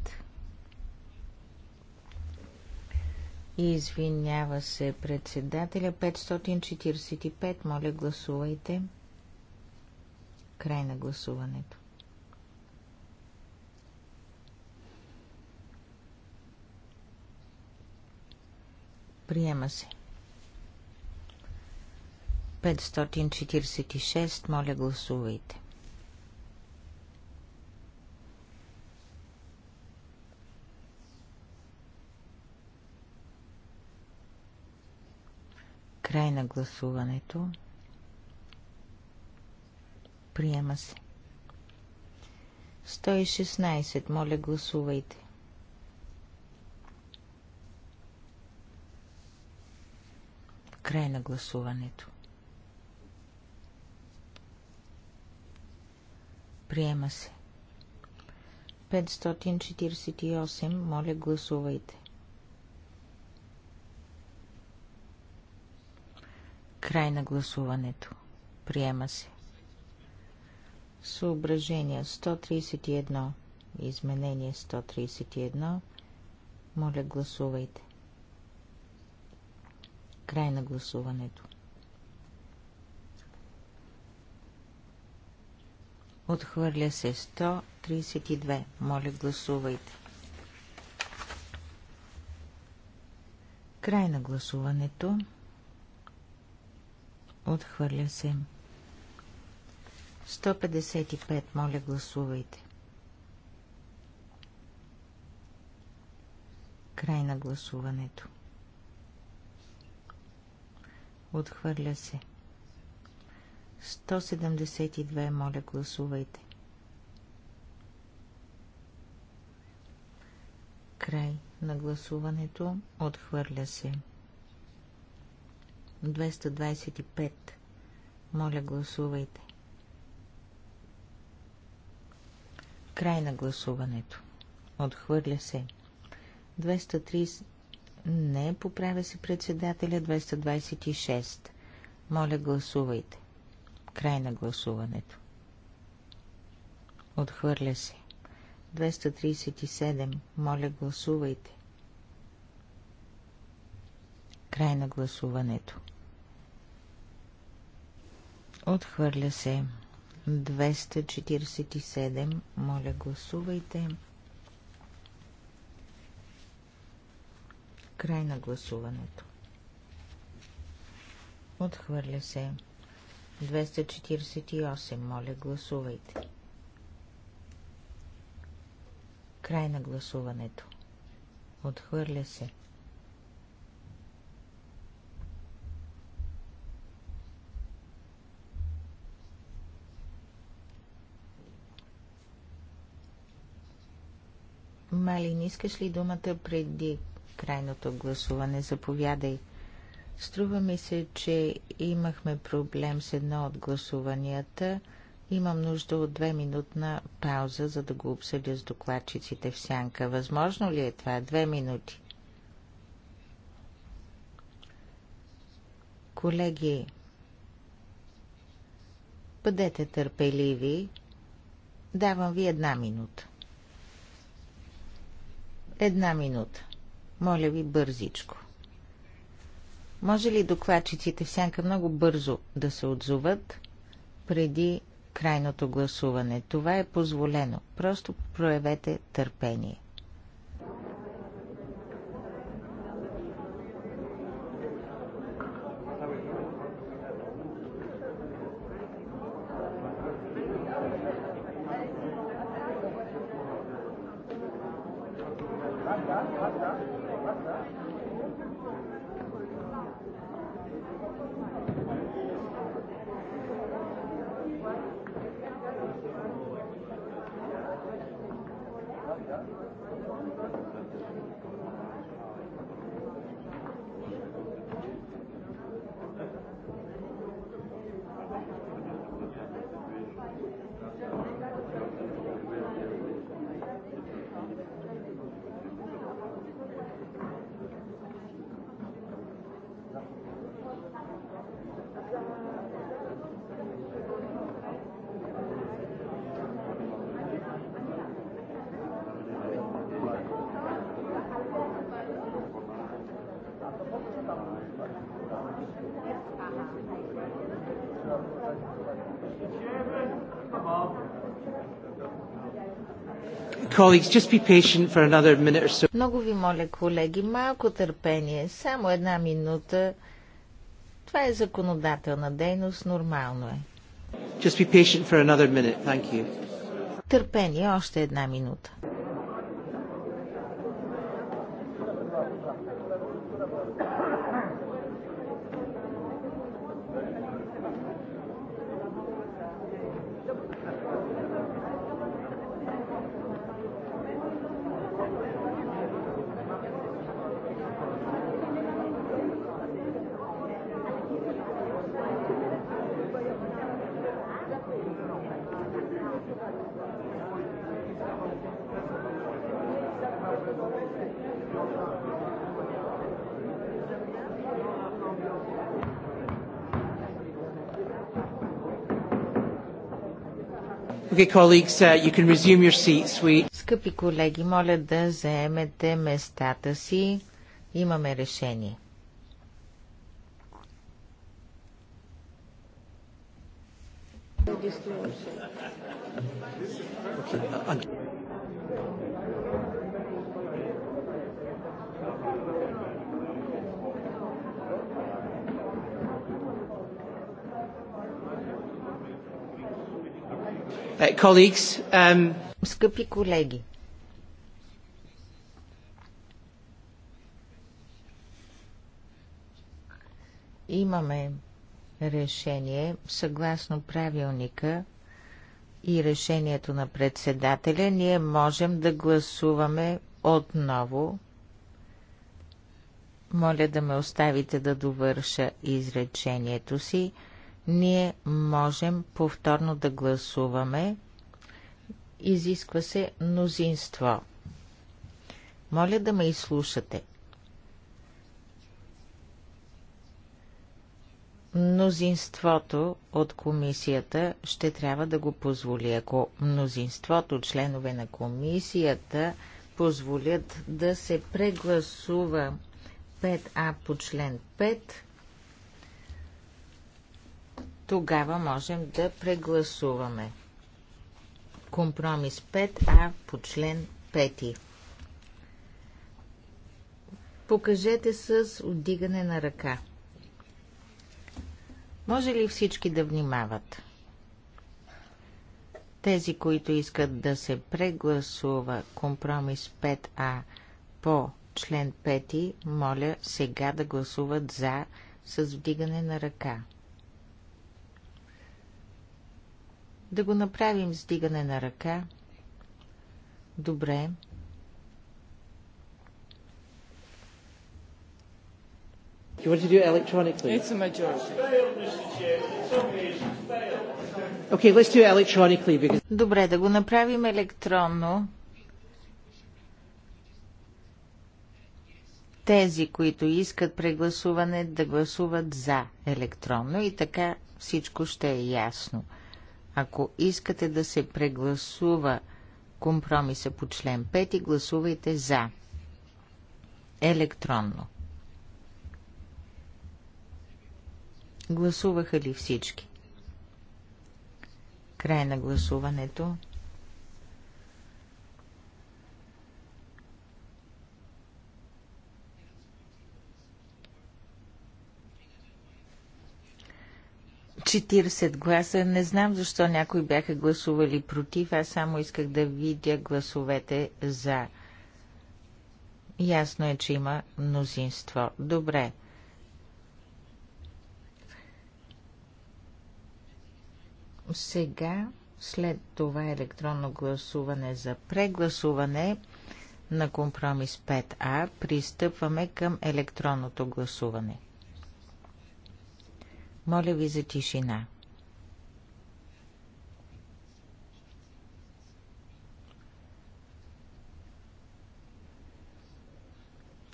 Извинява се председателя. 545. Моля, гласувайте. Край на гласуването. Приема се. 546. Моля, гласувайте. Край на гласуването. Приема се. 116. Моля, гласувайте. Край на гласуването. Приема се. 548. Моля, гласувайте. Край на гласуването. Приема се. Съображение 131. Изменение 131. Моля, гласувайте. Край на гласуването. Отхвърля се 132. Моля, гласувайте. Край на гласуването. Отхвърля се. 155. Моля, гласувайте. Край на гласуването. Отхвърля се. 172. Моля, гласувайте. Край на гласуването. Отхвърля се. 225. Моля, гласувайте. Край на гласуването. Отхвърля се. 230. Не, поправя се председателя. 226. Моля, гласувайте. Край на гласуването. Отхвърля се. 237. Моля, гласувайте. Край на гласуването. Отхвърля се. 247. Моля, гласувайте. Край на гласуването. Отхвърля се. 248. Моля, гласувайте. Край на гласуването. Отхвърля се. 249. Малин, искаш ли думата преди крайното гласуване? Заповядай. Струва ми се, че имахме проблем с едно от гласуванията. Имам нужда от две минутна пауза, за да го обсъдя с докладчиците в сянка. Възможно ли е това? Две минути. Колеги, бъдете търпеливи. Давам ви една минута. Една минута. Моля ви бързичко. Може ли докладчиците сянка много бързо да се отзоват преди крайното гласуване? Това е позволено. Просто проявете търпение. colleagues, just be patient for another minute or so. Много ви моля, колеги, малко търпение, само една минута. Това е законодателна дейност, нормално е. Just be patient for another minute, thank you. Търпение, още една минута. Uh, Скъпи колеги, моля да заемете местата си. Имаме решение. um... Скъпи колеги, имаме решение съгласно правилника и решението на председателя. Ние можем да гласуваме отново. Моля да ме оставите да довърша изречението си ние можем повторно да гласуваме изисква се мнозинство. Моля да ме изслушате. Мнозинството от комисията ще трябва да го позволи. Ако мнозинството от членове на комисията позволят да се прегласува 5А по член 5, тогава можем да прегласуваме. Компромис 5А по член 5. Покажете с отдигане на ръка. Може ли всички да внимават? Тези, които искат да се прегласува компромис 5А по член 5, моля сега да гласуват за с вдигане на ръка. Да го направим с дигане на ръка. Добре. You want to do it electronically? It's a majority. Okay, let's do it electronically because... Добре, да го направим електронно. Тези, които искат прегласуване, да гласуват за електронно и така всичко ще е ясно. Ако искате да се прегласува компромиса по член 5, гласувайте за. Електронно. Гласуваха ли всички? Край на гласуването. 40 гласа. Не знам защо някои бяха гласували против. Аз само исках да видя гласовете за. Ясно е, че има мнозинство. Добре. Сега, след това електронно гласуване за прегласуване на компромис 5А, пристъпваме към електронното гласуване. Моля ви за тишина.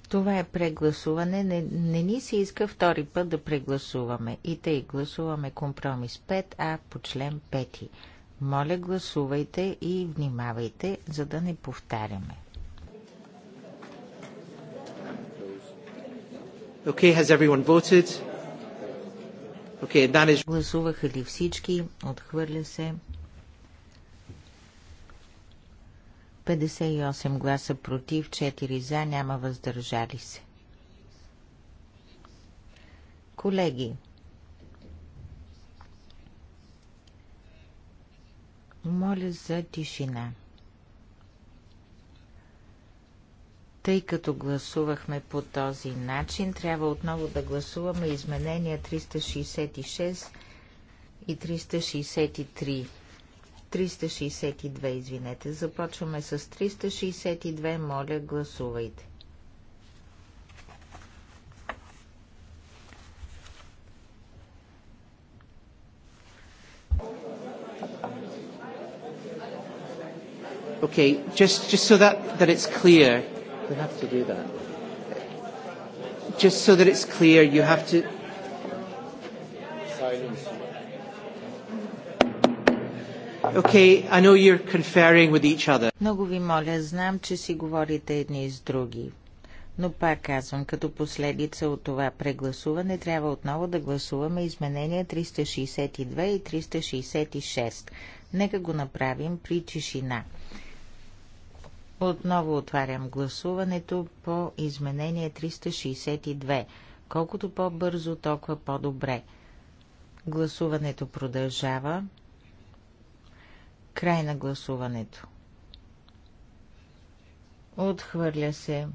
Това е прегласуване. Не, не ни се иска втори път да прегласуваме. И тъй гласуваме компромис 5А по член 5. Моля, гласувайте и внимавайте, за да не повтаряме. Okay, has everyone voted? Okay, is... Гласуваха ли всички? Отхвърля се. 58 гласа против, 4 за, няма въздържали се. Колеги, моля за тишина. Тъй като гласувахме по този начин, трябва отново да гласуваме изменения 366 и 363. 362, извинете. Започваме с 362. Моля, гласувайте. Okay, just, just so that, that it's clear, We have to do that. Just so that it's clear, you have to. Silence. Okay, I know you're conferring with each other. Много ви моля, знам, че си говорите едни с други. Но пак казвам, като последица от това прегласуване, трябва отново да гласуваме изменения 362 и 366. Нека го направим при тишина. Отново отварям гласуването по изменение 362. Колкото по-бързо, толкова по-добре. Гласуването продължава. Край на гласуването. Отхвърля се.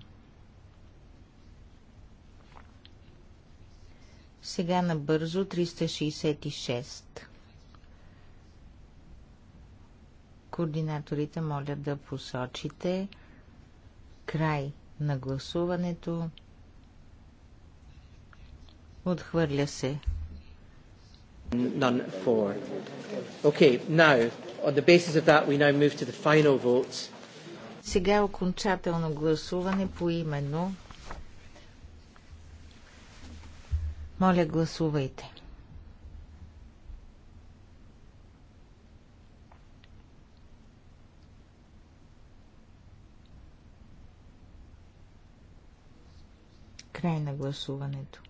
Сега набързо 366. Координаторите моля да посочите край на гласуването. Отхвърля се. None for. Okay, now, on the basis of that, we now move to the final Сега окончателно гласуване по именно. Моля, гласувайте. Край на гласуването.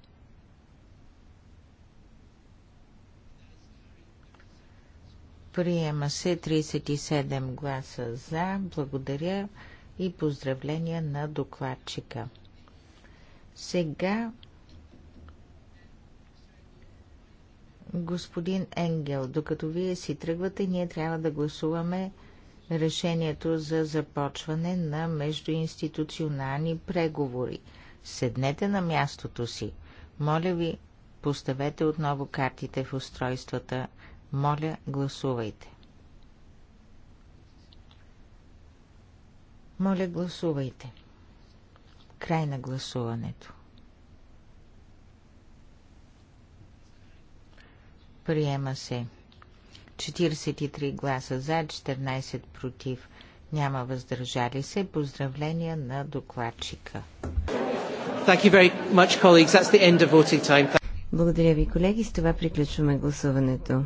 Приема се 37 гласа за. Благодаря и поздравления на докладчика. Сега господин Енгел, докато вие си тръгвате, ние трябва да гласуваме решението за започване на междуинституционални преговори – Седнете на мястото си. Моля ви, поставете отново картите в устройствата. Моля, гласувайте. Моля, гласувайте. Край на гласуването. Приема се. 43 гласа за, 14 против. Няма въздържали се. Поздравления на докладчика. Thank you very much, colleagues. That's the end of voting time. Благодаря ви, колеги. С това приключваме гласуването.